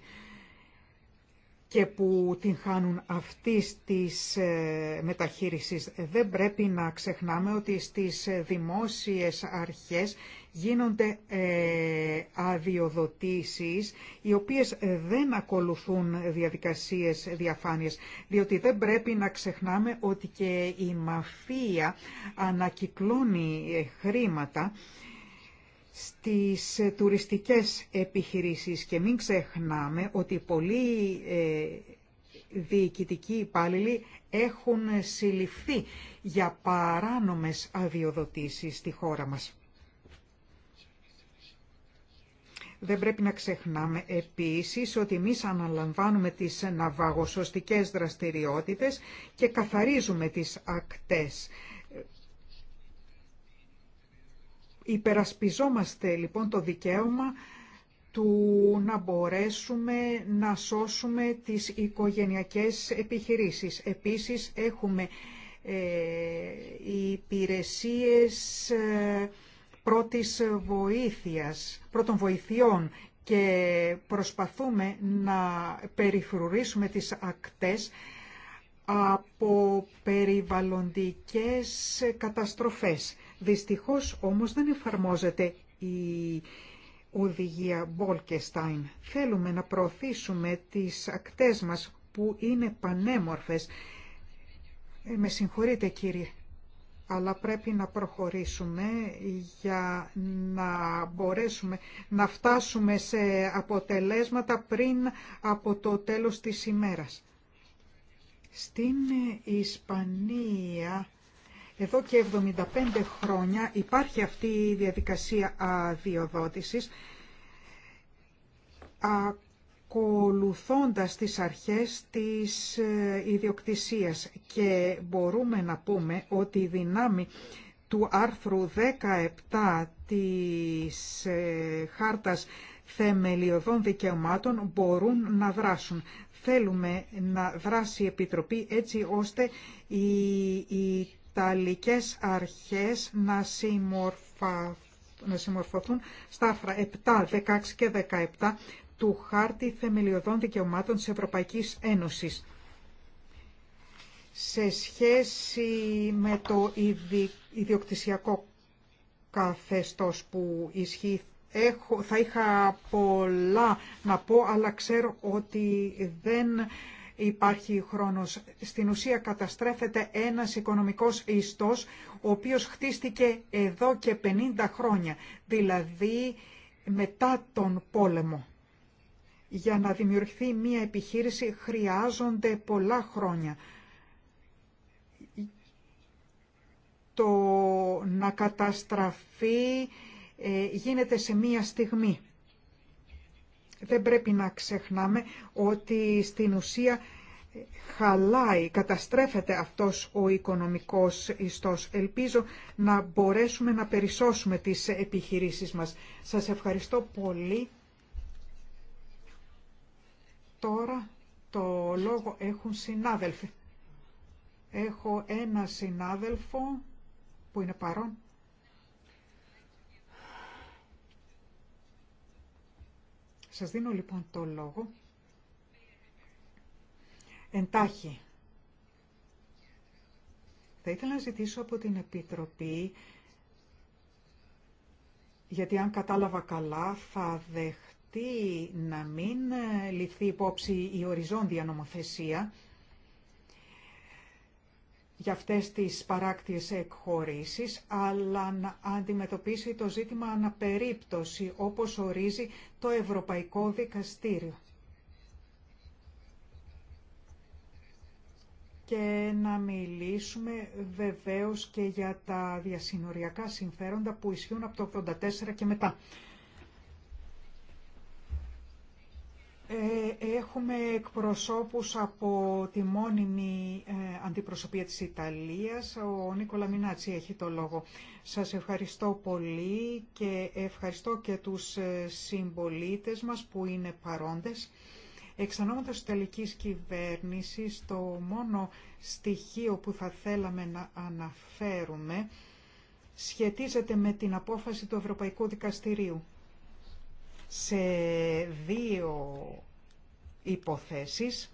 και που την χάνουν αυτής της ε, μεταχείρισης. Δεν πρέπει να ξεχνάμε ότι στις ε, δημόσιες αρχές γίνονται ε, αδειοδοτήσεις οι οποίες δεν ακολουθούν διαδικασίες διαφάνειας, διότι δεν πρέπει να ξεχνάμε ότι και η μαφία ανακυκλώνει χρήματα στις τουριστικές επιχειρήσεις και μην ξεχνάμε ότι πολλοί ε, διοικητικοί υπάλληλοι έχουν συλληφθεί για παράνομες αδειοδοτήσεις στη χώρα μας. Δεν πρέπει να ξεχνάμε επίσης ότι εμεί αναλαμβάνουμε τις ναυαγοσωστικές δραστηριότητες και καθαρίζουμε τις ακτές. Υπερασπιζόμαστε λοιπόν το δικαίωμα του να μπορέσουμε να σώσουμε τις οικογενειακές επιχειρήσεις. Επίσης έχουμε ε, υπηρεσίες ε, πρώτης βοήθειας, πρώτων βοηθειών και προσπαθούμε να περιφρουρήσουμε τις ακτές από περιβαλλοντικές καταστροφές. Δυστυχώς όμως δεν εφαρμόζεται η οδηγία Μπόλκεστάιν. Θέλουμε να προωθήσουμε τις ακτές μας που είναι πανέμορφες. Ε, με συγχωρείτε κύριε, αλλά πρέπει να προχωρήσουμε για να μπορέσουμε να φτάσουμε σε αποτελέσματα πριν από το τέλος της ημέρας. Στην Ισπανία εδώ και 75 χρόνια υπάρχει αυτή η διαδικασία αδειοδότησης ακολουθώντας τις αρχές της ε, ιδιοκτησίας και μπορούμε να πούμε ότι η δυνάμη του άρθρου 17 της ε, Χάρτας Θεμελιωδών Δικαιωμάτων μπορούν να δράσουν. Θέλουμε να δράσει η Επιτροπή έτσι ώστε η οι κρυσταλλικές αρχές να, να συμμορφωθούν στα άρθρα 7, 16 και 17 του Χάρτη Θεμελιωδών Δικαιωμάτων της Ευρωπαϊκής Ένωσης. Σε σχέση με το ιδιοκτησιακό καθεστώς που ισχύει, έχω, θα είχα πολλά να πω, αλλά ξέρω ότι δεν υπάρχει χρόνος. Στην ουσία καταστρέφεται ένας οικονομικός ιστός, ο οποίος χτίστηκε εδώ και 50 χρόνια, δηλαδή μετά τον πόλεμο. Για να δημιουργηθεί μία επιχείρηση χρειάζονται πολλά χρόνια. Το να καταστραφεί ε, γίνεται σε μία στιγμή δεν πρέπει να ξεχνάμε ότι στην ουσία χαλάει, καταστρέφεται αυτός ο οικονομικός ιστός. Ελπίζω να μπορέσουμε να περισσώσουμε τις επιχειρήσεις μας. Σας ευχαριστώ πολύ. Τώρα το λόγο έχουν συνάδελφοι. Έχω ένα συνάδελφο που είναι παρόν. Σας δίνω λοιπόν το λόγο. Εντάχει. Θα ήθελα να ζητήσω από την Επιτροπή, γιατί αν κατάλαβα καλά θα δεχτεί να μην ε, ληφθεί υπόψη η οριζόντια νομοθεσία, για αυτές τις παράκτιες εκχωρήσεις, αλλά να αντιμετωπίσει το ζήτημα αναπερίπτωση, όπως ορίζει το Ευρωπαϊκό Δικαστήριο. Και να μιλήσουμε βεβαίως και για τα διασυνοριακά συμφέροντα που ισχύουν από το 1984 και μετά. Ε, έχουμε εκπροσώπους από τη μόνιμη ε, αντιπροσωπεία της Ιταλίας. Ο Νίκολα Μινάτσι έχει το λόγο. Σας ευχαριστώ πολύ και ευχαριστώ και τους ε, συμπολίτες μας που είναι παρόντες. Εξανόματος της Ιταλικής Κυβέρνησης, το μόνο στοιχείο που θα θέλαμε να αναφέρουμε σχετίζεται με την απόφαση του Ευρωπαϊκού Δικαστηρίου σε δύο υποθέσεις,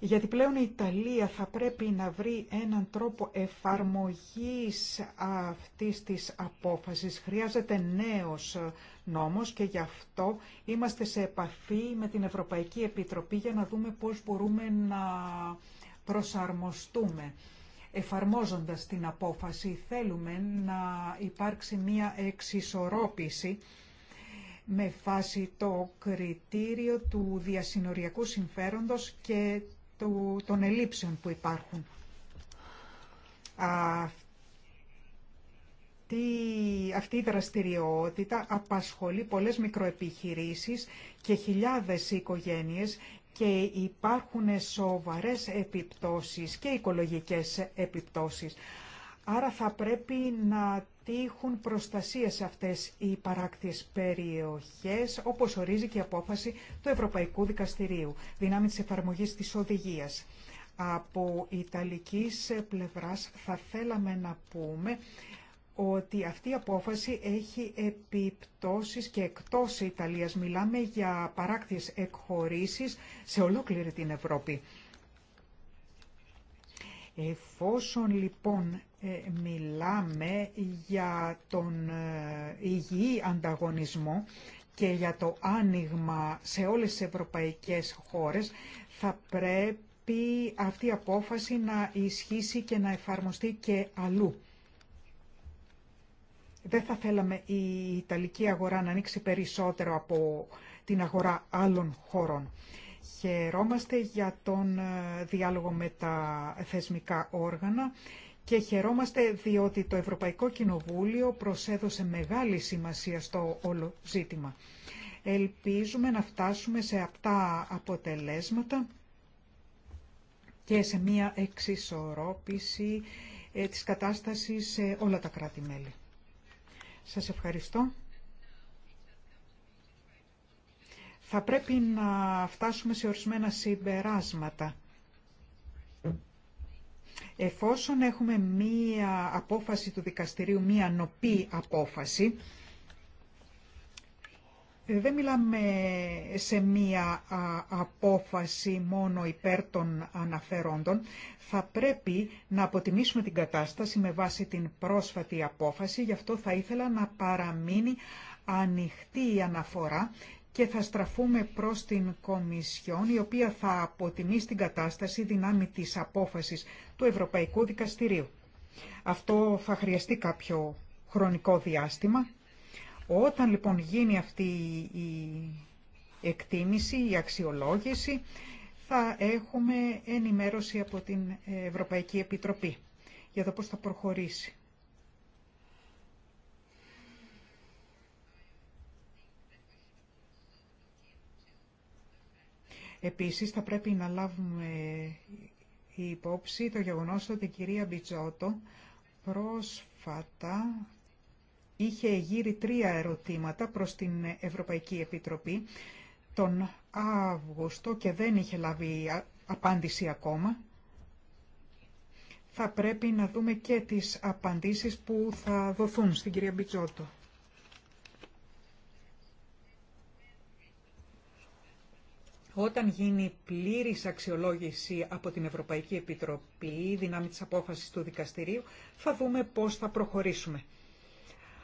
γιατί πλέον η Ιταλία θα πρέπει να βρει έναν τρόπο εφαρμογής αυτής της απόφασης. Χρειάζεται νέος νόμος και γι' αυτό είμαστε σε επαφή με την Ευρωπαϊκή Επιτροπή για να δούμε πώς μπορούμε να προσαρμοστούμε. Εφαρμόζοντας την απόφαση θέλουμε να υπάρξει μία εξισορρόπηση με φάση το κριτήριο του διασυνοριακού συμφέροντος και του, των ελλείψεων που υπάρχουν. Αυτή, αυτή η δραστηριότητα απασχολεί πολλές μικροεπιχειρήσεις και χιλιάδες οικογένειες και υπάρχουν σοβαρές επιπτώσεις και οικολογικές επιπτώσεις. Άρα θα πρέπει να έχουν προστασία σε αυτές οι παράκτιες περιοχές, όπως ορίζει και η απόφαση του Ευρωπαϊκού Δικαστηρίου, δυνάμει της εφαρμογής της οδηγίας. Από Ιταλικής πλευράς θα θέλαμε να πούμε ότι αυτή η απόφαση έχει επιπτώσεις και εκτός Ιταλίας. Μιλάμε για παράκτιες εκχωρήσεις σε ολόκληρη την Ευρώπη. Εφόσον λοιπόν ε, μιλάμε για τον ε, υγιή ανταγωνισμό και για το άνοιγμα σε όλες τις ευρωπαϊκές χώρες, θα πρέπει αυτή η απόφαση να ισχύσει και να εφαρμοστεί και αλλού. Δεν θα θέλαμε η Ιταλική αγορά να ανοίξει περισσότερο από την αγορά άλλων χωρών. Χαιρόμαστε για τον ε, διάλογο με τα θεσμικά όργανα και χαιρόμαστε διότι το Ευρωπαϊκό Κοινοβούλιο προσέδωσε μεγάλη σημασία στο όλο ζήτημα. Ελπίζουμε να φτάσουμε σε αυτά αποτελέσματα και σε μία εξισορρόπηση ε, της κατάστασης σε όλα τα κράτη-μέλη. Σας ευχαριστώ. θα πρέπει να φτάσουμε σε ορισμένα συμπεράσματα. Εφόσον έχουμε μία απόφαση του δικαστηρίου, μία νοπή απόφαση, ε, δεν μιλάμε σε μία απόφαση μόνο υπέρ των αναφερόντων. Θα πρέπει να αποτιμήσουμε την κατάσταση με βάση την πρόσφατη απόφαση. Γι' αυτό θα ήθελα να παραμείνει ανοιχτή η αναφορά και θα στραφούμε προς την Κομισιόν, η οποία θα αποτιμήσει την κατάσταση δυνάμει της απόφασης του Ευρωπαϊκού Δικαστηρίου. Αυτό θα χρειαστεί κάποιο χρονικό διάστημα. Όταν λοιπόν γίνει αυτή η εκτίμηση, η αξιολόγηση, θα έχουμε ενημέρωση από την Ευρωπαϊκή Επιτροπή για το πώς θα προχωρήσει. Επίσης θα πρέπει να λάβουμε υπόψη το γεγονός ότι η κυρία Μπιτζότο πρόσφατα είχε γύρει τρία ερωτήματα προς την Ευρωπαϊκή Επιτροπή τον Αύγουστο και δεν είχε λάβει απάντηση ακόμα. Θα πρέπει να δούμε και τις απαντήσεις που θα δοθούν στην κυρία Μπιτζότο. Όταν γίνει πλήρης αξιολόγηση από την Ευρωπαϊκή Επιτροπή, δυνάμει της απόφασης του δικαστηρίου, θα δούμε πώς θα προχωρήσουμε.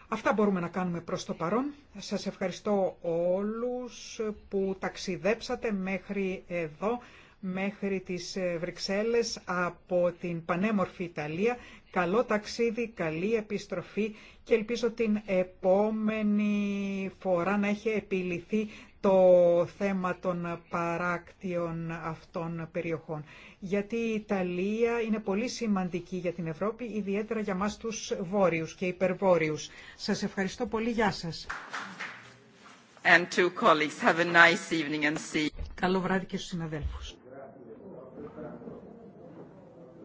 Αυτά μπορούμε να κάνουμε προς το παρόν. Σας ευχαριστώ όλους που ταξιδέψατε μέχρι εδώ, μέχρι τις Βρυξέλλες από την πανέμορφη Ιταλία. Καλό ταξίδι, καλή επιστροφή και ελπίζω την επόμενη φορά να έχει επιληθεί το θέμα των παράκτιων αυτών περιοχών. Γιατί η Ιταλία είναι πολύ σημαντική για την Ευρώπη, ιδιαίτερα για μας τους βόρειους και υπερβόρειους. Σας ευχαριστώ πολύ. Γεια σας. Καλό βράδυ και στους συναδέλφους.